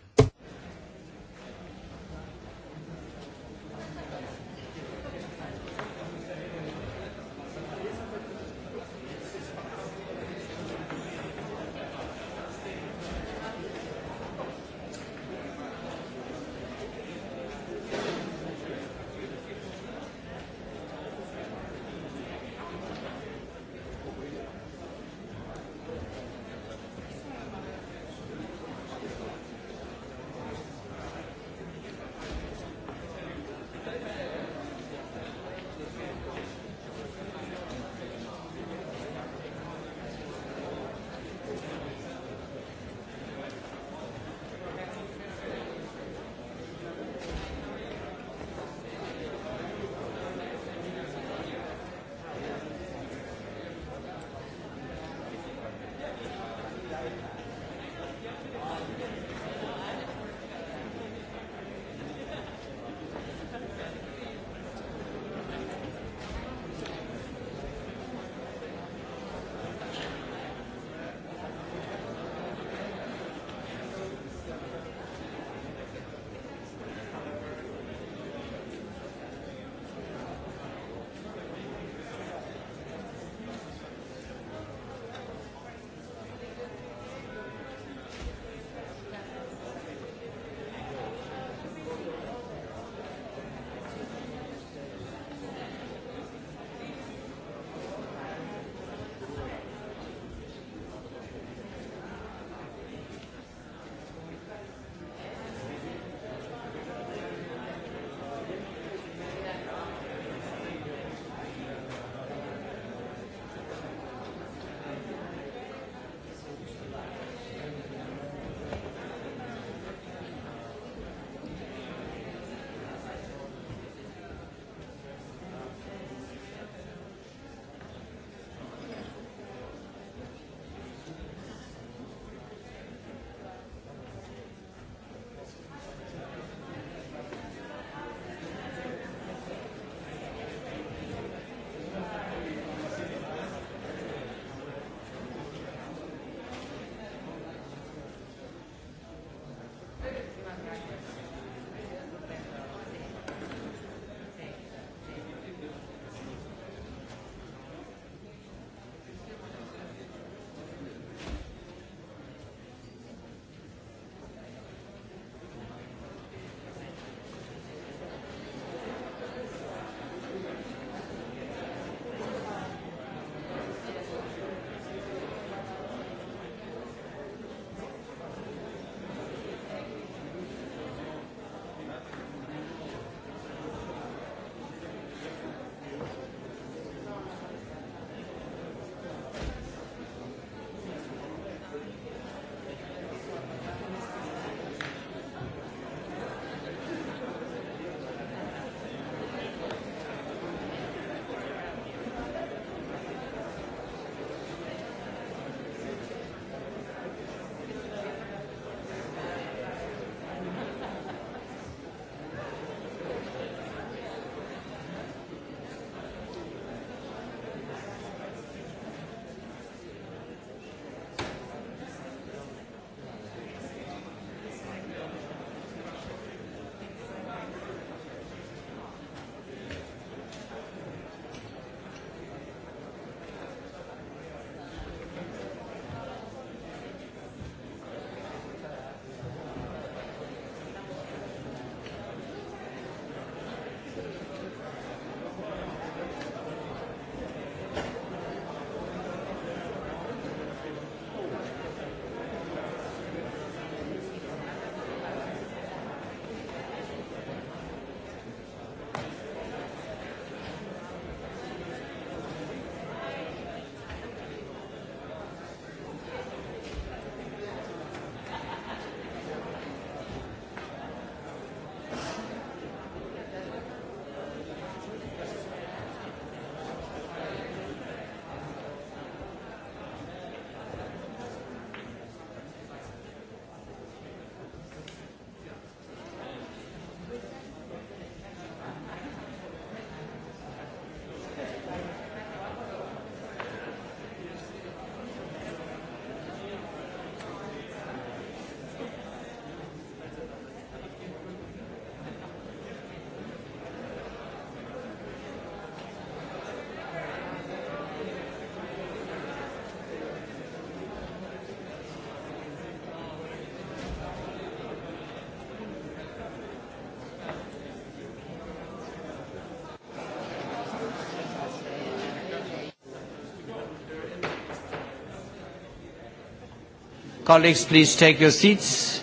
Colleagues, please take your seats.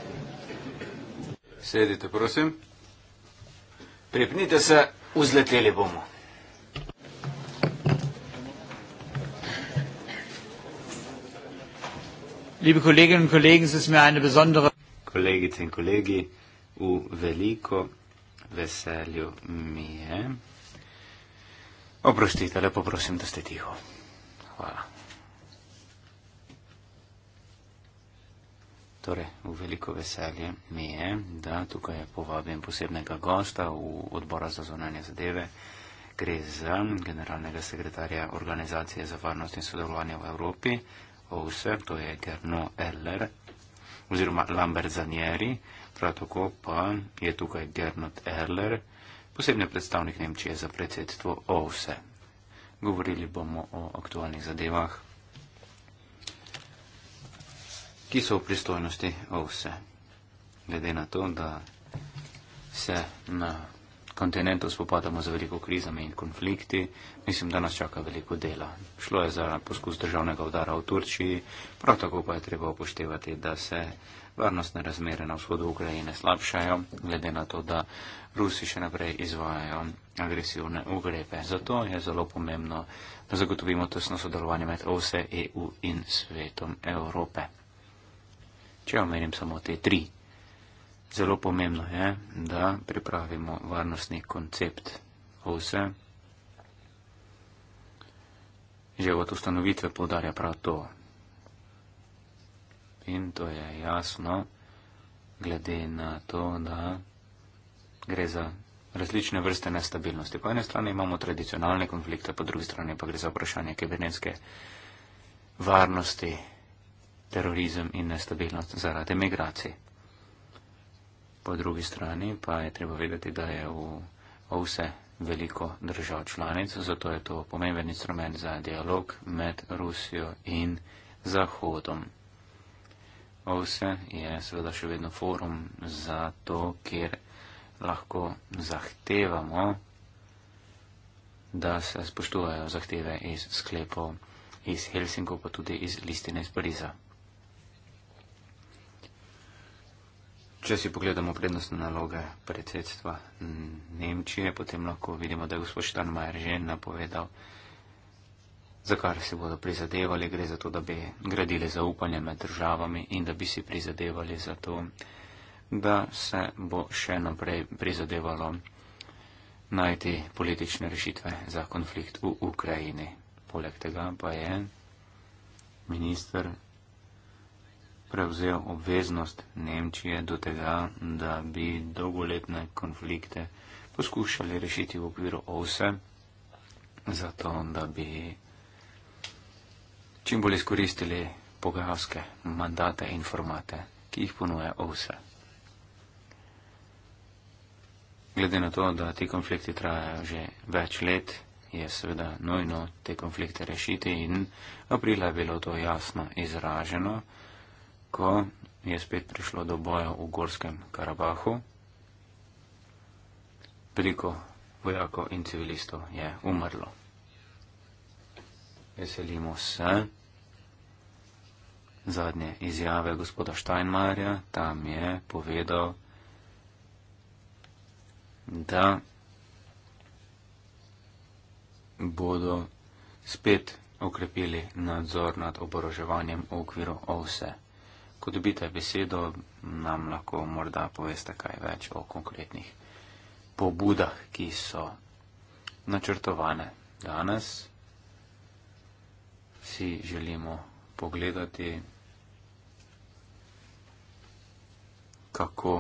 Sedite, prosim. Pripnite se, vzleteli bomo. Liebe Kolleginnen und Kollegen, es ist mir eine besondere Kolegice in kolegi, u veliko veselju mi je. Oprostite, lepo prosim, da ste tiho. Hvala. Torej, v veliko veselje mi je, da tukaj povabim posebnega gosta v odbora za zonanje zadeve. Gre za generalnega sekretarja Organizacije za varnost in sodelovanje v Evropi, OVSE, to je Gerno Eller, oziroma Lambert Zanieri, prav tako pa je tukaj Gernot Eller, posebni predstavnik Nemčije za predsedstvo OVSE. Govorili bomo o aktualnih zadevah ki so v pristojnosti OVSE. Glede na to, da se na kontinentu spopadamo z veliko krizami in konflikti, mislim, da nas čaka veliko dela. Šlo je za poskus državnega udara v Turčiji, prav tako pa je treba upoštevati, da se varnostne razmere na vzhodu Ukrajine slabšajo, glede na to, da Rusi še naprej izvajajo agresivne ugrepe. Zato je zelo pomembno, da zagotovimo tesno sodelovanje med OVSE, EU in svetom Evrope. Če omenim samo te tri. Zelo pomembno je, da pripravimo varnostni koncept vse. Že od ustanovitve povdarja prav to. In to je jasno, glede na to, da gre za različne vrste nestabilnosti. Po eni strani imamo tradicionalne konflikte, po drugi strani pa gre za vprašanje kibernetske varnosti terorizem in nestabilnost zaradi migracij. Po drugi strani pa je treba vedeti, da je v OVSE veliko držav članic, zato je to pomemben instrument za dialog med Rusijo in Zahodom. OVSE je seveda še vedno forum za to, kjer lahko zahtevamo, da se spoštujejo zahteve iz sklepov iz Helsinko, pa tudi iz listine iz Briza. Če si pogledamo prednostne naloge predsedstva Nemčije, potem lahko vidimo, da je gospod Štanmajer že napovedal, za kar si bodo prizadevali. Gre za to, da bi gradili zaupanje med državami in da bi si prizadevali za to, da se bo še naprej prizadevalo najti politične rešitve za konflikt v Ukrajini. Poleg tega pa je minister prevzel obveznost Nemčije do tega, da bi dolgoletne konflikte poskušali rešiti v okviru OVSE, zato da bi čim bolj izkoristili pogajalske mandate in formate, ki jih ponuje OVSE. Glede na to, da ti konflikti trajajo že več let, je seveda nojno te konflikte rešiti in aprila je bilo to jasno izraženo ko je spet prišlo do boja v Gorskem Karabahu. Veliko vojakov in civilistov je umrlo. Veselimo se zadnje izjave gospoda Steinmarja. Tam je povedal, da bodo spet okrepili nadzor nad oboroževanjem v okviru OVSE ko dobite besedo, nam lahko morda poveste kaj več o konkretnih pobudah, ki so načrtovane danes. Vsi želimo pogledati, kako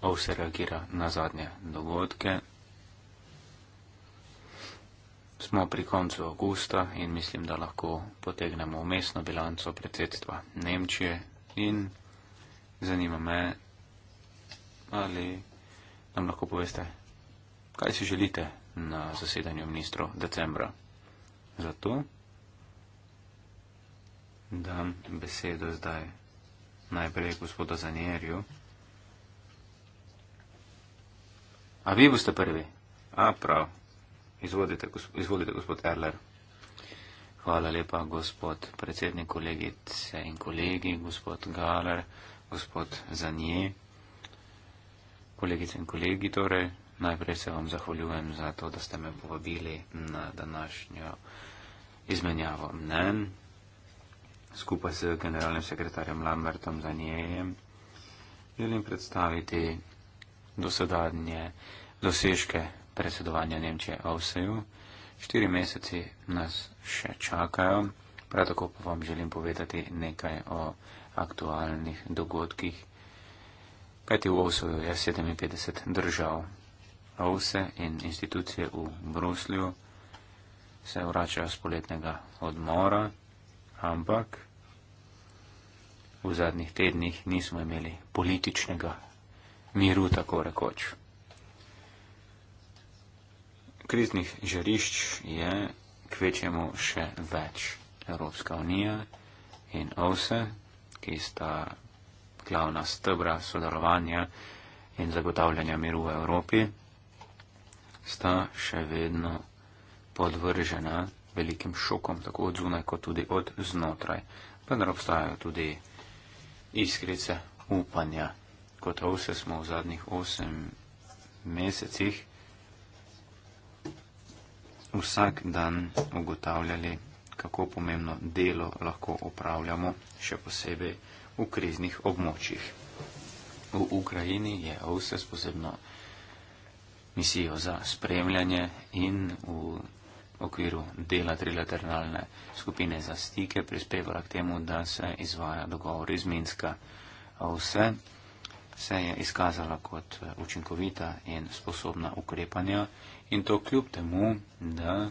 OVSE reagira na zadnje dogodke, Smo pri koncu avgusta in mislim, da lahko potegnemo umestno bilanco predsedstva Nemčije in zanima me, ali nam lahko poveste, kaj si želite na zasedanju ministrov decembra. Zato dam besedo zdaj najprej gospodu Zanjerju. A vi boste prvi? A prav. Izvodite, gospod, izvodite, gospod Erler. Hvala lepa, gospod predsednik, kolegice in kolegi, gospod Galer, gospod Zanje, kolegice in kolegi. Torej, najprej se vam zahvaljujem za to, da ste me povabili na današnjo izmenjavo mnen skupaj z generalnim sekretarjem Lambertom Zanjejem. Želim predstaviti dosedanje dosežke predsedovanja Nemčije OVSE-ju. Štiri meseci nas še čakajo. Prav tako pa vam želim povedati nekaj o aktualnih dogodkih. Kajti v OVSE-ju je 57 držav. OVSE in institucije v Bruslju se vračajo z poletnega odmora, ampak v zadnjih tednih nismo imeli političnega miru, tako rekoč kriznih žarišč je kvečemo še več. Evropska unija in OSE, ki sta glavna stebra sodelovanja in zagotavljanja miru v Evropi, sta še vedno podvržena velikim šokom, tako od zunaj, kot tudi od znotraj. Vendar obstajajo tudi iskrice upanja. Kot OSE smo v zadnjih osem mesecih vsak dan ugotavljali, kako pomembno delo lahko opravljamo, še posebej v kriznih območjih. V Ukrajini je OVSE s posebno misijo za spremljanje in v okviru dela trilateralne skupine za stike prispevala k temu, da se izvaja dogovor iz Minska. OVSE se je izkazala kot učinkovita in sposobna ukrepanja In to kljub temu, da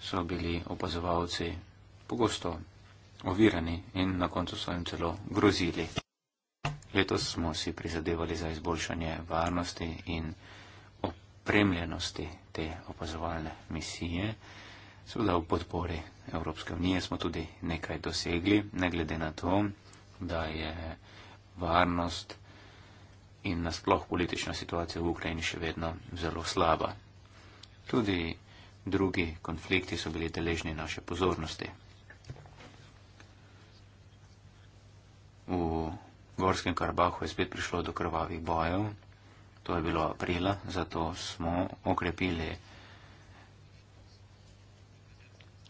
so bili opazovalci pogosto ovirani in na koncu so jim celo grozili. Letos smo si prizadevali za izboljšanje varnosti in opremljenosti te opazovalne misije. Seveda v podpori Evropske unije smo tudi nekaj dosegli, ne glede na to, da je varnost in nasploh politična situacija v Ukrajini še vedno zelo slaba. Tudi drugi konflikti so bili deležni naše pozornosti. V Gorskem Karabahu je spet prišlo do krvavih bojev. To je bilo aprila, zato smo okrepili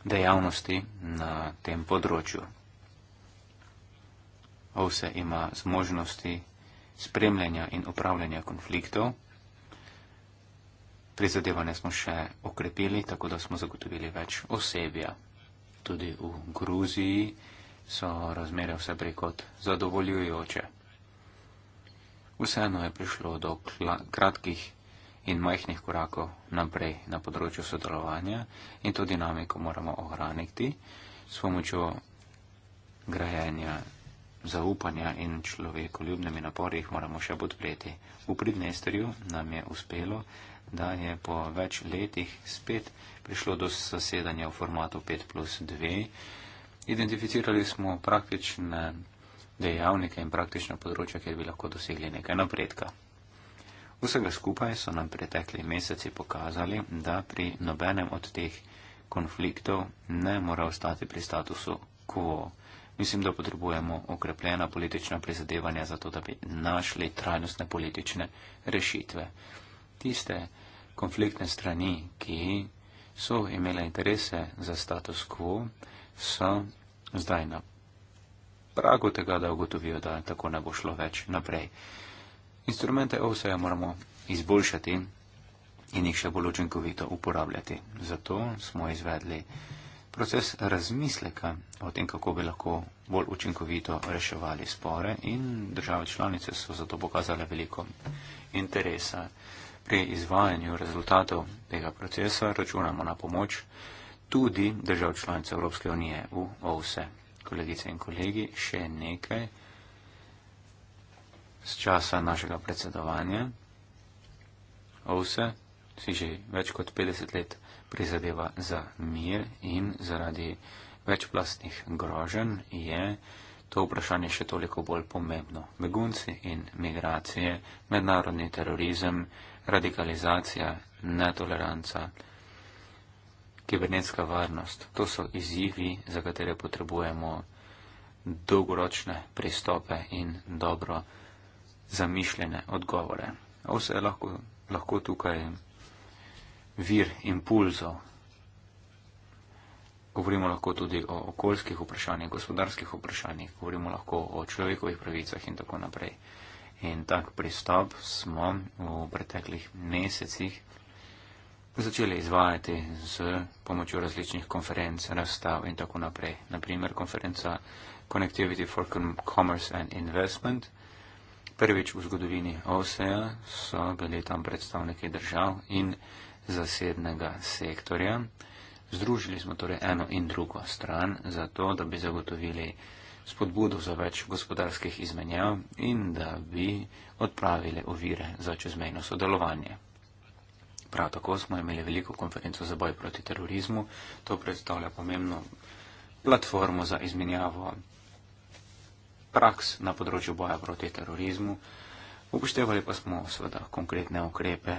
dejavnosti na tem področju. OVSE ima zmožnosti spremljanja in upravljanja konfliktov. Prizadevanje smo še okrepili, tako da smo zagotovili več osebja. Tudi v Gruziji so razmere vse prekot zadovoljujoče. Vseeno je prišlo do kratkih in majhnih korakov naprej na področju sodelovanja in to dinamiko moramo ohraniti s pomočjo grajenja zaupanja in človekoljubnimi napori jih moramo še podpreti. V Pridnestrju nam je uspelo, da je po več letih spet prišlo do zasedanja v formatu 5 plus 2. Identificirali smo praktične dejavnike in praktična področja, kjer bi lahko dosegli nekaj napredka. Vsega skupaj so nam pretekli meseci pokazali, da pri nobenem od teh konfliktov ne mora ostati pri statusu quo. Mislim, da potrebujemo okrepljena politična prizadevanja za to, da bi našli trajnostne politične rešitve. Tiste konfliktne strani, ki so imele interese za status quo, so zdaj na pragu tega, da ugotovijo, da tako ne bo šlo več naprej. Instrumente OSE-ja moramo izboljšati in jih še bolj učinkovito uporabljati. Zato smo izvedli proces razmisleka o tem, kako bi lahko bolj učinkovito reševali spore in države članice so zato pokazale veliko interesa. Pri izvajanju rezultatov tega procesa računamo na pomoč tudi držav članice Evropske unije v OVSE. Kolegice in kolegi, še nekaj z časa našega predsedovanja. OVSE si že več kot 50 let vsega prizadeva za mir in zaradi večplastnih groženj je to vprašanje še toliko bolj pomembno. Begunci in migracije, mednarodni terorizem, radikalizacija, netoleranca, kibernetska varnost, to so izzivi, za katere potrebujemo dolgoročne pristope in dobro zamišljene odgovore. Vse lahko, lahko tukaj vir impulzov. Govorimo lahko tudi o okoljskih vprašanjih, gospodarskih vprašanjih, govorimo lahko o človekovih pravicah in tako naprej. In tak pristop smo v preteklih mesecih začeli izvajati z pomočjo različnih konferenc, razstav in tako naprej. Naprimer konferenca Connectivity for Commerce and Investment. Prvič v zgodovini OSEA so bili tam predstavniki držav in zasebnega sektorja. Združili smo torej eno in drugo stran za to, da bi zagotovili spodbudo za več gospodarskih izmenjav in da bi odpravili ovire za čezmejno sodelovanje. Prav tako smo imeli veliko konferenco za boj proti terorizmu. To predstavlja pomembno platformo za izmenjavo praks na področju boja proti terorizmu. Upoštevali pa smo seveda konkretne ukrepe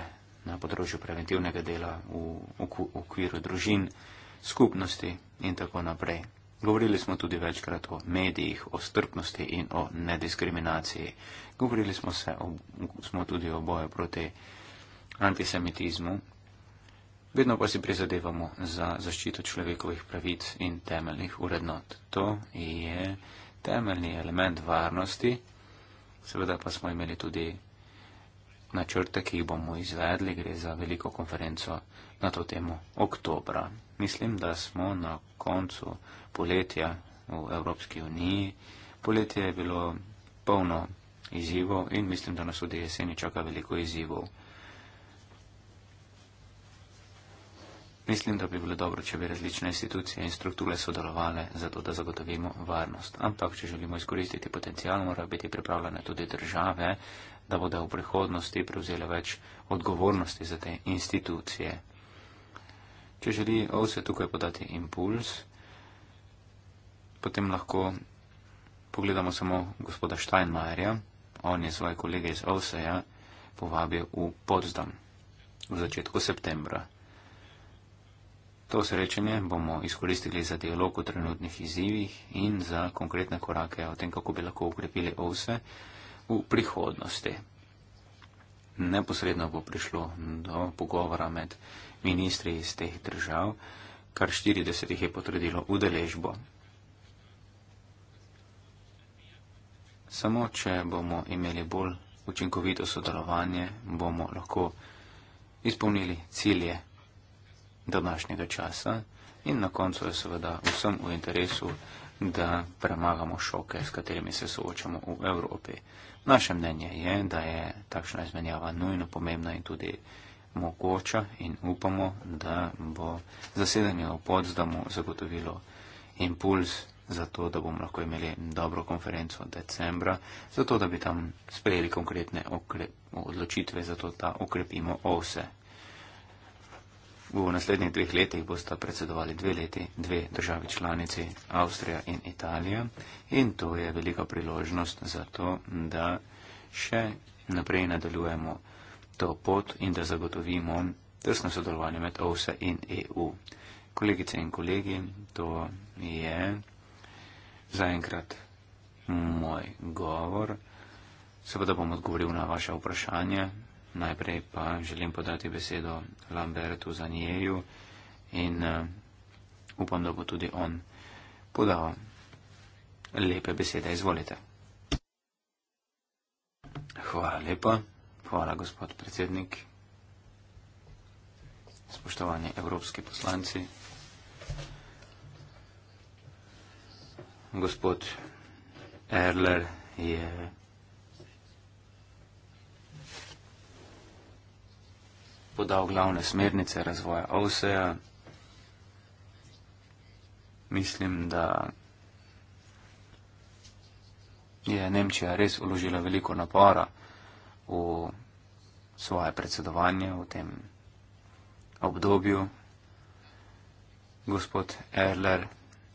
na področju preventivnega dela v, v, v okviru družin, skupnosti in tako naprej. Govorili smo tudi večkrat o medijih, o strpnosti in o nediskriminaciji. Govorili smo, se, o, smo tudi o boju proti antisemitizmu. Vedno pa si prizadevamo za zaščito človekovih pravic in temeljnih urednot. To je temeljni element varnosti. Seveda pa smo imeli tudi načrte, ki jih bomo izvedli, gre za veliko konferenco na to temo oktobra. Mislim, da smo na koncu poletja v Evropski uniji. Poletje je bilo polno izzivov in mislim, da nas tudi jeseni čaka veliko izzivov. Mislim, da bi bilo dobro, če bi različne institucije in strukture sodelovali za to, da zagotovimo varnost. Ampak, če želimo izkoristiti potencial, mora biti pripravljena tudi države, da bodo v prihodnosti prevzele več odgovornosti za te institucije. Če želi OVSE tukaj podati impuls, potem lahko pogledamo samo gospoda Steinmeierja. On je svoje kolege iz OVSE-ja povabil v Potsdam v začetku septembra. To srečanje bomo izkoristili za dialog o trenutnih izzivih in za konkretne korake o tem, kako bi lahko ukrepili OVSE v prihodnosti. Neposredno bo prišlo do pogovora med ministri iz teh držav, kar 40 jih je potrdilo udeležbo. Samo, če bomo imeli bolj učinkovito sodelovanje, bomo lahko izpolnili cilje današnjega časa in na koncu je seveda vsem v interesu, da premagamo šoke, s katerimi se soočamo v Evropi. Naše mnenje je, da je takšna izmenjava nujno pomembna in tudi mogoča in upamo, da bo zasedanje v podzdamu zagotovilo impuls za to, da bomo lahko imeli dobro konferenco decembra, zato da bi tam sprejeli konkretne okre, odločitve, zato da okrepimo OSE. V naslednjih dveh letih bosta predsedovali dve leti dve državi članici, Avstrija in Italija. In to je velika priložnost za to, da še naprej nadaljujemo to pot in da zagotovimo tesno sodelovanje med OVSE in EU. Kolegice in kolegi, to je zaenkrat moj govor. Seveda bom odgovoril na vaše vprašanje. Najprej pa želim podati besedo Lambertu Zanjeju in uh, upam, da bo tudi on podal lepe besede. Izvolite. Hvala lepa. Hvala, gospod predsednik. Spoštovani evropski poslanci. Gospod Erler je podal glavne smernice razvoja OSEA. Mislim, da je Nemčija res uložila veliko napora v svoje predsedovanje v tem obdobju. Gospod Erler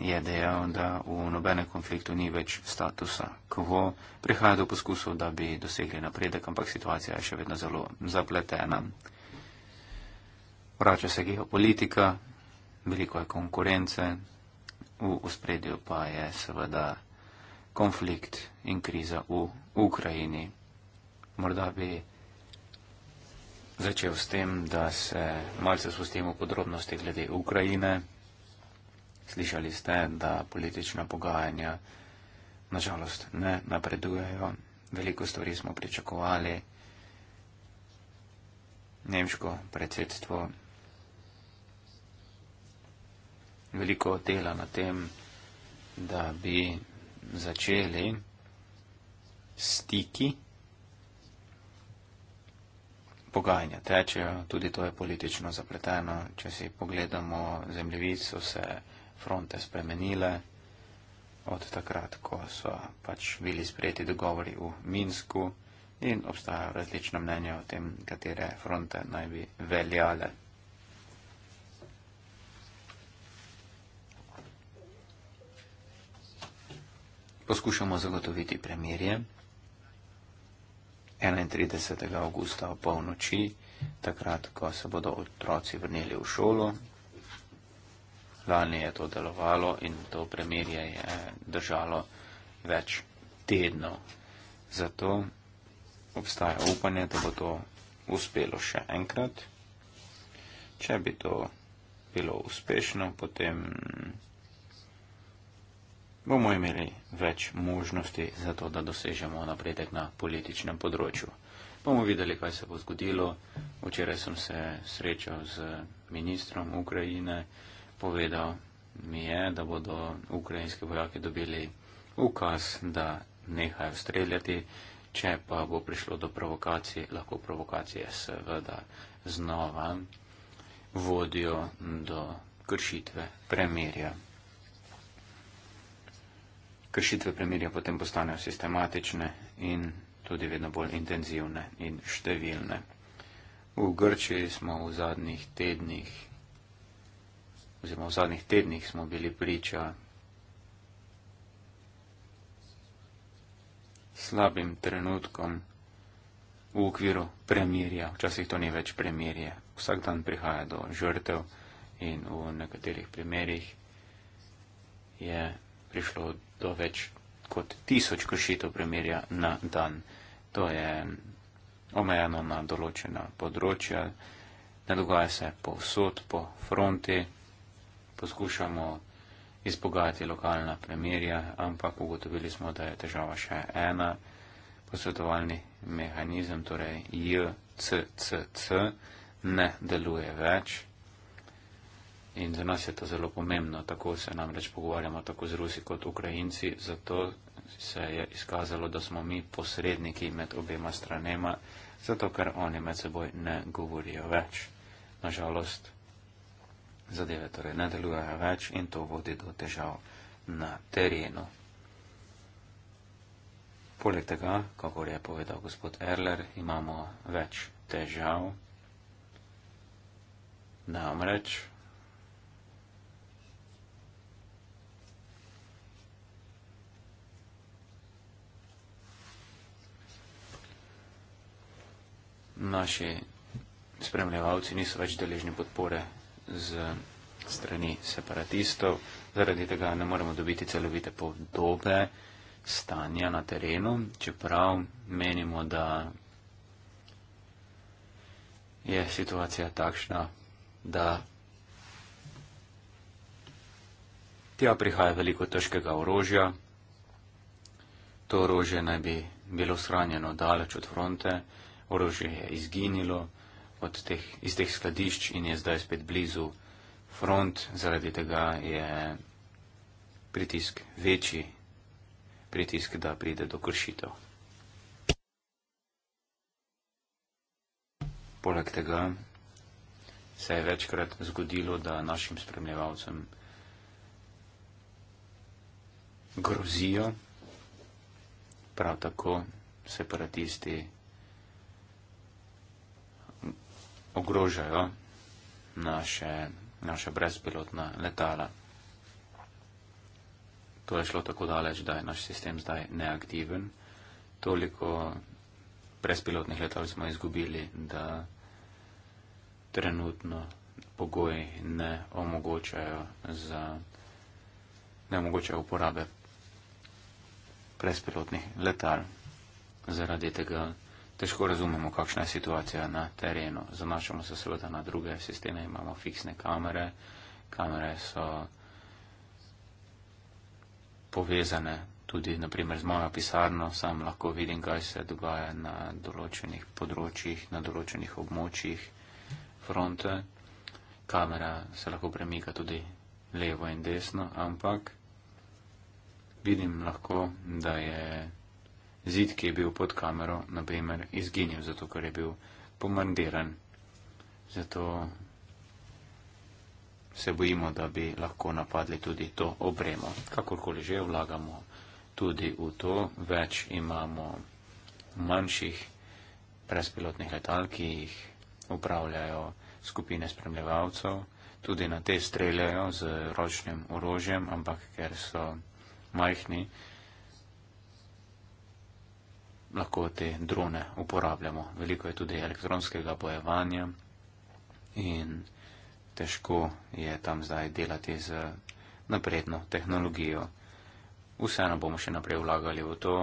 je dejal, da v nobenem konfliktu ni več statusa quo. Prihaja do poskusov, da bi dosegli napredek, ampak situacija je še vedno zelo zapletena vrača se geopolitika, veliko je konkurence, v ospredju pa je seveda konflikt in kriza v Ukrajini. Morda bi začel s tem, da se malce spustimo v podrobnosti glede Ukrajine. Slišali ste, da politična pogajanja nažalost ne napredujejo. Veliko stvari smo pričakovali. Nemško predsedstvo veliko dela na tem, da bi začeli stiki. Pogajanja tečejo, tudi to je politično zapleteno. Če si pogledamo zemljevid, so se fronte spremenile od takrat, ko so pač bili sprejeti dogovori v Minsku in obstajajo različna mnenja o tem, katere fronte naj bi veljale poskušamo zagotoviti premirje. 31. avgusta o polnoči, takrat, ko se bodo otroci vrnili v šolo. Lani je to delovalo in to premirje je držalo več tednov. Zato obstaja upanje, da bo to uspelo še enkrat. Če bi to bilo uspešno, potem bomo imeli več možnosti za to, da dosežemo napredek na političnem področju. Bomo videli, kaj se bo zgodilo. Včeraj sem se srečal z ministrom Ukrajine, povedal mi je, da bodo ukrajinski vojaki dobili ukaz, da nehajo streljati, če pa bo prišlo do provokacij, lahko provokacije seveda znova vodijo do kršitve premirja kršitve premirja potem postanejo sistematične in tudi vedno bolj intenzivne in številne. V Grčiji smo v zadnjih tednih, oziroma v zadnjih tednih smo bili priča slabim trenutkom v okviru premirja. Včasih to ni več premirje. Vsak dan prihaja do žrtev in v nekaterih primerjih je prišlo do več kot tisoč kršitev premirja na dan. To je omejeno na določena področja, ne dogaja se povsod po fronti, poskušamo izbogati lokalna premirja, ampak ugotovili smo, da je težava še ena, posvetovalni mehanizem, torej JCCC, ne deluje več. In za nas je to zelo pomembno, tako se namreč pogovarjamo tako z Rusi kot Ukrajinci, zato se je izkazalo, da smo mi posredniki med obema stranema, zato ker oni med seboj ne govorijo več. Nažalost, zadeve torej ne delujejo več in to vodi do težav na terenu. Poleg tega, kako je povedal gospod Erler, imamo več težav. Namreč naši spremljevalci niso več deležni podpore z strani separatistov, zaradi tega ne moremo dobiti celovite podobe stanja na terenu, čeprav menimo, da je situacija takšna, da tja prihaja veliko težkega orožja. To orožje naj bi bilo shranjeno daleč od fronte orožje je izginilo teh, iz teh skladišč in je zdaj spet blizu front, zaradi tega je pritisk večji, pritisk, da pride do kršitev. Poleg tega se je večkrat zgodilo, da našim spremljevalcem grozijo, prav tako separatisti. ogrožajo naše, naše brezpilotna letala. To je šlo tako daleč, da je naš sistem zdaj neaktiven. Toliko brezpilotnih letal smo izgubili, da trenutno pogoji ne omogočajo, za, ne omogočajo uporabe brezpilotnih letal. Zaradi tega težko razumemo, kakšna je situacija na terenu. Zanašamo se seveda na druge sisteme, imamo fiksne kamere, kamere so povezane tudi naprimer z mojo pisarno, sam lahko vidim, kaj se dogaja na določenih področjih, na določenih območjih fronte. Kamera se lahko premika tudi levo in desno, ampak vidim lahko, da je zid, ki je bil pod kamero na Bemer, izginil, zato ker je bil pomandiran. Zato se bojimo, da bi lahko napadli tudi to obremo. Kakorkoli že vlagamo tudi v to, več imamo manjših brezpilotnih letal, ki jih upravljajo skupine spremljevalcev, tudi na te streljajo z ročnim orožjem, ampak ker so majhni, lahko te drone uporabljamo. Veliko je tudi elektronskega bojevanja in težko je tam zdaj delati z napredno tehnologijo. Vseeno bomo še naprej vlagali v to.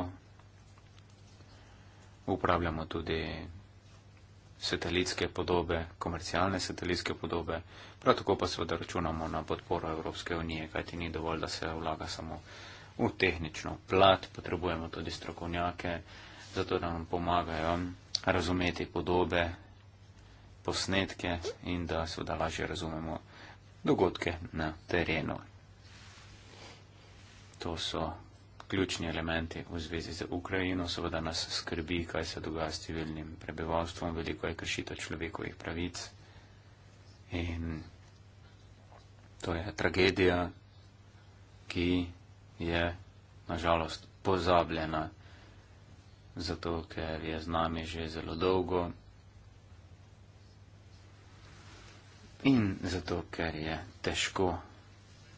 Upravljamo tudi satelitske podobe, komercialne satelitske podobe, prav tako pa seveda računamo na podporo Evropske unije, kajti ni dovolj, da se vlaga samo v tehnično plat, potrebujemo tudi strokovnjake, zato da nam pomagajo razumeti podobe, posnetke in da seveda lažje razumemo dogodke na terenu. To so ključni elementi v zvezi z Ukrajino. Seveda nas skrbi, kaj se dogaja s civilnim prebivalstvom, veliko je kršitev človekovih pravic in to je tragedija, ki je nažalost pozabljena zato ker je z nami že zelo dolgo in zato ker je težko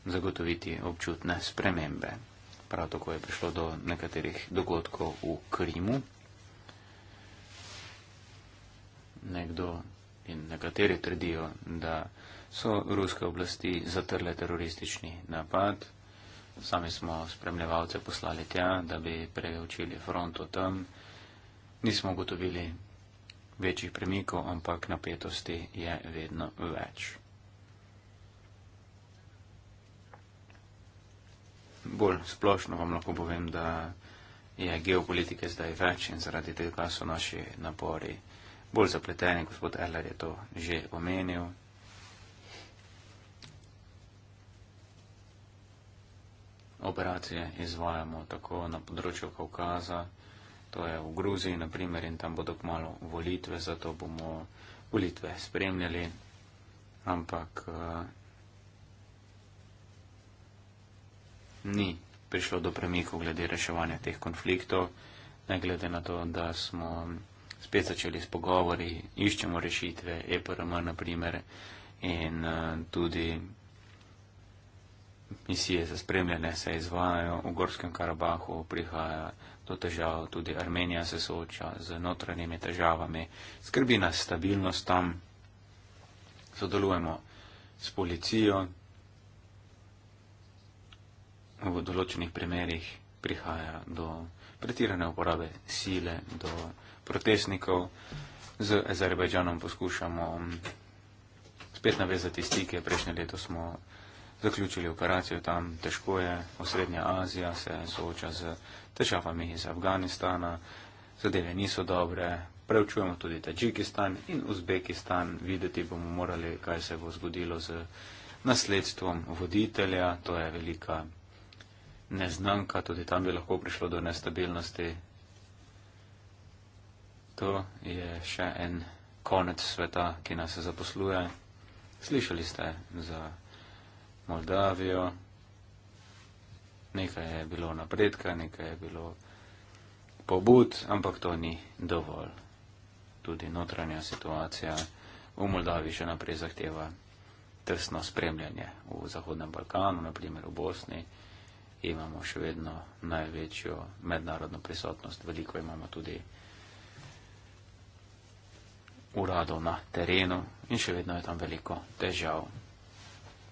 zagotoviti občutne spremembe. Prav tako je prišlo do nekaterih dogodkov v Krimu. Nekdo in nekateri trdijo, da so ruske oblasti zatrle teroristični napad. Sami smo spremljevalce poslali tja, da bi preučili fronto tam. Nismo ugotovili večjih premikov, ampak napetosti je vedno več. Bolj splošno vam lahko povem, da je geopolitike zdaj več in zaradi tega so naši napori bolj zapleteni, gospod Eller je to že omenil. operacije izvajamo tako na področju Kaukaza, to je v Gruziji naprimer in tam bodo kmalo volitve, zato bomo volitve spremljali, ampak uh, ni prišlo do premikov glede reševanja teh konfliktov, ne glede na to, da smo spet začeli s pogovori, iščemo rešitve, EPRM naprimer in uh, tudi misije za spremljanje se izvajajo v Gorskem Karabahu, prihaja do težav, tudi Armenija se sooča z notranjimi težavami, skrbi nas stabilnost tam, sodelujemo s policijo, v določenih primerjih prihaja do pretirane uporabe sile, do protestnikov, z Azerbajdžanom poskušamo spet navezati stike, prejšnje leto smo zaključili operacijo tam, težko je, osrednja Azija se sooča z težavami iz Afganistana, zadeve niso dobre, preučujemo tudi Tadžikistan in Uzbekistan, videti bomo morali, kaj se bo zgodilo z nasledstvom voditelja, to je velika neznanka, tudi tam bi lahko prišlo do nestabilnosti. To je še en konec sveta, ki nas zaposluje. Slišali ste za. Moldavijo. Nekaj je bilo napredka, nekaj je bilo pobud, ampak to ni dovolj. Tudi notranja situacija v Moldaviji še naprej zahteva tesno spremljanje. V Zahodnem Balkanu, naprimer v Bosni, imamo še vedno največjo mednarodno prisotnost. Veliko imamo tudi uradov na terenu in še vedno je tam veliko težav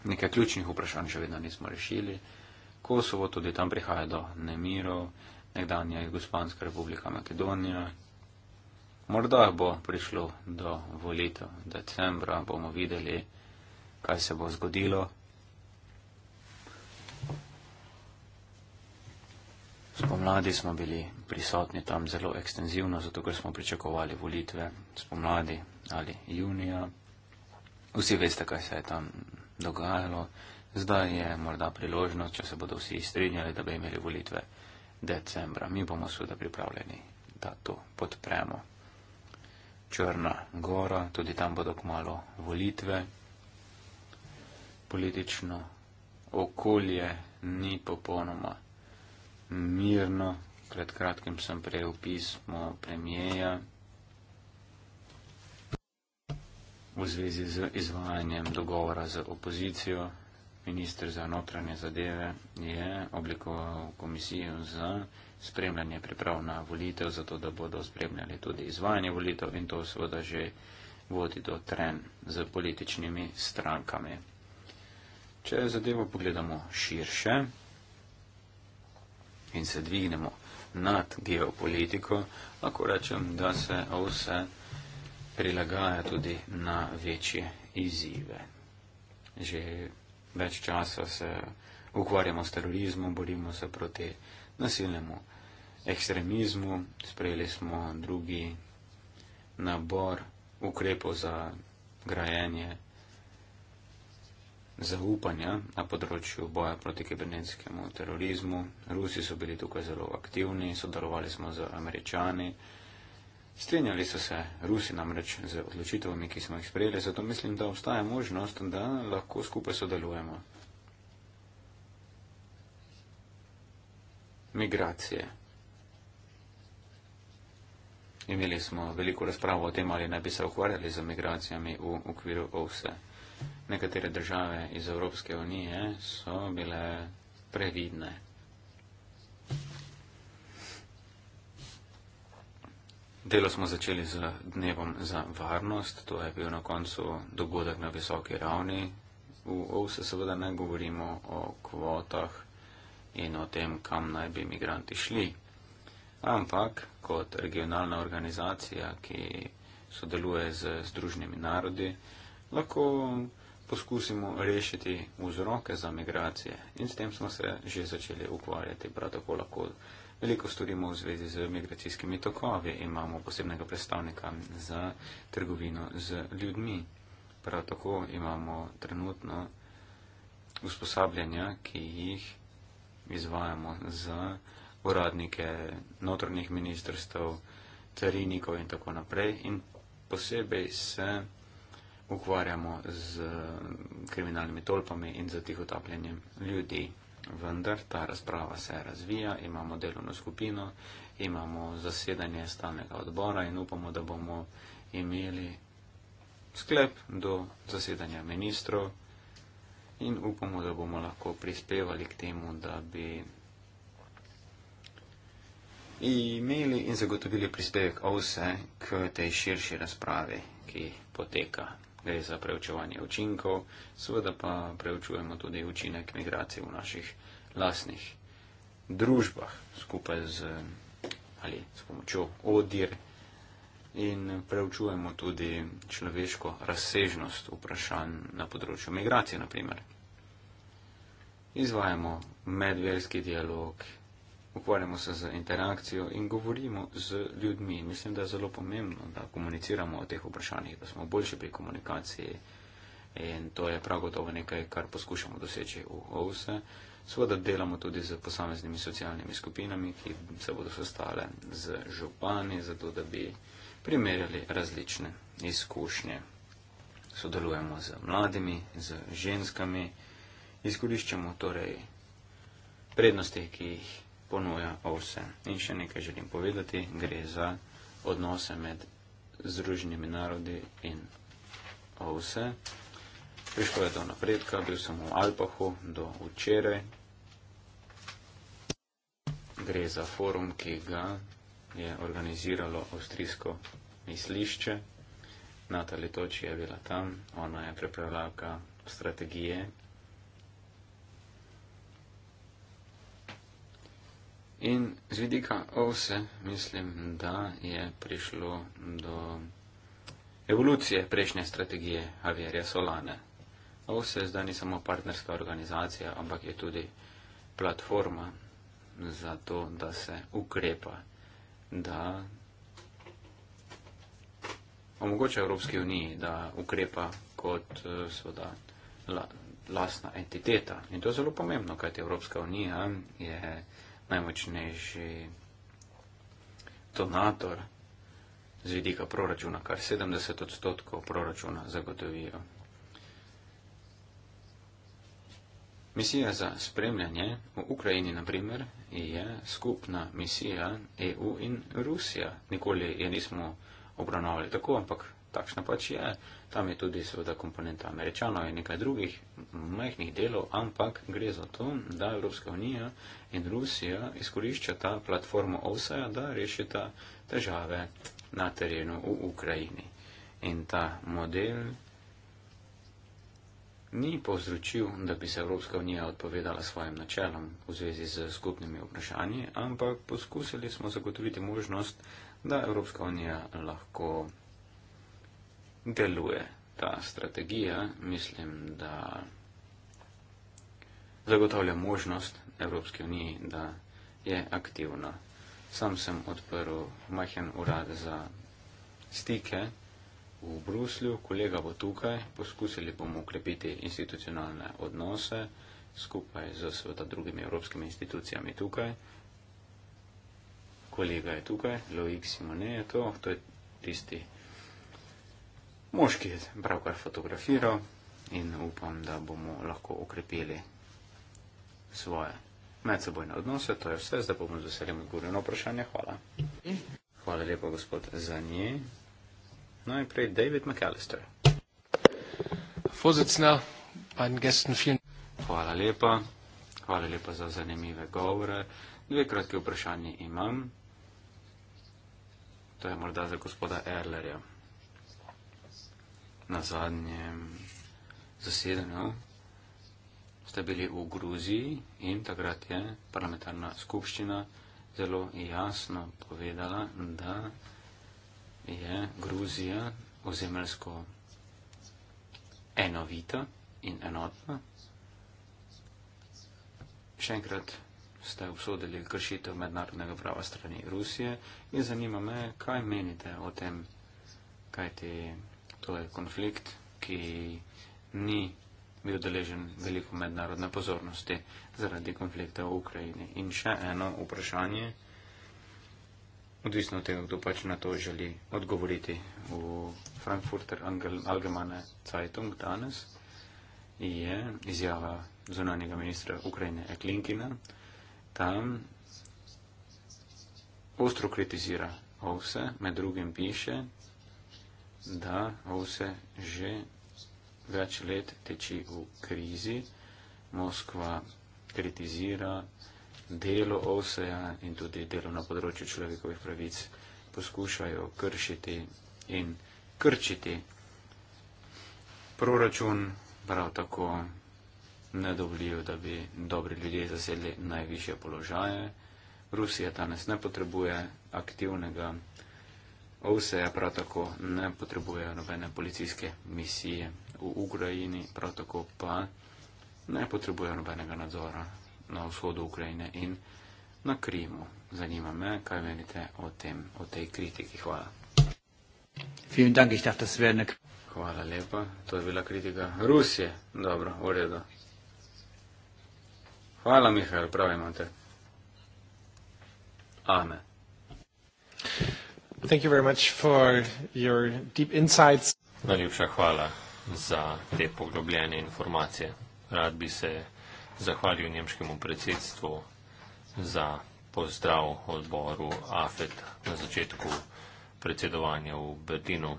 nekaj ključnih vprašanj še vedno nismo rešili. Kosovo tudi tam prihaja do nemirov, nekdanja Jugoslavijska republika Makedonija. Morda bo prišlo do volitev decembra, bomo videli, kaj se bo zgodilo. Spomladi smo bili prisotni tam zelo ekstenzivno, zato ker smo pričakovali volitve spomladi ali junija. Vsi veste, kaj se je tam dogajalo. Zdaj je morda priložnost, če se bodo vsi strinjali, da bi imeli volitve decembra. Mi bomo seveda pripravljeni, da to podpremo. Črna gora, tudi tam bodo kmalo volitve. Politično okolje ni popolnoma mirno. Pred kratkim sem prejel pismo premijeja. v zvezi z izvajanjem dogovora z opozicijo. Ministr za notranje zadeve je oblikoval komisijo za spremljanje priprav na volitev, zato da bodo spremljali tudi izvajanje volitev in to seveda že vodi do tren z političnimi strankami. Če zadevo pogledamo širše in se dvignemo nad geopolitiko, lahko rečem, da se vse prilagaja tudi na večje izzive. Že več časa se ukvarjamo s terorizmom, borimo se proti nasilnemu ekstremizmu, sprejeli smo drugi nabor ukrepov za grajenje zaupanja na področju boja proti kibernetskemu terorizmu. Rusi so bili tukaj zelo aktivni, sodelovali smo z američani. Strinjali so se Rusi namreč z odločitvami, ki smo jih sprejeli, zato mislim, da obstaja možnost, da lahko skupaj sodelujemo. Migracije. Imeli smo veliko razpravo o tem, ali ne bi se ukvarjali z migracijami v okviru OVSE. Nekatere države iz Evropske unije so bile previdne. Delo smo začeli z dnevom za varnost, to je bil na koncu dogodek na visoki ravni. V OVSE seveda ne govorimo o kvotah in o tem, kam naj bi imigranti šli. Ampak kot regionalna organizacija, ki sodeluje z Združenimi narodi, lahko poskusimo rešiti vzroke za migracije. In s tem smo se že začeli ukvarjati, prav tako lahko veliko storimo v zvezi z migracijskimi tokovi. Imamo posebnega predstavnika za trgovino z ljudmi. Prav tako imamo trenutno usposabljanja, ki jih izvajamo za uradnike notranjih ministrstv, carinikov in tako naprej. In posebej se ukvarjamo z kriminalnimi tolpami in z tihotapljanjem ljudi vendar ta razprava se razvija, imamo delovno skupino, imamo zasedanje stalnega odbora in upamo, da bomo imeli sklep do zasedanja ministrov in upamo, da bomo lahko prispevali k temu, da bi imeli in zagotovili prispevek o vse k tej širši razpravi, ki poteka gre za preučevanje učinkov, seveda pa preučujemo tudi učinek migracije v naših lasnih družbah skupaj z ali s pomočjo odir in preučujemo tudi človeško razsežnost vprašanj na področju migracije, naprimer. Izvajamo medverski dialog, ukvarjamo se z interakcijo in govorimo z ljudmi. Mislim, da je zelo pomembno, da komuniciramo o teh vprašanjih, da smo boljši pri komunikaciji in to je prav gotovo nekaj, kar poskušamo doseči v OVSE. Sveda delamo tudi z posameznimi socialnimi skupinami, ki se bodo sestale z župani, zato da bi primerjali različne izkušnje. Sodelujemo z mladimi, z ženskami, izkoriščamo torej prednosti, ki jih ponuja vse. In še nekaj želim povedati, gre za odnose med združenimi narodi in vse. Prišlo je do napredka, bil sem v Alpahu do včeraj. Gre za forum, ki ga je organiziralo avstrijsko mislišče. Natalie Toči je bila tam, ona je pripravljala strategije In z vidika ovse mislim, da je prišlo do evolucije prejšnje strategije Javierja Solane. Ovse zdaj ni samo partnerska organizacija, ampak je tudi platforma za to, da se ukrepa, da omogoča Evropski uniji, da ukrepa kot eh, seveda lastna entiteta. In to je zelo pomembno, kajti Evropska unija je najmočnejši donator z vidika proračuna, kar 70 odstotkov proračuna zagotovijo. Misija za spremljanje v Ukrajini, na primer, je skupna misija EU in Rusija. Nikoli je nismo obravnavali tako, ampak takšna pač je. Tam je tudi seveda komponenta američanov in nekaj drugih majhnih delov, ampak gre za to, da Evropska unija in Rusija izkoriščata platformo OSA, da rešita težave na terenu v Ukrajini. In ta model ni povzročil, da bi se Evropska unija odpovedala svojim načelom v zvezi z skupnimi vprašanji, ampak poskusili smo zagotoviti možnost, da Evropska unija lahko deluje ta strategija, mislim, da zagotavlja možnost Evropske unije, da je aktivna. Sam sem odprl majhen urad za stike v Bruslju, kolega bo tukaj, poskusili bomo ukrepiti institucionalne odnose skupaj z sveta drugimi evropskimi institucijami tukaj. Kolega je tukaj, Loik Simone je to, to je tisti Moški je pravkar fotografiral in upam, da bomo lahko okrepili svoje medsebojne odnose. To je vse, zdaj bomo z veseljem odgovorili na vprašanje. Hvala. Hvala lepa, gospod, za nje. Najprej David McAllister. Hvala lepa. Hvala lepa za zanimive govore. Dve kratke vprašanje imam. To je morda za gospoda Erlerja na zadnjem zasedanju ste bili v Gruziji in takrat je parlamentarna skupščina zelo jasno povedala, da je Gruzija ozemelsko enovita in enotna. Še enkrat ste obsodili kršitev mednarodnega prava strani Rusije in zanima me, kaj menite o tem, kaj te je. To je konflikt, ki ni bil deležen veliko mednarodne pozornosti zaradi konflikta v Ukrajini. In še eno vprašanje, odvisno od tega, kdo pač na to želi odgovoriti v Frankfurter Allgemeine Zeitung danes, je izjava zunanjega ministra Ukrajine Eklinkina, tam ostro kritizira ovse, med drugim piše, da Ose že več let teči v krizi. Moskva kritizira delo Oseja in tudi delo na področju človekovih pravic poskušajo kršiti in krčiti. Proračun prav tako ne dovolijo, da bi dobri ljudje zasedli najvišje položaje. Rusija danes ne potrebuje aktivnega OVSE ja prav tako ne potrebuje nobene policijske misije v Ukrajini, prav tako pa ne potrebuje nobenega nadzora na vzhodu Ukrajine in na Krimu. Zanima me, kaj menite o, tem, o tej kritiki. Hvala. Hvala lepa. To je bila kritika Rusije. Dobro, v redu. Hvala, Mihajl, prav imate. Amen. Thank you very much for your deep insights. Najlepša hvala za te poglobljene informacije. Rad bi se zahvalil njemškemu predsedstvu za pozdrav odboru AFET na začetku predsedovanja v Berlinu.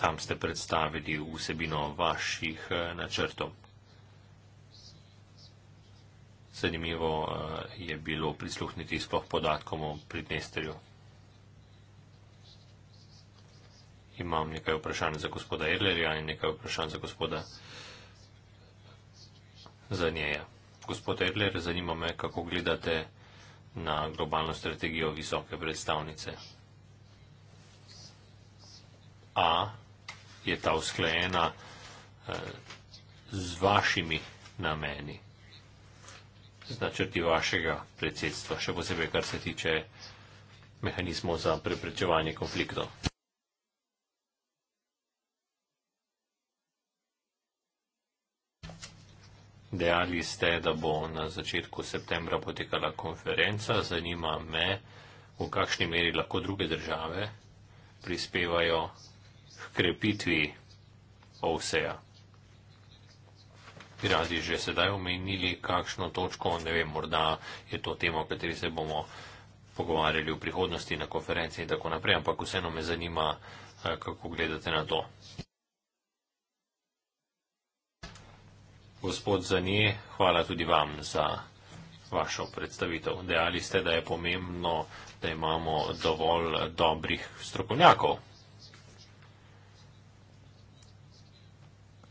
Tam ste predstavili vsebino vaših eh, načrtov zanimivo eh, je bilo prisluhniti sploh podatkom o Pridnesterju. Imam nekaj vprašanj za gospoda Erlerja in nekaj vprašanj za gospoda Zanjeja. Gospod Erler, zanima me, kako gledate na globalno strategijo visoke predstavnice. A je ta usklejena eh, z vašimi nameni z načrti vašega predsedstva, še posebej kar se tiče mehanizmov za preprečevanje konfliktov. Dejali ste, da bo na začetku septembra potekala konferenca. Zanima me, v kakšni meri lahko druge države prispevajo k krepitvi OVSE-a bi radi že sedaj omenili kakšno točko, ne vem, morda je to tema, o kateri se bomo pogovarjali v prihodnosti na konferenci in tako naprej, ampak vseeno me zanima, eh, kako gledate na to. Gospod Zanje, hvala tudi vam za vašo predstavitev. Dejali ste, da je pomembno, da imamo dovolj dobrih strokovnjakov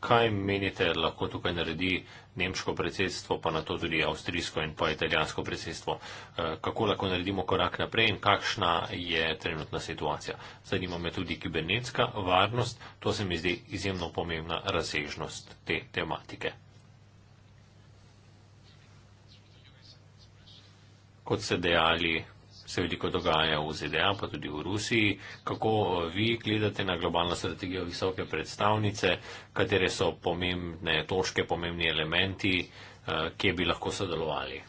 Kaj menite, lahko tukaj naredi nemško predsedstvo, pa na to tudi avstrijsko in pa italijansko predsedstvo? Eh, kako lahko naredimo korak naprej in kakšna je trenutna situacija? Zanima me tudi kibernetska varnost. To se mi zdi izjemno pomembna razsežnost te tematike. Kot ste dejali, se veliko dogaja v ZDA, pa tudi v Rusiji. Kako eh, vi gledate na globalno strategijo visoke predstavnice, katere so pomembne točke, pomembni elementi, eh, kje bi lahko sodelovali?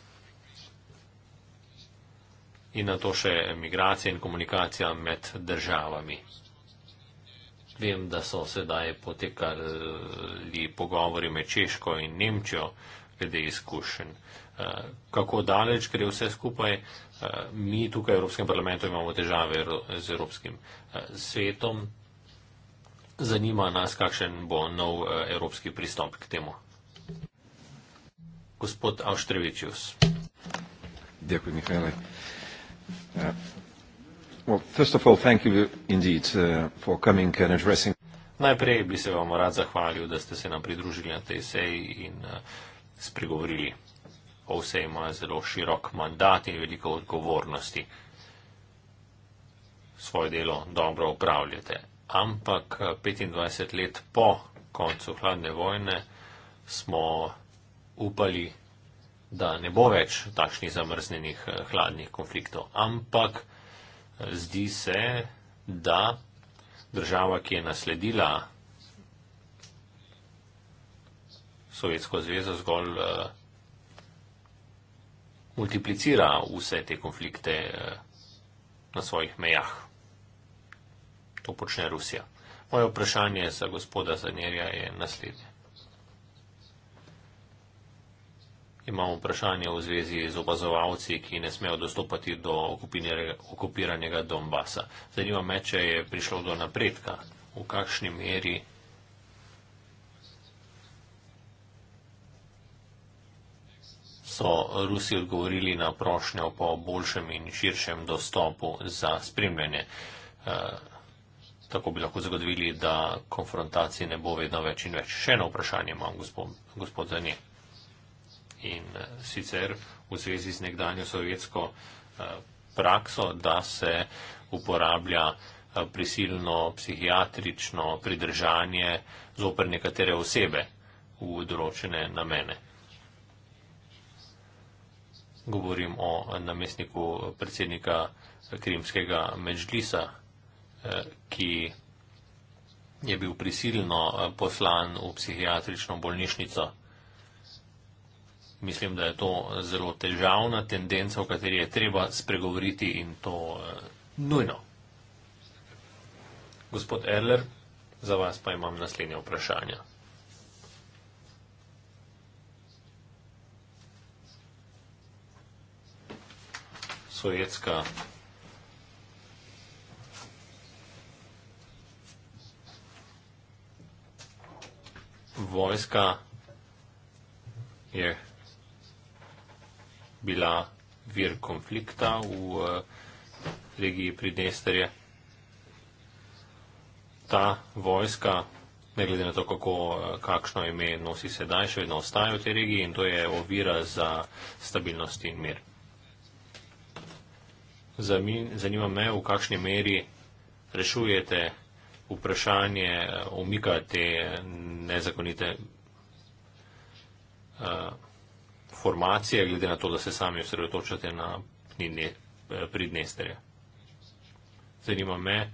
In na to še migracija in komunikacija med državami. Vem, da so sedaj potekali pogovori med Češko in Nemčijo glede izkušenj. Eh, kako daleč gre vse skupaj? Eh, mi tukaj v Evropskem parlamentu imamo težave z Evropskim eh, svetom. Zanima nas, kakšen bo nov eh, evropski pristop k temu. Gospod Avštrevičius. Dekuj, Mihajlo. Najprej bi se vam rad zahvalil, da ste se nam pridružili na tej seji in spregovorili pa vse ima zelo širok mandat in veliko odgovornosti. Svoje delo dobro upravljate. Ampak 25 let po koncu hladne vojne smo upali, da ne bo več takšnih zamrznenih eh, hladnih konfliktov. Ampak eh, zdi se, da država, ki je nasledila Sovjetsko zvezo zgolj eh, multiplicira vse te konflikte eh, na svojih mejah. To počne Rusija. Moje vprašanje za gospoda Zanerja je naslednje. Imamo vprašanje v zvezi z opazovalci, ki ne smejo dostopati do okupiranega Donbasa. Zanima me, če je prišlo do napredka, v kakšni meri so Rusi odgovorili na prošnjo po boljšem in širšem dostopu za spremljanje. Eh, tako bi lahko zagotovili, da konfrontacije ne bo vedno več in več. Še eno vprašanje imam, gospod, gospod Zanje. In eh, sicer v zvezi z nekdanjo sovjetsko eh, prakso, da se uporablja prisilno psihiatrično pridržanje zoper nekatere osebe v določene namene govorim o namestniku predsednika krimskega medžlisa, eh, ki je bil prisilno eh, poslan v psihiatrično bolnišnico. Mislim, da je to zelo težavna tendenca, o kateri je treba spregovoriti in to eh, nujno. Gospod Erler, za vas pa imam naslednje vprašanje. sovjetska vojska je bila vir konflikta v eh, regiji Pridnesterje. Ta vojska, ne glede na to, kako, eh, kakšno ime nosi sedaj, še vedno ostaja v tej regiji in to je ovira za stabilnost in mir zanima me, v kakšni meri rešujete vprašanje eh, umika te nezakonite uh, formacije, glede na to, da se sami osredotočate na eh, pridnesterje. Zanima me,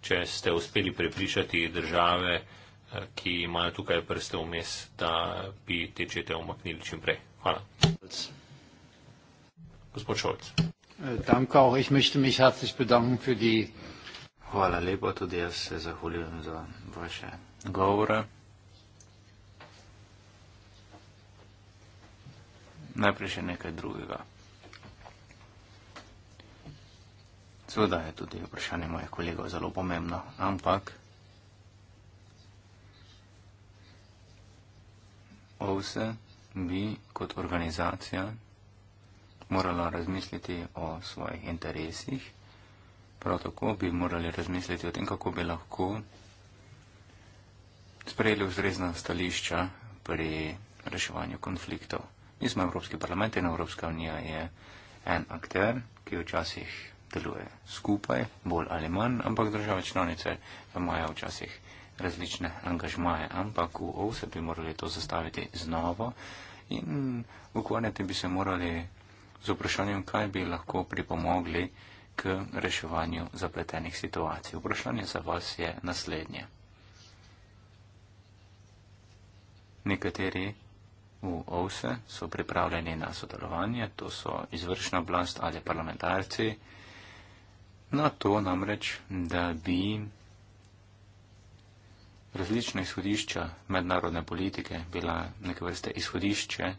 če ste uspeli prepričati države, ki imajo tukaj prste vmes, da bi te čete omaknili čim prej. Hvala. Gospod Šolc. Eh, danke auch. Ich möchte mich herzlich bedanken für die. Hvala lepa, tudi jaz se zahvaljujem za vaše govore. Najprej še nekaj drugega. Seveda je tudi vprašanje mojih kolegov zelo pomembno, ampak OVSE bi kot organizacija morala razmisliti o svojih interesih, prav tako bi morali razmisliti o tem, kako bi lahko sprejeli vzrezna stališča pri reševanju konfliktov. Mi smo Evropski parlament in Evropska unija je en akter, ki včasih deluje skupaj, bolj ali manj, ampak države članice imajo včasih različne angažmaje, ampak v OVSE bi morali to zastaviti znova in ukvarjati bi se morali z vprašanjem, kaj bi lahko pripomogli k reševanju zapletenih situacij. Vprašanje za vas je naslednje. Nekateri v OVSE so pripravljeni na sodelovanje, to so izvršna oblast ali parlamentarci, na to namreč, da bi različne izhodišča mednarodne politike bila neke vrste izhodišče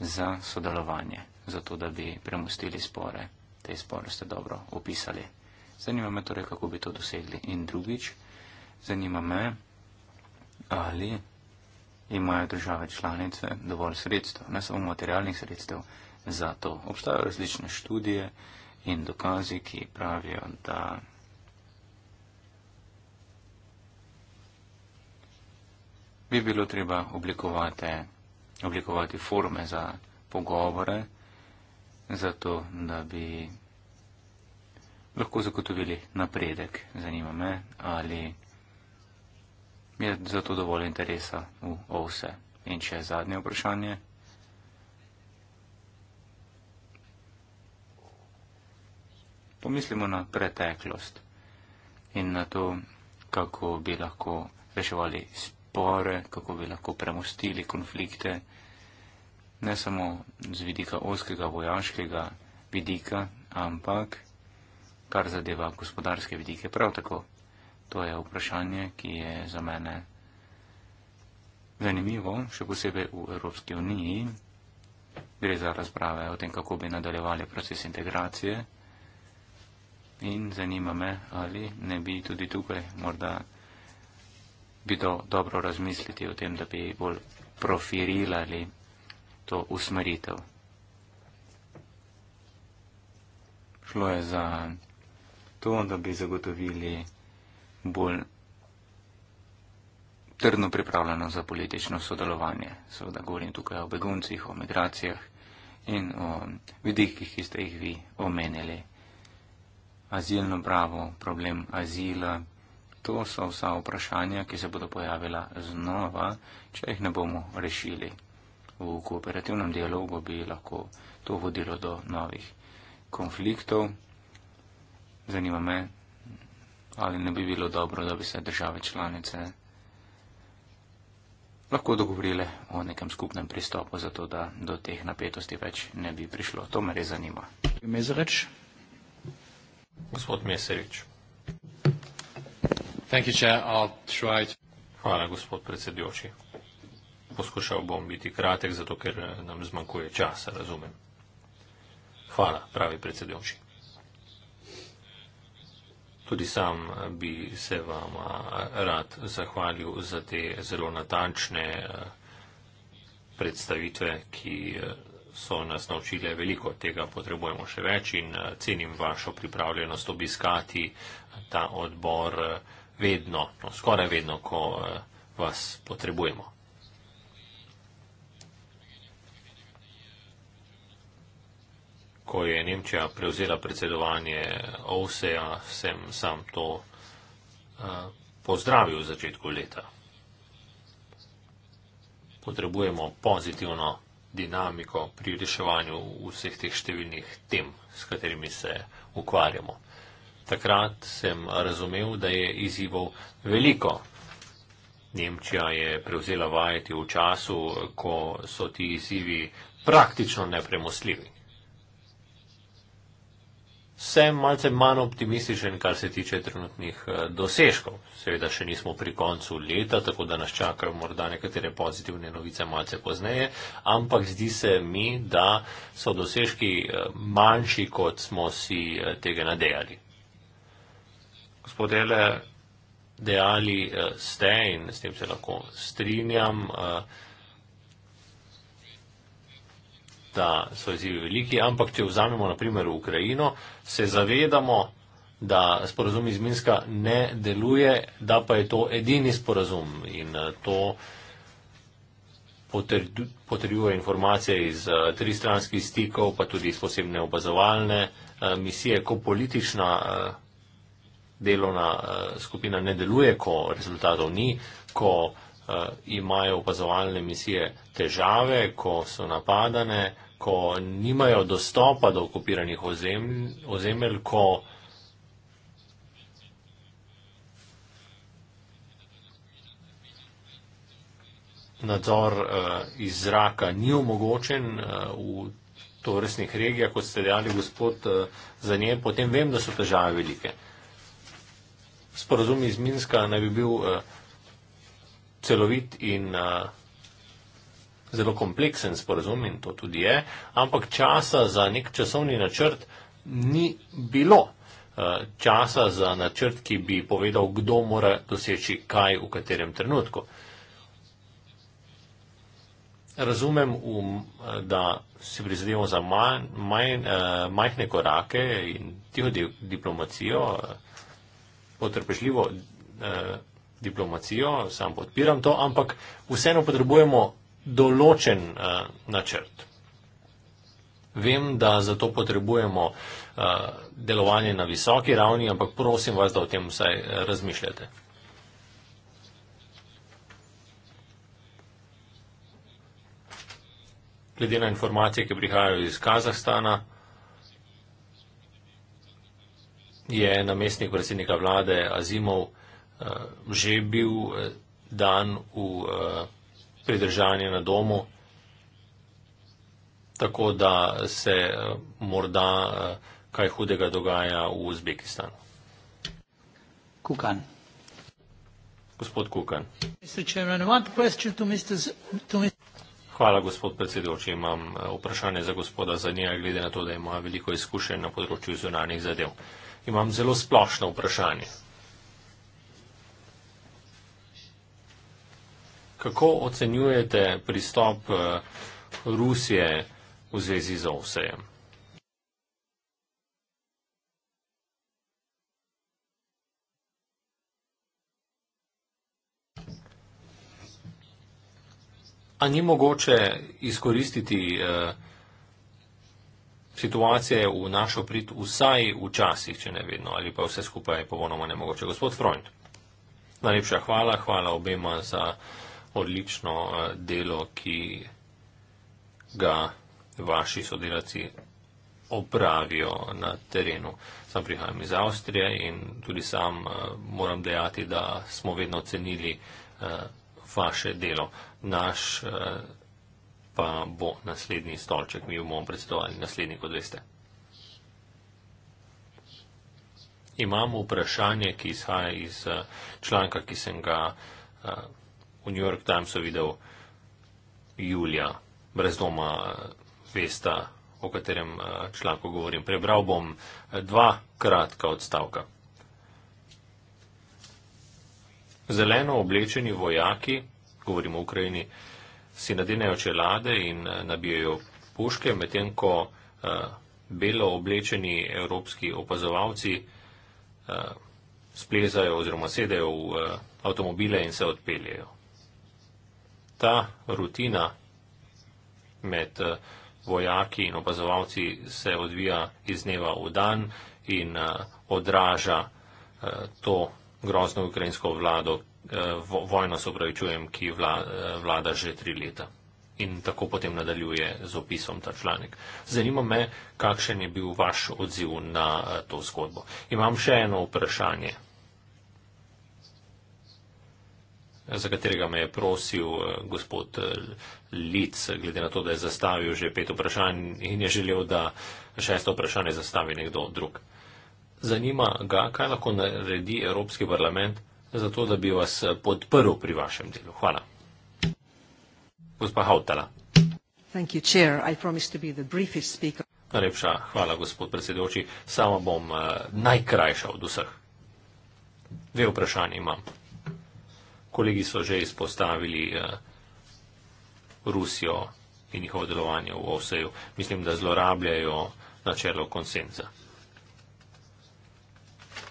za sodelovanje zato da bi premustili spore. Te spore ste dobro opisali. Zanima me torej, kako bi to dosegli. In drugič, zanima me, ali imajo države članice dovolj sredstev, ne samo materialnih sredstev, za to. Obstajajo različne študije in dokazi, ki pravijo, da. bi bilo treba oblikovati, oblikovati forme za pogovore zato, da bi lahko zagotovili napredek. Zanima me, ali je za to dovolj interesa v OVSE. In še zadnje vprašanje. Pomislimo na preteklost in na to, kako bi lahko reševali spore, kako bi lahko premostili konflikte ne samo z vidika oskega vojaškega vidika, ampak kar zadeva gospodarske vidike prav tako. To je vprašanje, ki je za mene zanimivo, še posebej v Evropski uniji. Gre za razprave o tem, kako bi nadaljevali proces integracije. In zanima me, ali ne bi tudi tukaj morda bilo dobro razmisliti o tem, da bi bolj profirirali to usmeritev. Šlo je za to, da bi zagotovili bolj trdno pripravljeno za politično sodelovanje. Seveda govorim tukaj o beguncih, o migracijah in o vidikih, ki ste jih vi omenili. Azilno pravo, problem azila, to so vsa vprašanja, ki se bodo pojavila znova, če jih ne bomo rešili v kooperativnem dialogu bi lahko to vodilo do novih konfliktov. Zanima me, ali ne bi bilo dobro, da bi se države članice lahko dogovorile o nekem skupnem pristopu, zato da do teh napetosti več ne bi prišlo. To me res zanima. Mezreč. Gospod Mesevič. Hvala, gospod predsedujoči poskušal bom biti kratek, zato ker eh, nam zmanjkuje časa, razumem. Hvala, pravi predsedujoči. Tudi sam eh, bi se vam eh, rad zahvalil za te zelo natančne predstavitve, ki so nas naučile veliko. Tega potrebujemo še več in cenim vašo pripravljenost obiskati ta odbor vedno, no, skoraj vedno, ko vas potrebujemo. ko je Nemčija prevzela predsedovanje OVSE-a, sem sam to eh, pozdravil v začetku leta. Potrebujemo pozitivno dinamiko pri reševanju vseh teh številnih tem, s katerimi se ukvarjamo. Takrat sem razumel, da je izzivov veliko. Nemčija je prevzela vajeti v času, ko so ti izzivi praktično nepremostljivi sem malce manj optimističen, kar se tiče trenutnih eh, dosežkov. Seveda še nismo pri koncu leta, tako da nas čakajo morda nekatere pozitivne novice malce pozneje, ampak zdi se mi, da so dosežki eh, manjši, kot smo si eh, tega nadejali. Gospodele, dejali ste in s tem se lahko strinjam da so izzivi veliki, ampak če vzamemo na primer Ukrajino, se zavedamo, da sporazum iz Minska ne deluje, da pa je to edini sporazum in eh, to potrjuje informacije iz eh, tristranskih stikov, pa tudi iz posebne obazovalne eh, misije, ko politična delovna skupina ne deluje, ko rezultatov ni, ko uh, imajo opazovalne misije težave, ko so napadane, ko nimajo dostopa do okupiranih ozem, ozemelj, ko nadzor uh, iz zraka ni omogočen uh, v tovrstnih regijah, kot ste dejali, gospod, uh, za nje, potem vem, da so težave velike. Sporazum iz Minska naj bi bil uh, celovit in uh, zelo kompleksen sporazum in to tudi je, ampak časa za nek časovni načrt ni bilo. Uh, časa za načrt, ki bi povedal, kdo mora doseči kaj v katerem trenutku. Razumem, um, da si prizadevamo za manj, manj, uh, majhne korake in tiho di diplomacijo, uh, potrpežljivo. Uh, diplomacijo, sam podpiram to, ampak vseeno potrebujemo določen uh, načrt. Vem, da za to potrebujemo uh, delovanje na visoki ravni, ampak prosim vas, da o tem vsaj eh, razmišljate. Glede na informacije, ki prihajajo iz Kazahstana, je namestnik predsednika vlade Azimov Eh, že bil eh, dan v eh, pridržanje na domu, tako da se morda kaj hudega dogaja v Uzbekistanu. Kukan. Gospod Kukan. Hvala, gospod predsedujoči. Imam vprašanje za gospoda Zanija, glede na to, da ima veliko izkušenj na področju zunanih zadev. Imam zelo splošno vprašanje. Kako ocenjujete pristop eh, Rusije v zvezi z ovsejem? A ni mogoče izkoristiti eh, situacije v našo prid vsaj včasih, če ne vedno, ali pa vse skupaj povonoma nemogoče. Gospod Freund, najlepša hvala, hvala obema za vse odlično eh, delo, ki ga vaši sodelavci opravijo na terenu. Sam prihajam iz Avstrije in tudi sam eh, moram dejati, da smo vedno cenili eh, vaše delo. Naš pa bo naslednji stolček, mi jo bomo predstavljali naslednji, kot veste. Imamo vprašanje, ki izhaja iz članka, ki sem ga v New York Timesu videl Julija, brez doma eh, vesta, o katerem eh, članku govorim. Prebral bom eh, dva kratka odstavka. Zeleno oblečeni vojaki, govorimo o Ukrajini, si nadenejo čelade in nabijajo puške, medtem ko uh, belo oblečeni evropski opazovalci uh, splezajo oziroma sedejo v uh, avtomobile in se odpeljejo ta rutina med eh, vojaki in opazovalci se odvija iz dneva v dan in eh, odraža eh, to grozno ukrajinsko vlado, vojno se upravičujem, ki vlada že tri leta. In tako potem nadaljuje z opisom ta članek. Zanima me, kakšen je bil vaš odziv na to zgodbo. Imam še eno vprašanje. za katerega me je prosil eh, gospod eh, Lic, glede na to, da je zastavil že pet vprašanj in je želel, da šesto vprašanje zastavi nekdo drug. Zanima ga, kaj lahko naredi Evropski parlament, zato da bi vas eh, podprl pri vašem delu. Hvala. Gospa Hautala. Najlepša hvala, gospod predsedujoči. Sama bom najkrajša od vseh. Dve vprašanje imam kolegi so že izpostavili eh, Rusijo in njihovo delovanje v OSEJU. Mislim, da zlorabljajo načelo konsenza.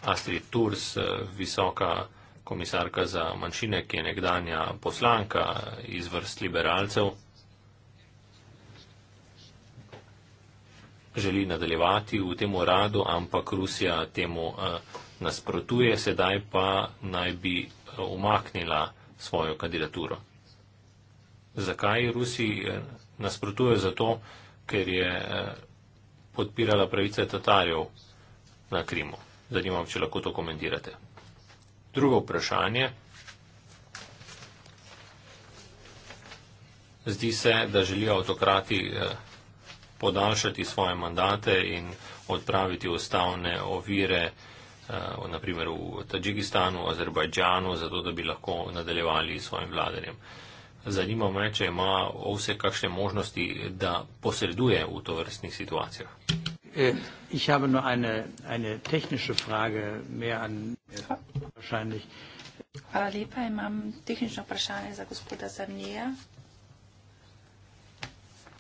Astrid Turs, eh, visoka komisarka za manjšine, ki je nekdanja poslanka iz vrst liberalcev, želi nadaljevati v tem uradu, ampak Rusija temu eh, nasprotuje, sedaj pa naj bi umaknila svojo kandidaturo. Zakaj Rusi eh, nasprotujejo? Zato, ker je eh, podpirala pravice Tatarjev na Krimu. Zanima me, če lahko to komentirate. Drugo vprašanje. Zdi se, da želijo avtokrati eh, podaljšati svoje mandate in odpraviti ustavne ovire. Eh, naprimer v Tadžikistanu, Azerbajdžanu, zato da bi lahko nadaljevali s svojim vladarjem. Zanima me, če ima vse kakšne možnosti, da posreduje v to vrstnih situacijah. Eh, ich habe nur eine, eine technische Frage mehr an wahrscheinlich. Hvala lepa, imam tehnično vprašanje za gospoda Zarnija.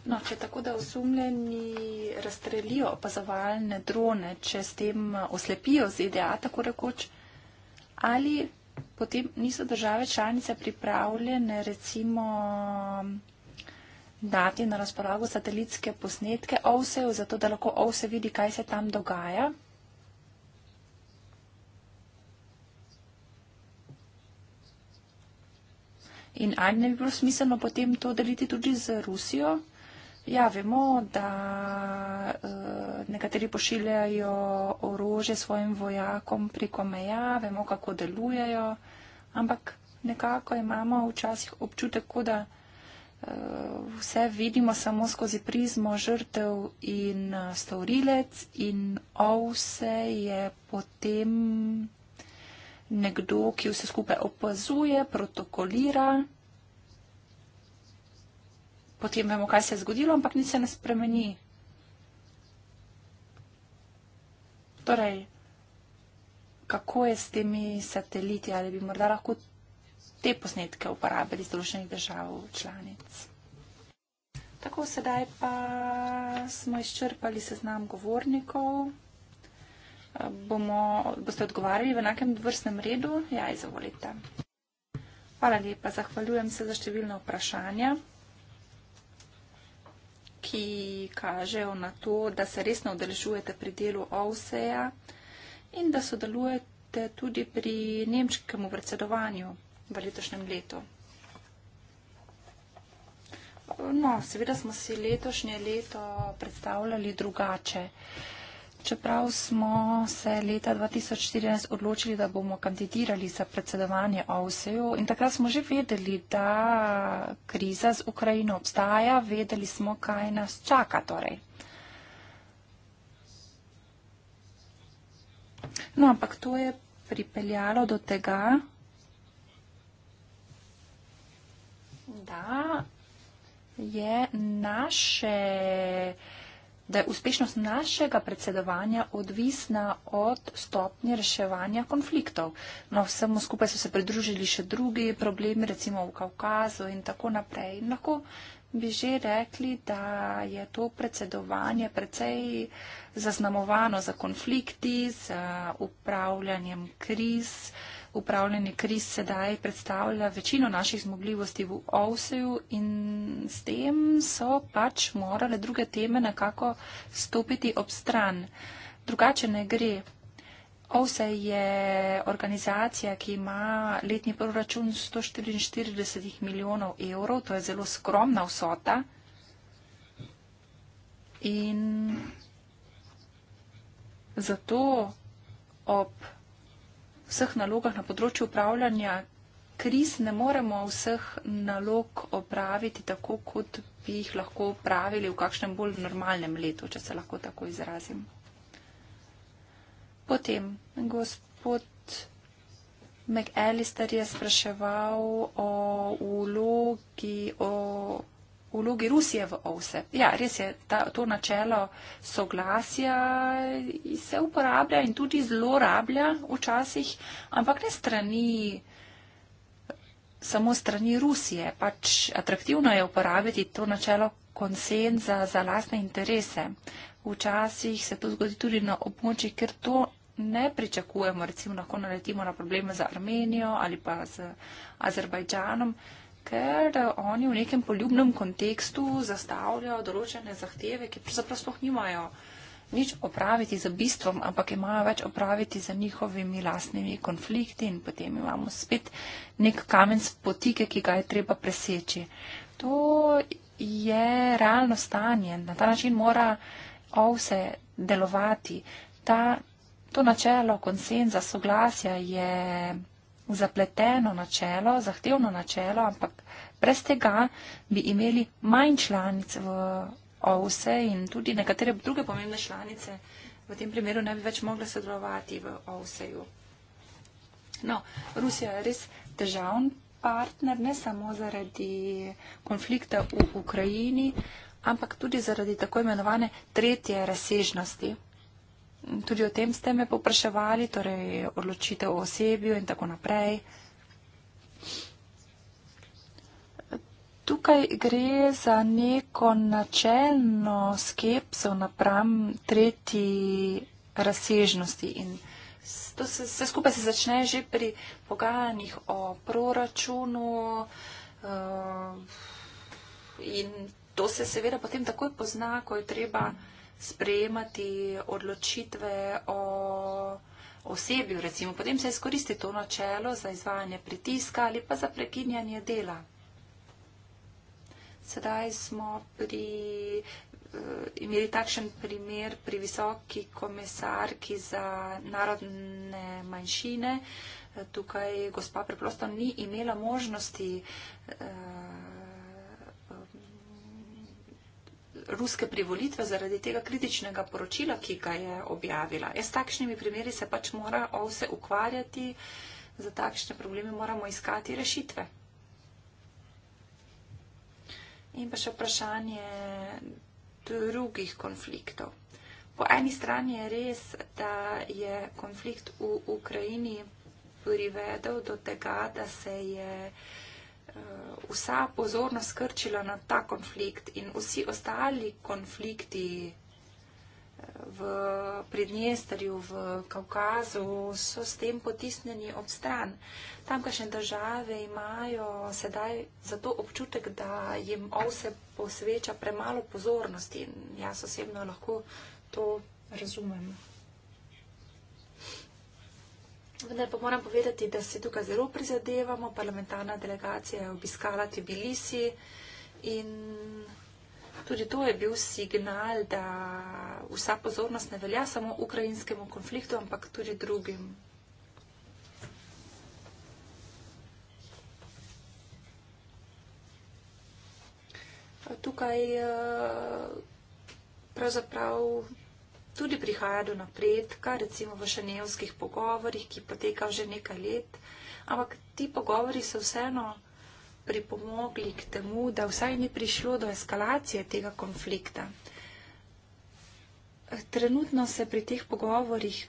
No, če tako, da osumljeni razstrelijo opazovalne drone, če s tem eh, oslepijo ZDA, tako rekoč, ali potem niso države članice pripravljene recimo dati na razpolago satelitske posnetke OVSE-ju, zato da lahko OVSE vidi, kaj se tam dogaja. In ali ne bi bilo smiselno potem to deliti tudi z Rusijo? Ja, vemo, da uh, nekateri pošiljajo orože svojim vojakom preko meja, vemo, kako delujejo, ampak nekako imamo včasih občutek, kot da uh, vse vidimo samo skozi prizmo žrtev in eh, storilec in ovse je potem nekdo, ki vse skupaj opazuje, protokolira potem vemo, kaj se je zgodilo, ampak nič se ne spremeni. Torej, kako je s temi sateliti, ali bi morda lahko te posnetke uporabili iz določenih držav članic? Tako, sedaj pa smo izčrpali seznam govornikov. Bomo, boste odgovarjali v enakem vrstnem redu? Ja, izvolite. Hvala lepa, zahvaljujem se za številne vprašanja ki kažejo na to, da se resno udeležujete pri delu OVSE-ja in da sodelujete tudi pri nemškemu predsedovanju v letošnjem letu. No, seveda smo si letošnje leto predstavljali drugače. Uh, Čeprav smo se leta 2014 odločili, da bomo kandidirali za predsedovanje OVSE-ju in takrat smo že vedeli, da kriza z Ukrajino obstaja, vedeli smo, kaj nas čaka. Torej. No, ampak to je pripeljalo do tega, da je naše da je uspešnost našega predsedovanja odvisna od stopnje reševanja konfliktov. No, vsemu skupaj so se pridružili še drugi problemi, recimo v Kaukazu in tako naprej. In lahko bi že rekli, da je to predsedovanje precej zaznamovano za konflikti, za upravljanjem kriz, uh, upravljanje kriz sedaj predstavlja večino naših zmogljivosti v OVSE-ju in s tem so pač morale druge teme nekako stopiti ob stran. Drugače ne gre. OVSE je organizacija, ki ima letni proračun 144 milijonov evrov, to je zelo skromna vsota. In zato ob vseh nalogah na področju upravljanja kriz ne moremo vseh nalog opraviti tako, kot bi jih lahko opravili v kakšnem bolj normalnem letu, če se lahko tako izrazim. Potem gospod McAllister je spraševal o vlogi, o vlogi Rusije v OVSE. Ja, res je, ta, to načelo soglasja se uporablja in tudi zlorablja včasih, ampak ne strani, samo strani Rusije. Pač atraktivno je uporabiti to načelo konsenza za lasne interese. Včasih se to zgodi tudi na območjih, ker to ne pričakujemo, recimo lahko naletimo na probleme z Armenijo ali pa z Azerbajdžanom ker eh, oni v nekem poljubnem kontekstu zastavljajo določene zahteve, ki pravzaprav sploh nimajo nič opraviti za bistvom, ampak imajo več opraviti za njihovimi lastnimi konflikti in potem imamo spet nek kamen spotike, ki ga je treba preseči. To je realno stanje. Na ta način mora ovse delovati. Ta, to načelo konsenza, soglasja je zapleteno načelo, zahtevno načelo, ampak brez tega bi imeli manj članic v OVSE in tudi nekatere druge pomembne članice v tem primeru ne bi več mogle sodelovati v OVSE-ju. No, Rusija je res težavn partner, ne samo zaradi konflikta v Ukrajini, ampak tudi zaradi tako imenovane tretje razsežnosti. Tudi o tem ste me popraševali, torej odločitev o osebju in tako naprej. Tukaj gre za neko načelno skepso napram tretji razsežnosti in to se, se skupaj se začne že pri pogajanjih o proračunu uh, in to se seveda potem takoj pozna, ko je treba. Mm sprejemati odločitve o osebju, recimo, potem se izkoristi to načelo za izvajanje pritiska ali pa za prekinjanje dela. Sedaj smo pri, uh, imeli takšen primer pri visoki komisarki za narodne manjšine. Eh, tukaj gospa preprosto ni imela možnosti. Uh, ruske privolitve zaradi tega kritičnega poročila, ki ga je objavila. Jaz s takšnimi primeri se pač mora vse ukvarjati, za takšne probleme moramo iskati rešitve. In pa še vprašanje drugih konfliktov. Po eni strani je res, da je konflikt v Ukrajini privedel do tega, da se je. Eh, vsa pozornost skrčila na ta konflikt in vsi ostali konflikti eh, v Prednjestarju, v Kaukazu, so s tem potisnjeni ob stran. Tamkajšnje države imajo sedaj zato občutek, da jim ovse posveča premalo pozornosti in jaz osebno lahko to razumem. Vendar pa moram povedati, da se tukaj zelo prizadevamo. Parlamentarna delegacija je obiskala Tbilisi in tudi to je bil signal, da vsa pozornost ne velja samo ukrajinskemu konfliktu, ampak tudi drugim. Tukaj eh, pravzaprav tudi prihaja do napredka, recimo v šanevskih pogovorjih, ki poteka že nekaj let, ampak ti pogovori so vseeno pripomogli k temu, da vsaj ni prišlo do eskalacije tega konflikta. Trenutno se pri teh pogovorjih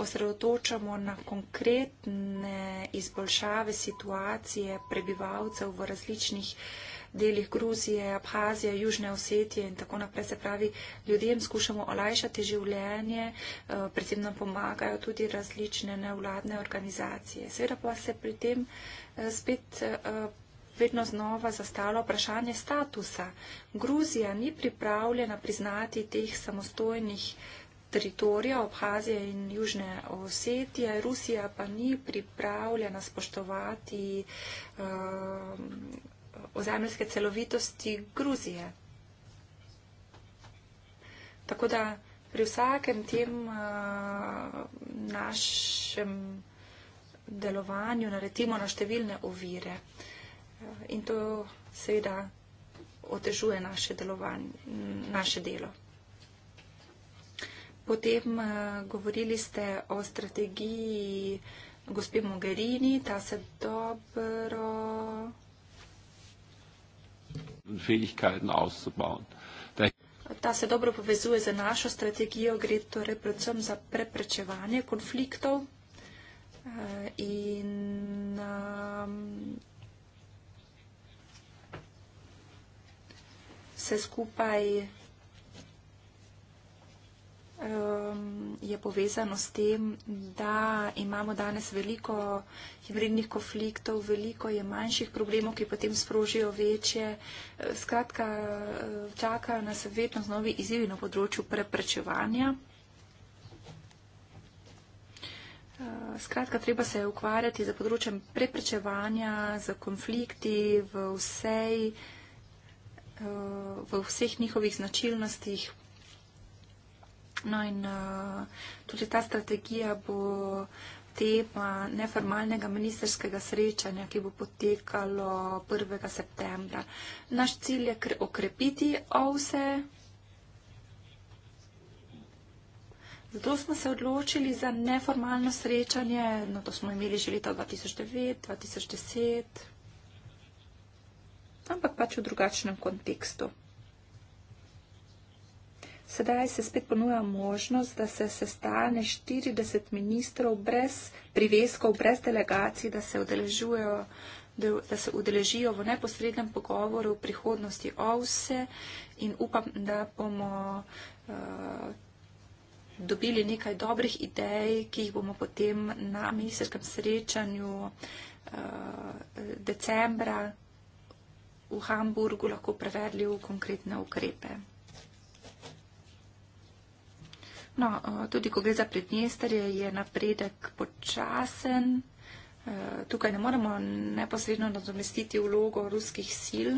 osredotočamo na konkretne izboljšave situacije prebivalcev v različnih delih Gruzije, Abhazije, Južne Osetije in tako naprej. Se pravi, ljudem skušamo olajšati življenje, eh, predvsem nam pomagajo tudi različne nevladne organizacije. Seveda pa se pri tem eh, spet eh, vedno znova zastalo vprašanje statusa. Gruzija ni pripravljena priznati teh samostojnih teritorija Obhazije in Južne Osetije. Rusija pa ni pripravljena spoštovati uh, ozemljske celovitosti Gruzije. Tako da pri vsakem tem uh, našem delovanju naredimo na številne ovire in to seveda otežuje naše, naše delo. Potem uh, govorili ste o strategiji gospe Mogherini, ta se dobro Fähigkeiten auszubauen. Da se dobro povezuje z našo strategijo, gre torej predvsem za preprečevanje konfliktov eh, in um, se skupaj je povezano s tem, da imamo danes veliko hibridnih konfliktov, veliko je manjših problemov, ki potem sprožijo večje. Eh, skratka, eh, čaka nas vedno znovi izzivi na področju preprečevanja. Eh, skratka, treba se ukvarjati za področjem preprečevanja, za konflikti v, vsej, v vseh njihovih značilnostih, No in uh, tudi ta strategija bo tema neformalnega ministerskega srečanja, ki bo potekalo 1. septembra. Naš cilj je okrepiti OVSE. Zato smo se odločili za neformalno srečanje, no to smo imeli že leta 2009-2010, ampak pač v drugačnem kontekstu. Sedaj se spet ponuja možnost, da se sestane 40 ministrov brez priveskov, brez delegacij, da se, da se udeležijo v neposrednem pogovoru o prihodnosti OVSE in upam, da bomo uh, dobili nekaj dobrih idej, ki jih bomo potem na ministerskem srečanju uh, decembra v Hamburgu lahko prevedli v konkretne ukrepe. No, eh, tudi ko gre za prednjestarje, je napredek počasen. Eh, tukaj ne moremo neposredno nadomestiti vlogo ruskih sil.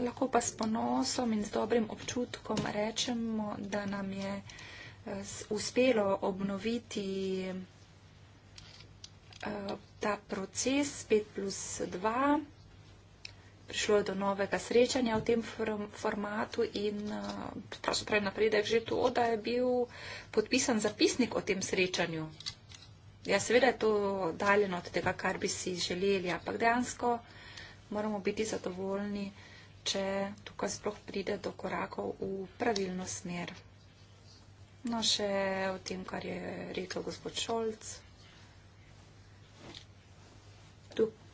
Lahko pa s ponosom in z dobrim občutkom rečemo, da nam je eh, uspelo obnoviti ta proces 5 plus 2 prišlo je do novega srečanja v tem formatu in eh, pravzaprav napredek že to, da je bil podpisan zapisnik o tem srečanju. Ja, seveda je to daljeno od tega, kar bi si želeli, ampak dejansko moramo biti zadovoljni, če tukaj sploh pride do korakov v pravilno smer. No, še o tem, kar je rekel gospod Šolc.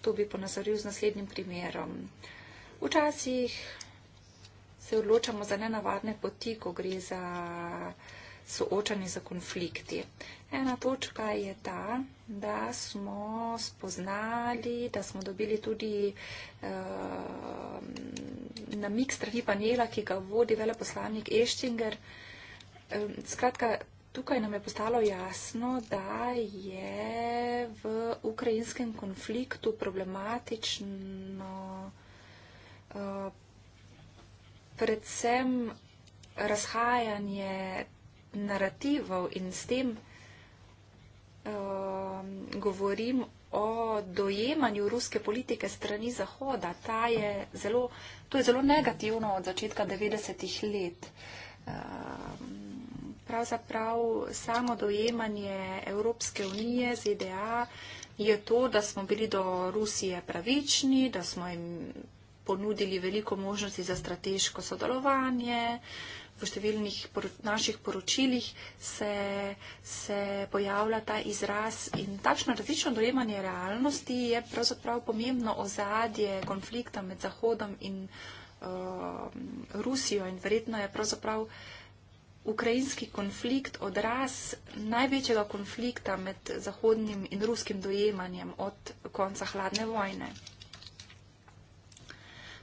To bi ponazoril z naslednjim primerom. Včasih se odločamo za nenavadne poti, ko gre za soočanje za konflikti. Ena točka je ta, da smo spoznali, da smo dobili tudi eh, namik strani panela, ki ga vodi veleposlanik Eštinger. Eh, skratka, tukaj nam je postalo jasno, da je v ukrajinskem konfliktu problematično uh, predvsem razhajanje narativov in s tem uh, govorim o dojemanju ruske politike strani Zahoda. Je zelo, to je zelo negativno od začetka 90-ih let. Uh, pravzaprav samo dojemanje Evropske unije z IDA je to, da smo bili do Rusije pravični, da smo jim ponudili veliko možnosti za strateško sodelovanje. V številnih naših poročilih se, se pojavlja ta izraz in takšno različno dojemanje realnosti je pravzaprav pomembno ozadje konflikta med Zahodom in uh, Rusijo in verjetno je pravzaprav uh, ukrajinski konflikt odraz največjega konflikta med zahodnim in ruskim dojemanjem od konca hladne vojne.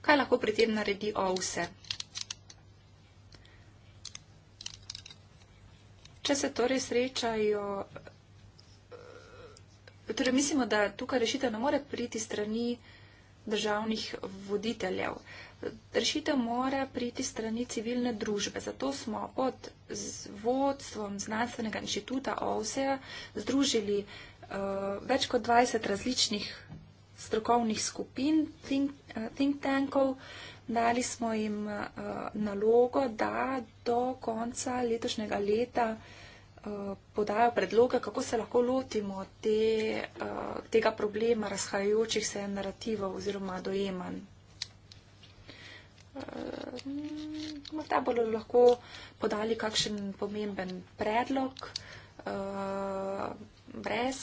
Kaj lahko pri tem naredi OVSE? Če se torej srečajo, torej mislimo, da tukaj rešitev ne more priti strani državnih voditeljev rešitev mora priti strani civilne družbe. Zato smo pod vodstvom znanstvenega inštituta OVSEA združili uh, več kot 20 različnih strokovnih skupin, think, uh, think tankov. Dali smo jim uh, nalogo, da do konca letošnjega leta podajo predloge, kako se lahko lotimo te, tega problema razhajajočih se narativov oziroma dojemanj. Eh, morda bodo lahko podali kakšen pomemben predlog. Eh, brez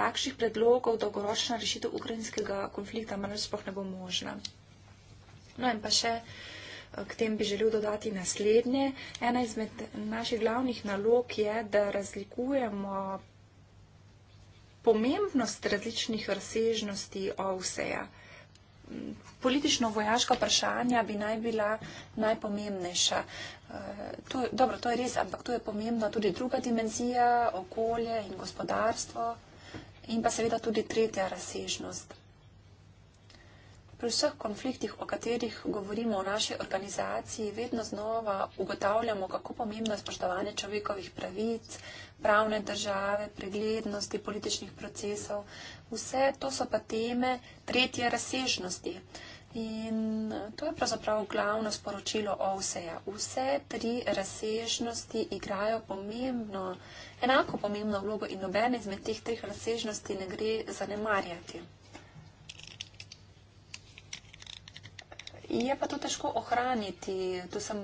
takšnih predlogov dolgoročna rešitev ukrajinskega konflikta namreč sploh ne bo možna. No in pa še eh, k tem bi želel dodati naslednje. Ena izmed naših glavnih nalog je, da razlikujemo pomembnost različnih razsežnosti OVSE-ja politično-vojaška vprašanja bi naj bila najpomembnejša. Eh, to, dobro, to je res, ampak tu je pomembna tudi druga dimenzija, okolje in gospodarstvo in pa seveda tudi tretja razsežnost pri vseh konfliktih, o katerih govorimo v naši organizaciji, vedno znova ugotavljamo, kako pomembno je spoštovanje človekovih pravic, pravne države, preglednosti političnih procesov. Vse to so pa teme tretje razsežnosti. In to je pravzaprav glavno sporočilo OVSE-ja. Vse tri razsežnosti igrajo pomembno, enako pomembno vlogo in nobene izmed teh treh razsežnosti ne gre zanemarjati. je pa to težko ohraniti. Tu sem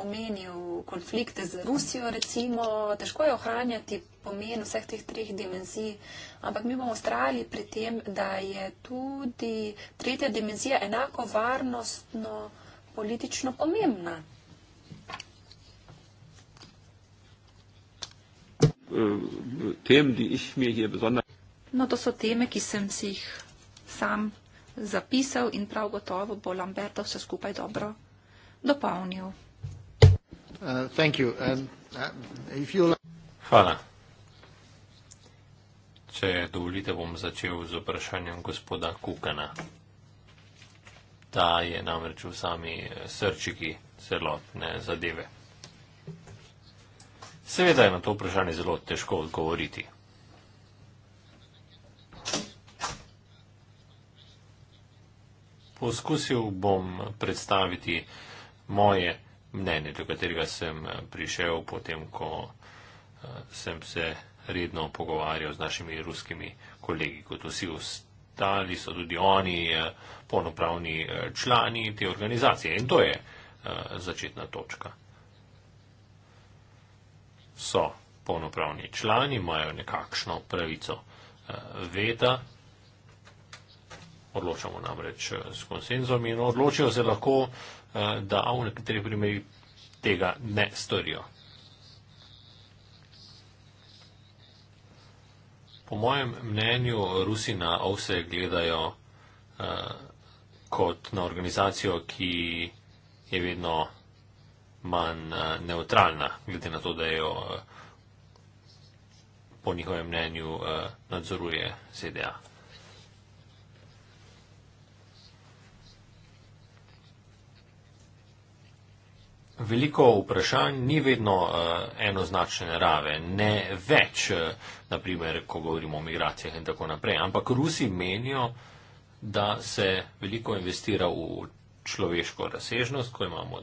omenil konflikte z Rusijo, recimo. Težko je ohranjati pomen vseh teh treh dimenzij. Ampak mi bomo ustrajali pri tem, da je tudi tretja dimenzija enako varnostno, politično pomembna. Tem, ki jih mi je posebej. No, to so teme, ki sem si jih sam zapisal in prav gotovo bo Lamberto vse skupaj dobro dopolnil. Uh, thank you. And, um, uh, like... Hvala. Če dovolite, bom začel z vprašanjem gospoda Kukana. Ta je namreč v sami eh, srčiki celotne zadeve. Seveda je na to vprašanje zelo težko odgovoriti. Poskusil bom predstaviti moje mnenje, do katerega sem prišel potem, ko eh, sem se redno pogovarjal z našimi ruskimi kolegi, kot vsi ostali so tudi oni eh, polnopravni eh, člani te organizacije. In to je začetna točka. So polnopravni člani, imajo nekakšno pravico veta odločamo namreč eh, s konsenzom in odločijo se lahko, eh, da v nekaterih primerjih tega ne storijo. Po mojem mnenju Rusi na OVSE gledajo eh, kot na organizacijo, ki je vedno manj neutralna, glede na to, da jo po njihovem mnenju nadzoruje ZDA. Veliko vprašanj ni vedno uh, enoznačne narave, ne več, uh, eh, naprimer, ko govorimo o migracijah in tako naprej. Ampak Rusi menijo, da se veliko investira v človeško razsežnost, imamo,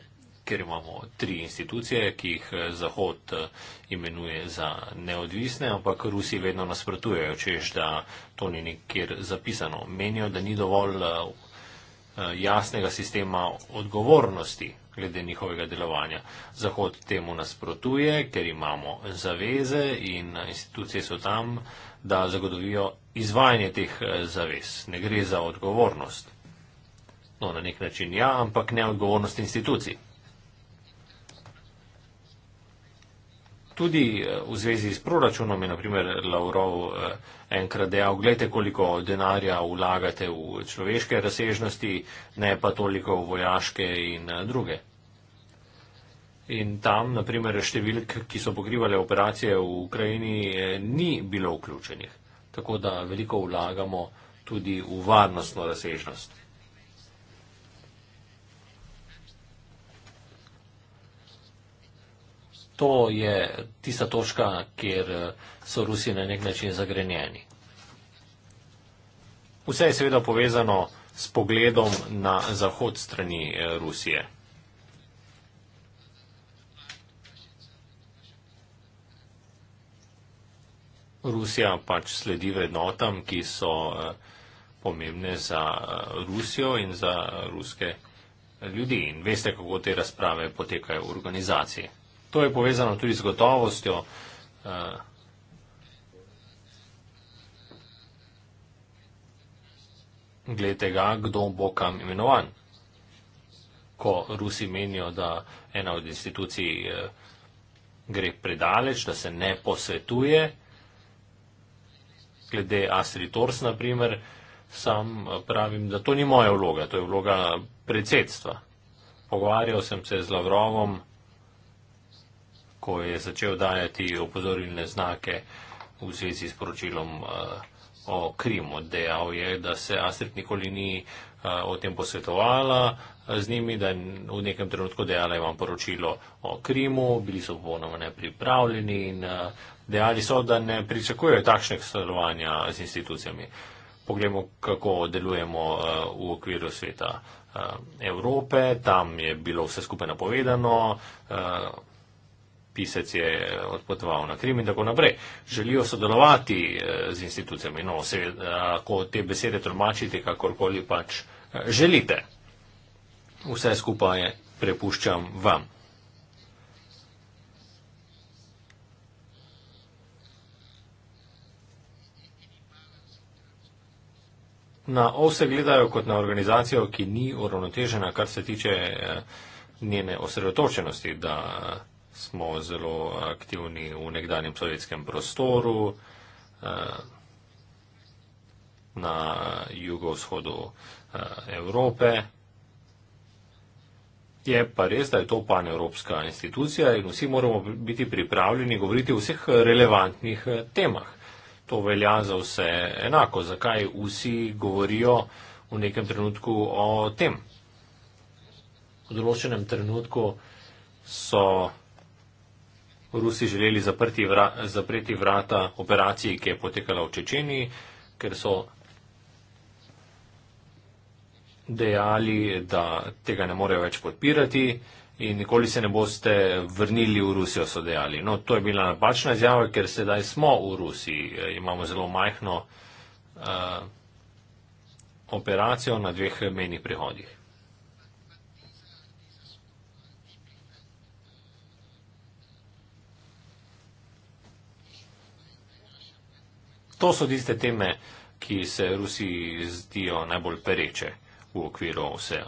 ker imamo tri institucije, ki jih eh, Zahod uh, imenuje za neodvisne, ampak Rusi vedno nasprotujejo, čež da to ni nikjer zapisano. Menijo, da ni dovolj uh, jasnega sistema odgovornosti glede njihovega delovanja. Zahod temu nasprotuje, ker imamo zaveze in institucije so tam, da zagotovijo izvajanje teh eh, zavez. Ne gre za odgovornost. No, na nek način ja, ampak ne odgovornost institucij. Tudi eh, v zvezi s proračunom je naprimer Lavrov eh, enkrat dejal, gledajte, koliko denarja vlagate v človeške razsežnosti, ne pa toliko v vojaške in druge. In tam, naprimer, številk, ki so pokrivali operacije v Ukrajini, eh, ni bilo vključenih. Tako da veliko vlagamo tudi v varnostno razsežnost. To je tista točka, kjer eh, so Rusi na nek način zagrenjeni. Vse je seveda povezano s pogledom na zahod strani eh, Rusije. Rusija pač sledi vrednotam, ki so eh, pomembne za eh, Rusijo in za eh, ruske ljudi. In veste, kako te razprave potekajo v organizaciji. To je povezano tudi z gotovostjo. Glede tega, kdo bo kam imenovan. Ko Rusi menijo, da ena od institucij gre predaleč, da se ne posvetuje, glede Astri Tors, naprimer, sam eh, pravim, da to ni moja vloga, to je vloga predsedstva. Pogovarjal sem se z Lavrovom, ko je začel dajati opozorilne znake v zvezi s poročilom eh, o Krimu. Dejal je, da se Astrid nikoli ni eh, o tem posvetovala, z njimi, da je v nekem trenutku dejala, imam poročilo o Krimu, bili so popolnoma nepripravljeni in eh, dejali so, da ne pričakujejo takšnega sodelovanja z institucijami. Poglejmo, kako delujemo eh, v okviru sveta eh, Evrope, tam je bilo vse skupaj napovedano. Pisec je odpotoval na Krim in tako naprej. Želijo sodelovati z institucijami, no, se lahko te besede tolmačite, kakorkoli pač želite vse skupaj prepuščam vam. Na OVSE gledajo kot na organizacijo, ki ni uravnotežena, kar se tiče eh, njene osredotočenosti, da eh, smo zelo aktivni v nekdanjem sovjetskem prostoru, eh, na jugovzhodu Evrope je pa res, da je to panevropska institucija in vsi moramo biti pripravljeni govoriti o vseh relevantnih eh, temah. To velja za vse enako. Zakaj vsi govorijo v nekem trenutku o tem? V določenem trenutku so Rusi želeli vra, zapreti vrata operaciji, ki je potekala v Čečeniji, ker so dejali, da tega ne morejo več podpirati in nikoli se ne boste vrnili v Rusijo, so dejali. No, to je bila napačna izjava, ker sedaj smo v Rusiji, eh, imamo zelo majhno uh, operacijo na dveh menjih prihodih. To so tiste teme, ki se Rusiji zdijo najbolj pereče v okviru OSEA.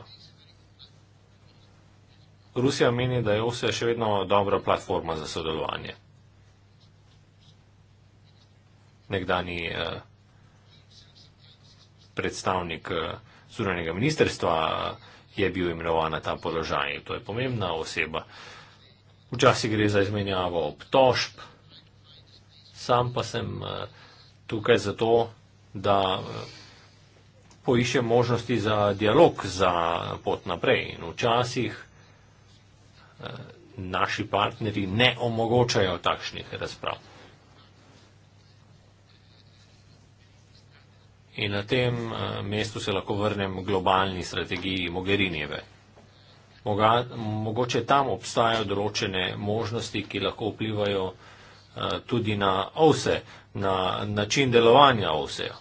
Rusija meni, da je OSEA še vedno dobra platforma za sodelovanje. Nekdani eh, predstavnik eh, zunanjega ministerstva eh, je bil imenovan na ta položaj in to je pomembna oseba. Včasih gre za izmenjavo obtožb, sam pa sem tukaj zato, da poišče možnosti za dialog, za pot naprej. In včasih eh, naši partnerji ne omogočajo takšnih razprav. In na tem eh, mestu se lahko vrnem globalni strategiji Mogherinijeve. Mogoče tam obstajajo določene možnosti, ki lahko vplivajo eh, tudi na ovse, na način delovanja ovseja.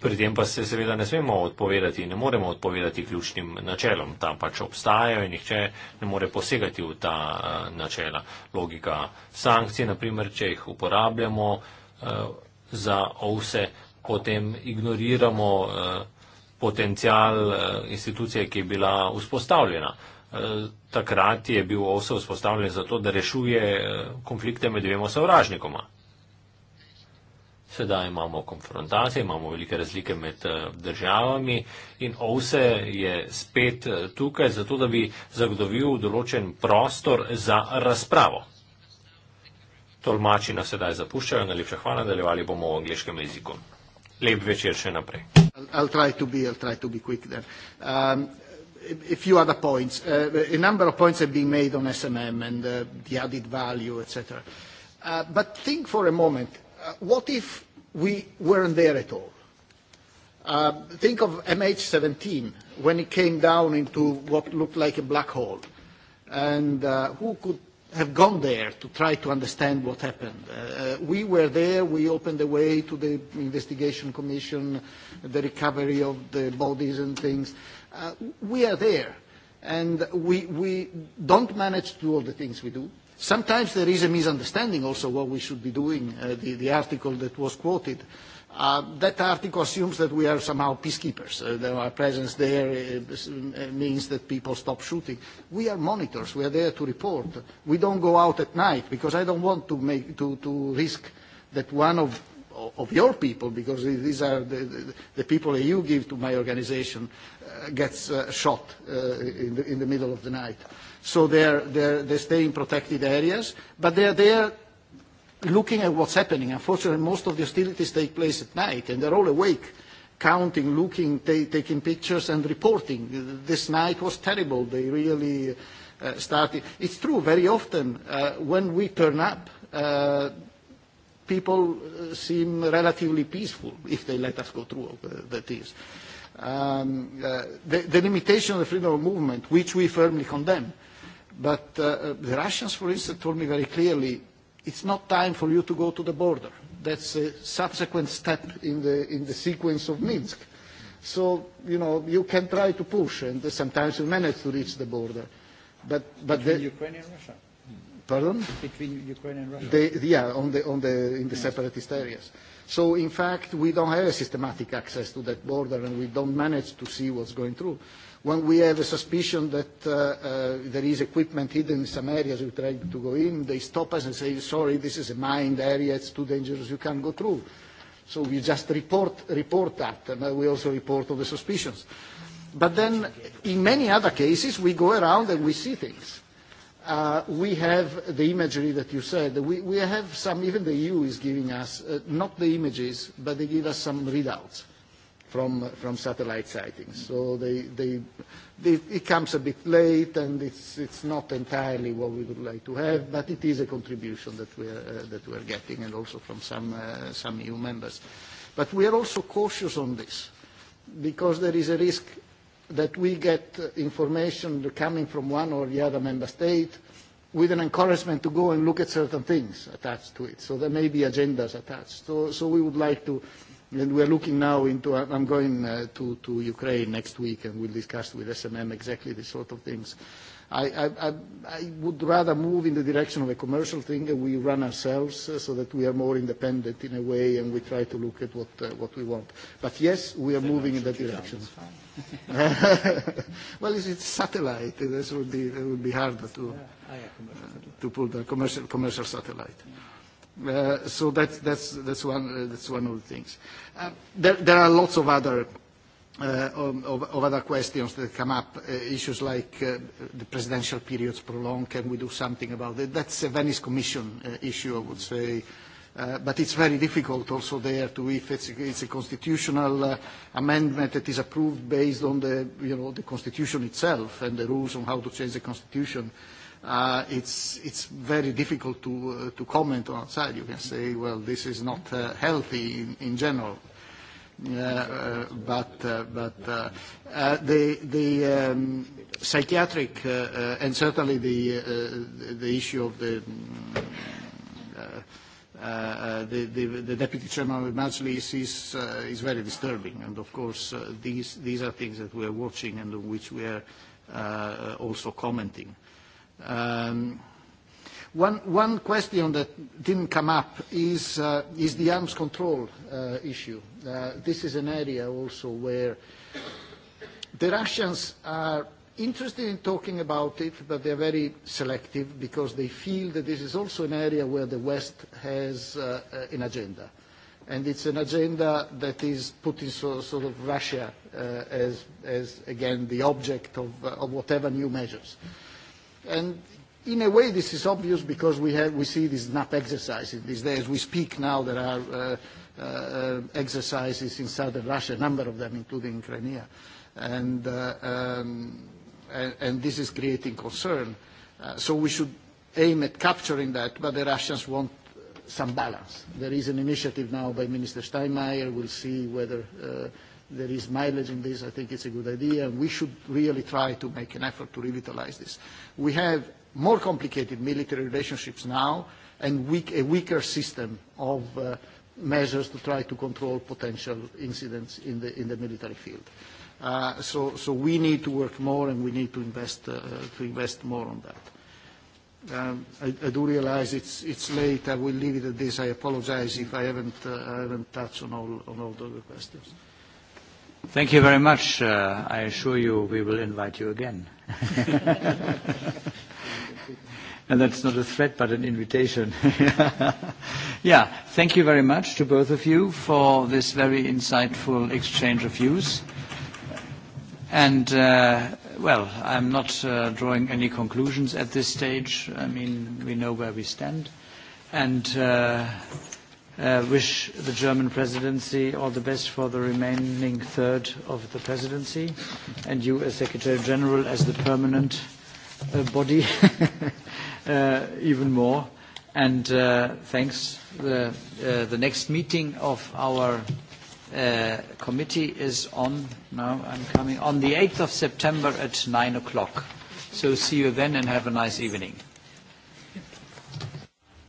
Pri tem pa se seveda ne smemo odpovedati, ne moremo odpovedati ključnim načelom. Ta pač obstajajo in nihče ne more posegati v ta uh, načela. Logika sankcij, naprimer, če jih uporabljamo uh, za ovse, potem ignoriramo uh, potencial uh, institucije, ki je bila vzpostavljena. Takrat je bil OSE vzpostavljen zato, da rešuje konflikte med dvema sovražnikoma. Sedaj imamo konfrontacije, imamo velike razlike med eh, državami in OVSE je spet eh, tukaj, zato da bi zagotovil določen prostor za razpravo. Tolmači nas sedaj zapuščajo, najlepša hvala, nadaljevali bomo v angliškem jeziku. Lep večer še naprej. Uh, but think for a moment, Uh, what if we weren't there at all? Uh, think of MH17 when it came down into what looked like a black hole. And uh, who could have gone there to try to understand what happened? Uh, uh, we were there, we opened the way to the investigation commission, the recovery of the bodies and things. Uh, we are there. And we, we don't manage to do all the things we do. Sometimes there is a misunderstanding also what we should be doing, uh, the, the article that was quoted. Uh, that article assumes that we are somehow peacekeepers. Uh, that our presence there uh, uh, means that people stop shooting. We are monitors. We are there to report. We don't go out at night because I don't want to, make, to, to risk that one of, of your people, because these are the, the, the people that you give to my organization, uh, gets uh, shot uh, in, the, in the middle of the night. Uh, so they're, they're, they stay in protected areas, but they're there looking at what's happening. Unfortunately, most of the hostilities take place at night, and they're all awake, counting, looking, taking pictures and reporting. This night was terrible. They really uh, started. It's true, very often, uh, when we turn up, uh, people uh, seem relatively peaceful, if they let us go through, uh, that is. Um, uh, the, the limitation of the freedom of movement, which we firmly condemn, uh, But uh, the Russians, for instance, told me very clearly, it's not time for you to go to the border. That's a subsequent step in the, in the sequence of Minsk. So, you know, you can try to push, and sometimes you manage to reach the border. But, but Between the, Ukraine and Russia? Pardon? Between Ukraine and Russia? They, yeah, on the, on the, in the yes. separatist areas. So, in fact, we don't have a systematic access to that border, and we don't manage to see what's going through. When we have a suspicion that uh, uh, there is equipment hidden in some areas, we try to go in. They stop us and say, sorry, this is a mined area. It's too dangerous. You can't go through. So we just report, report that, and uh, we also report all the suspicions. But then in many other cases, we go around and we see things. Uh, we have the imagery that you said. We, we have some, even the EU is giving us, uh, not the images, but they give us some readouts. Uh, from, from satellite sightings. So they, they, they, it comes a bit late, and it's, it's not entirely what we would like to have, but it is a contribution that we are, uh, that we are getting, and also from some, uh, some EU members. But we are also cautious on this, because there is a risk that we get information coming from one or the other member state with an encouragement to go and look at certain things attached to it. So there may be agendas attached. So, so we would like to And we're looking now into, I'm going uh, to, to Ukraine next week and we'll discuss with SMM exactly these sort of things. I, I, I, I would rather move in the direction of a commercial thing and we run ourselves uh, so that we are more independent in a way and we try to look at what, uh, what we want. But yes, we are the moving in that direction. <laughs> well, it's, it's satellite. That would be, it would be harder to, yeah. Oh, yeah, uh, to pull the commercial, commercial satellite. Yeah. Uh, so that's, that's, that's, one, uh, that's one of the things. Uh, there, there are lots of other, uh, of, of other questions that come up, uh, issues like uh, the presidential periods prolonged, can we do something about it? That's a Venice Commission uh, issue, I would say. Uh, but it's very difficult also there to, if it's, it's a constitutional uh, amendment that is approved based on the, you know, the constitution itself and the rules on how to change the constitution, uh, uh, it's, it's very difficult to, uh, to comment outside. You can say, well, this is not uh, healthy in, in general. Yeah, uh, but uh, but uh, uh, the the um, psychiatric uh, uh, and certainly the uh, the issue of the, mm, uh, uh, uh, the the the deputy chairman of the Majlis is uh, is very disturbing, and of course uh, these these are things that we are watching and on which we are uh, also commenting. Uh, Um, one question that didn't come up is uh, the arms control uh, issue. Uh, this is an area also where the Russians are interested in talking about it, but they're very selective because they feel that this is also an area where the West has an agenda. It's an agenda that is putting sort of Russia as again, the object of whatever new measures. And in a way, this is obvious because we, have, we see these NAP exercises these days. We speak now there are uh, uh, exercises in southern Russia, a number of them, including Crimea. And, uh, um, and, and this is creating concern. Uh, so we should aim at capturing that, but the Russians want some balance. There is an initiative now by Minister Steinmeier. We'll see whether... Uh, there is mileage in this. I think it's a good idea, and we should really try to make an effort to revitalize this. We have more complicated military relationships now and weak, a weaker system of uh, measures to try to control potential incidents in the, in the military field. Uh, so, so we need to work more and we need to invest, uh, to invest more on that. Um, I, I do realize it's, it's late. I will leave it at this. I apologize if I haven't, uh, I haven't touched on all, on all the questions. Thank you very much. Uh, I assure you we will invite you again. <laughs> and that's not a threat, but an invitation. <laughs> yeah, thank you very much to both of you for this very insightful exchange of views. And, uh, well, I'm not uh, drawing any conclusions at this stage. I mean, we know where we stand. And... Uh, Uh, wish the German presidency all the best for the remaining third of the presidency, and you as Secretary General, as the permanent uh, body, <laughs> uh, even more. And uh, thanks. The, uh, the next meeting of our uh, committee is on, now I'm coming, on the 8th of September at 9 o'clock. So see you then and have a nice evening.